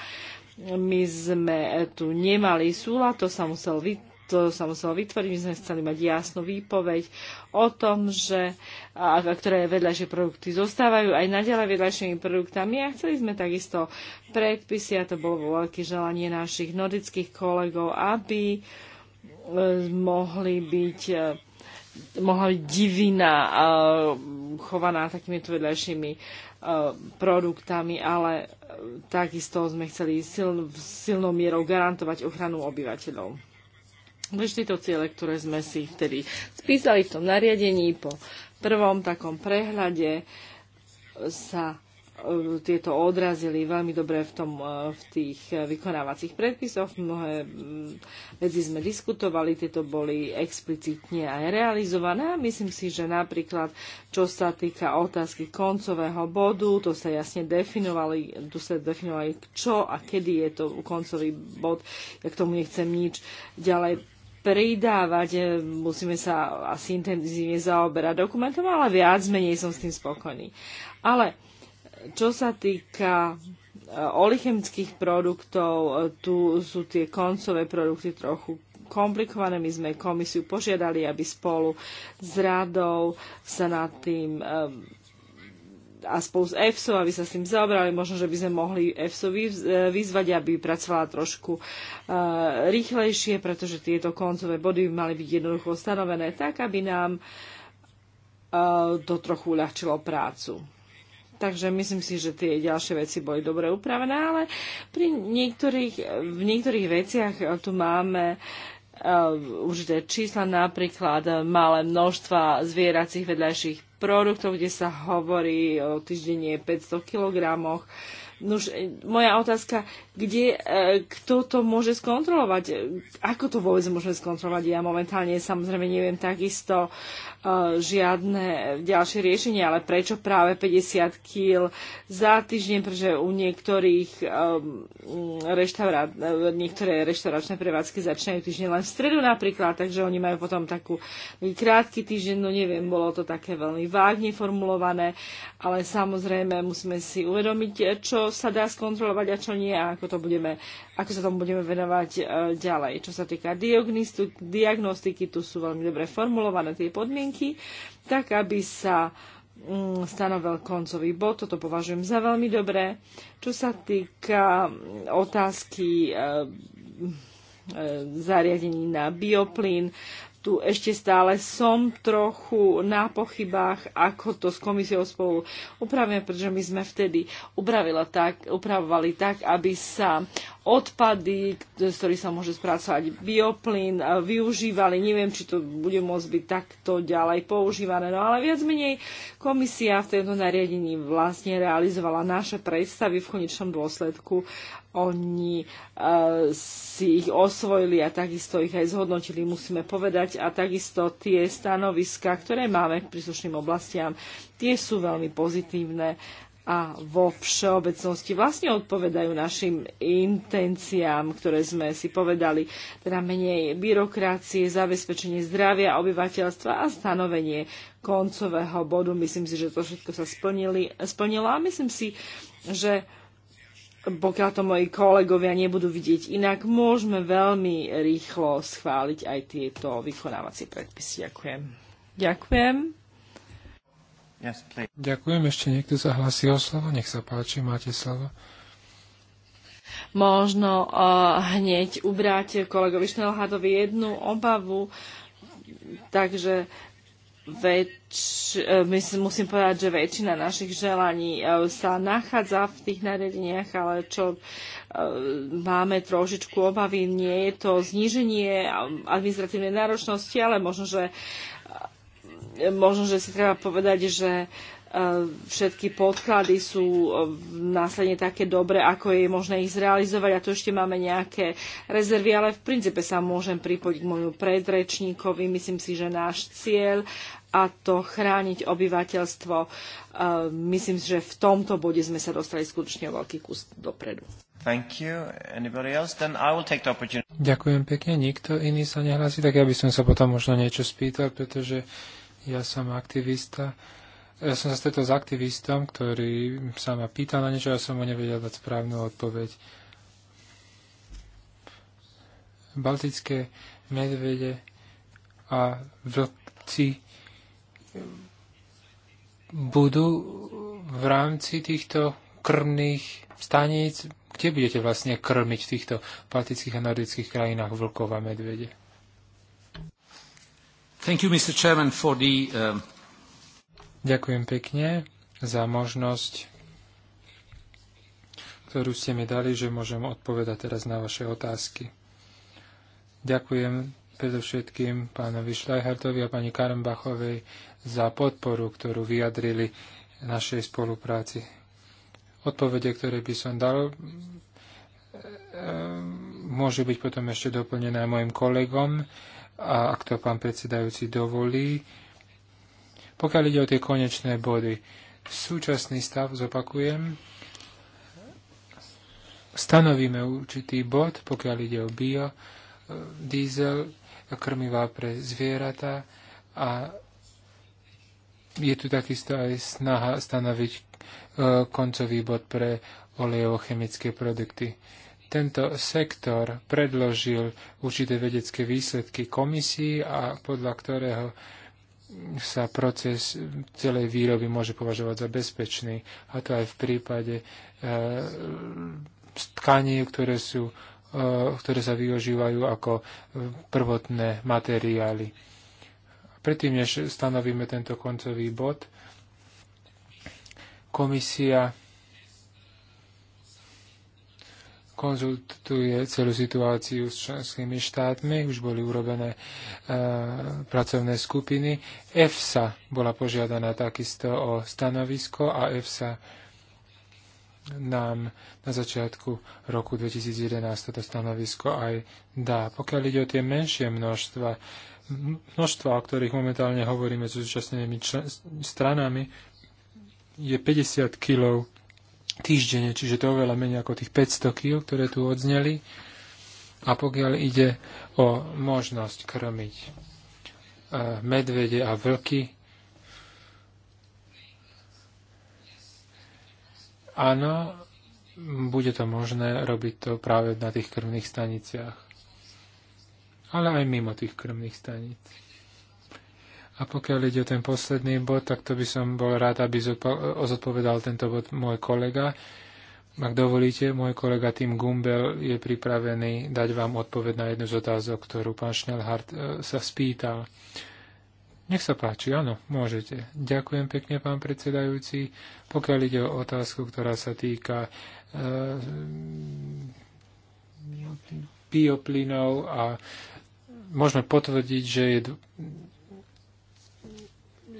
My sme tu nemali súlad, to sa musel vytvoriť to sa muselo vytvoriť. My sme chceli mať jasnú výpoveď o tom, že a, ktoré vedľajšie produkty zostávajú aj naďalej vedľajšími produktami a chceli sme takisto predpisy a to bolo veľké želanie našich nordických kolegov, aby e, mohli byť e, mohla byť divina e, chovaná takýmito vedľajšími e, produktami, ale e, takisto sme chceli silnou mierou garantovať ochranu obyvateľov vždy to ciele, ktoré sme si vtedy spísali v tom nariadení po prvom takom prehľade sa e, tieto odrazili veľmi dobre v, tom, e, v tých vykonávacích predpisoch. Mnohé mm, veci sme diskutovali, tieto boli explicitne aj realizované. Myslím si, že napríklad, čo sa týka otázky koncového bodu, to sa jasne definovali, tu sa definovali, čo a kedy je to koncový bod. Ja k tomu nechcem nič ďalej pridávať, e, musíme sa asi intenzívne zaoberať dokumentom, ale viac menej som s tým spokojný. Ale e, čo sa týka e, olichemických produktov, tu sú tie koncové produkty trochu komplikované. My sme komisiu požiadali, aby spolu s radou sa nad tým a spolu s EFSO, aby sa s tým zaobrali. Možno, že by sme mohli EFSO e, vyzvať, aby pracovala trošku uh, rýchlejšie, pretože tieto koncové body by mali byť jednoducho stanovené tak, aby nám uh, to trochu uľahčilo prácu. Takže myslím si, že tie ďalšie veci boli dobre upravené, ale pri niektorých, v niektorých veciach tu máme uh, užité čísla, napríklad malé množstva zvieracích vedľajších produktov, kde sa hovorí o týždenie 500 kg. Nož, e, moja otázka, kde, e, kto to môže skontrolovať? Ako to vôbec môžeme skontrolovať? Ja momentálne samozrejme neviem takisto žiadne ďalšie riešenie, ale prečo práve 50 kg za týždeň, pretože u niektorých um, reštaurá... niektoré reštauračné prevádzky začínajú týždeň len v stredu napríklad, takže oni majú potom takú krátky týždeň, no neviem, bolo to také veľmi vágne formulované, ale samozrejme musíme si uvedomiť, čo sa dá skontrolovať a čo nie a ako to budeme ako sa tomu budeme venovať e, ďalej. Čo sa týka diagnostiky, tu sú veľmi dobre formulované tie podmienky, tak aby sa mm, stanovil koncový bod. Toto považujem za veľmi dobré. Čo sa týka mm, otázky e, e, zariadení na bioplyn tu ešte stále som trochu na pochybách, ako to s komisiou spolu upravíme, pretože my sme vtedy tak, upravovali tak, aby sa odpady, z ktorých sa môže spracovať bioplyn, využívali. Neviem, či to bude môcť byť takto ďalej používané, no ale viac menej komisia v tejto nariadení vlastne realizovala naše predstavy v konečnom dôsledku oni e, si ich osvojili a takisto ich aj zhodnotili, musíme povedať. A takisto tie stanoviska, ktoré máme k príslušným oblastiam, tie sú veľmi pozitívne a vo všeobecnosti vlastne odpovedajú našim intenciám, ktoré sme si povedali, teda menej byrokracie, zabezpečenie zdravia obyvateľstva a stanovenie koncového bodu. Myslím si, že to všetko sa splnili, splnilo a myslím si, že pokiaľ to moji kolegovia nebudú vidieť inak, môžeme veľmi rýchlo schváliť aj tieto vykonávacie predpisy. Ďakujem. Ďakujem. Yes, Ďakujem. Ešte niekto zahlasí o slovo? Nech sa páči, máte slovo. Možno uh, hneď ubrať kolegovi Šnelhadovi jednu obavu, takže väč, e, musím povedať, že väčšina našich želaní e, sa nachádza v tých nariadeniach, ale čo e, máme trošičku obavy, nie je to zníženie administratívnej náročnosti, ale možno, že možno, že si treba povedať, že všetky podklady sú e, následne také dobré, ako je možné ich zrealizovať a tu ešte máme nejaké rezervy, ale v princípe sa môžem pripojiť k môjmu predrečníkovi. Myslím si, že náš cieľ a to chrániť obyvateľstvo. E, myslím, si, že v tomto bode sme sa dostali skutočne veľký kus dopredu. Ďakujem pekne. Nikto iný sa nehlási, tak ja by som sa potom možno niečo spýtal, pretože ja som aktivista ja som sa stretol s aktivistom, ktorý sa ma pýtal na niečo a ja som mu nevedel dať správnu odpoveď. Baltické medvede a vlci budú v rámci týchto krmných staníc, kde budete vlastne krmiť v týchto baltických a nordických krajinách vlkov a medvede? Thank you, Mr. Chairman, for the, uh... Ďakujem pekne za možnosť, ktorú ste mi dali, že môžem odpovedať teraz na vaše otázky. Ďakujem predovšetkým pánovi Šlajhartovi a pani Karembachovej za podporu, ktorú vyjadrili našej spolupráci. Odpovede, ktoré by som dal, e, e, môžu byť potom ešte doplnené aj mojim kolegom, a ak to pán predsedajúci dovolí, pokiaľ ide o tie konečné body, súčasný stav, zopakujem, stanovíme určitý bod, pokiaľ ide o bio, diesel, krmivá pre zvieratá a je tu takisto aj snaha stanoviť e, koncový bod pre olejovo-chemické produkty. Tento sektor predložil určité vedecké výsledky komisii a podľa ktorého sa proces celej výroby môže považovať za bezpečný. A to aj v prípade e, tkaní, ktoré, sú, e, ktoré sa využívajú ako prvotné materiály. Predtým, než stanovíme tento koncový bod, komisia konzultuje celú situáciu s členskými štátmi, už boli urobené e, pracovné skupiny. EFSA bola požiadaná takisto o stanovisko a EFSA nám na začiatku roku 2011 toto stanovisko aj dá. Pokiaľ ide o tie menšie množstva, množstva, o ktorých momentálne hovoríme s so súčasnými stranami, je 50 kilov týždenne, čiže to je oveľa menej ako tých 500 kg, ktoré tu odzneli. A pokiaľ ide o možnosť krmiť e, medvede a vlky, áno, bude to možné robiť to práve na tých krmných staniciach. Ale aj mimo tých krmných staníc. A pokiaľ ide o ten posledný bod, tak to by som bol rád, aby zodpovedal tento bod môj kolega. Ak dovolíte, môj kolega Tim Gumbel je pripravený dať vám odpoveď na jednu z otázok, ktorú pán Schnellhardt e, sa spýtal. Nech sa páči, áno, môžete. Ďakujem pekne, pán predsedajúci. Pokiaľ ide o otázku, ktorá sa týka e, bioplynov a môžeme potvrdiť, že je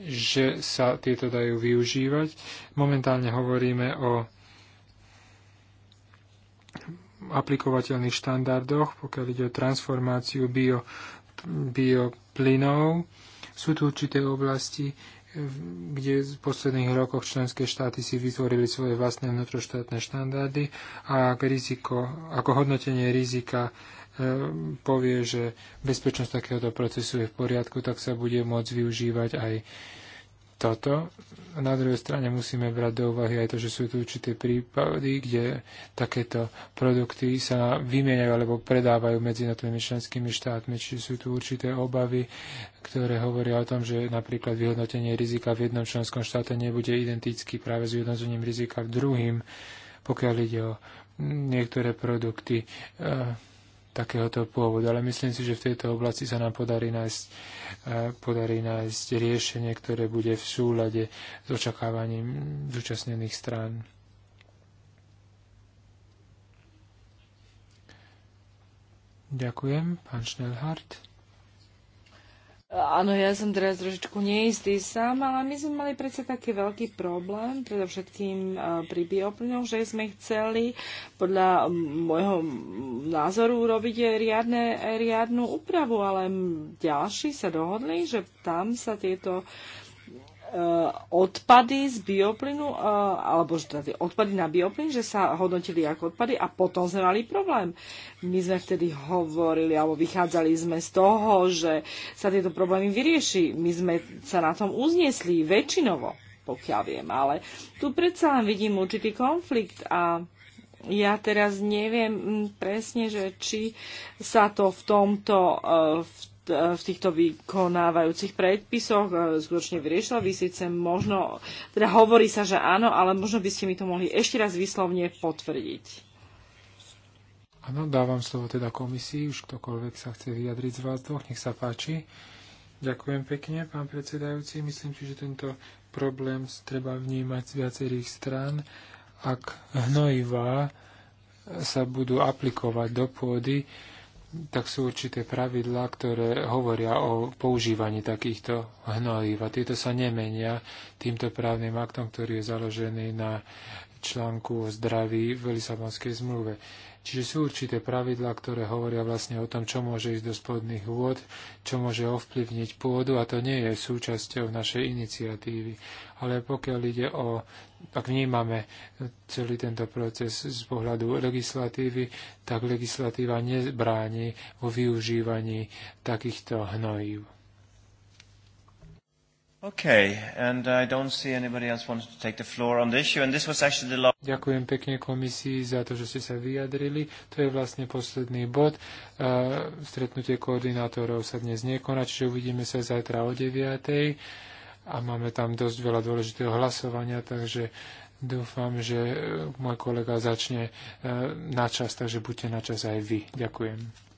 že sa tieto dajú využívať. Momentálne hovoríme o aplikovateľných štandardoch, pokiaľ ide o transformáciu bio, bioplynov. Sú tu určité oblasti, kde v posledných rokoch členské štáty si vytvorili svoje vlastné vnútroštátne štandardy a ako, riziko, ako hodnotenie rizika Ehm, povie, že bezpečnosť takéhoto procesu je v poriadku, tak sa bude môcť využívať aj toto. Na druhej strane musíme brať do úvahy aj to, že sú tu určité prípady, kde takéto produkty sa vymieňajú alebo predávajú medzi jednotlivými členskými štátmi, či sú tu určité obavy, ktoré hovoria o tom, že napríklad vyhodnotenie rizika v jednom členskom štáte nebude identický práve s vyhodnotením rizika v druhým, pokiaľ ide o niektoré produkty. E takéhoto pôvodu. Ale myslím si, že v tejto oblasti sa nám podarí nájsť, e, podarí nájsť riešenie, ktoré bude v súlade s očakávaním zúčastnených strán. Ďakujem, pán Schnellhardt. Áno, ja som teraz trošičku neistý sám, ale my sme mali predsa taký veľký problém, predovšetkým e, pri bioplňoch, že sme chceli podľa môjho názoru urobiť riadne, riadnu úpravu, ale ďalší sa dohodli, že tam sa tieto uh, Eh, odpady z bioplynu, eh, alebo teda odpady na bioplyn, že sa hodnotili ako odpady a potom sme mali problém. My sme vtedy hovorili, alebo vychádzali sme z toho, že sa tieto problémy vyrieši. My sme sa na tom uzniesli väčšinovo, pokiaľ viem, ale tu predsa len vidím určitý konflikt a ja teraz neviem mm, presne, že či sa to v tomto, eh, v E, v týchto vykonávajúcich predpisoch e, skutočne vyriešila. Vy síce možno, teda hovorí sa, že áno, ale možno by ste mi to mohli ešte raz vyslovne potvrdiť. Áno, dávam slovo teda komisii, už ktokoľvek sa chce vyjadriť z vás dvoch, nech sa páči. Ďakujem pekne, pán predsedajúci. Myslím si, že tento problém treba vnímať z viacerých strán. Ak hnojivá sa budú aplikovať do pôdy, tak sú určité pravidlá, ktoré hovoria o používaní takýchto hnojív. A tieto sa nemenia týmto právnym aktom, ktorý je založený na článku o zdraví v Lisabonskej zmluve. Čiže sú určité pravidlá, ktoré hovoria vlastne o tom, čo môže ísť do spodných vôd, čo môže ovplyvniť pôdu a to nie je súčasťou našej iniciatívy. Ale pokiaľ ide o ak vnímame celý tento proces z pohľadu legislatívy, tak legislatíva nebráni vo využívaní takýchto hnojív. Okay, and I don't see anybody else wanted to take the floor on the issue, and this was actually the last... Ďakujem pekne komisii za to, že ste sa vyjadrili. To je vlastne posledný bod. Uh, stretnutie koordinátorov sa dnes nekoná, čiže uvidíme sa zajtra o 9. A máme tam dosť veľa dôležitého hlasovania, takže dúfam, že eh, môj kolega začne uh, na čas, takže buďte na čas aj vy. Ďakujem.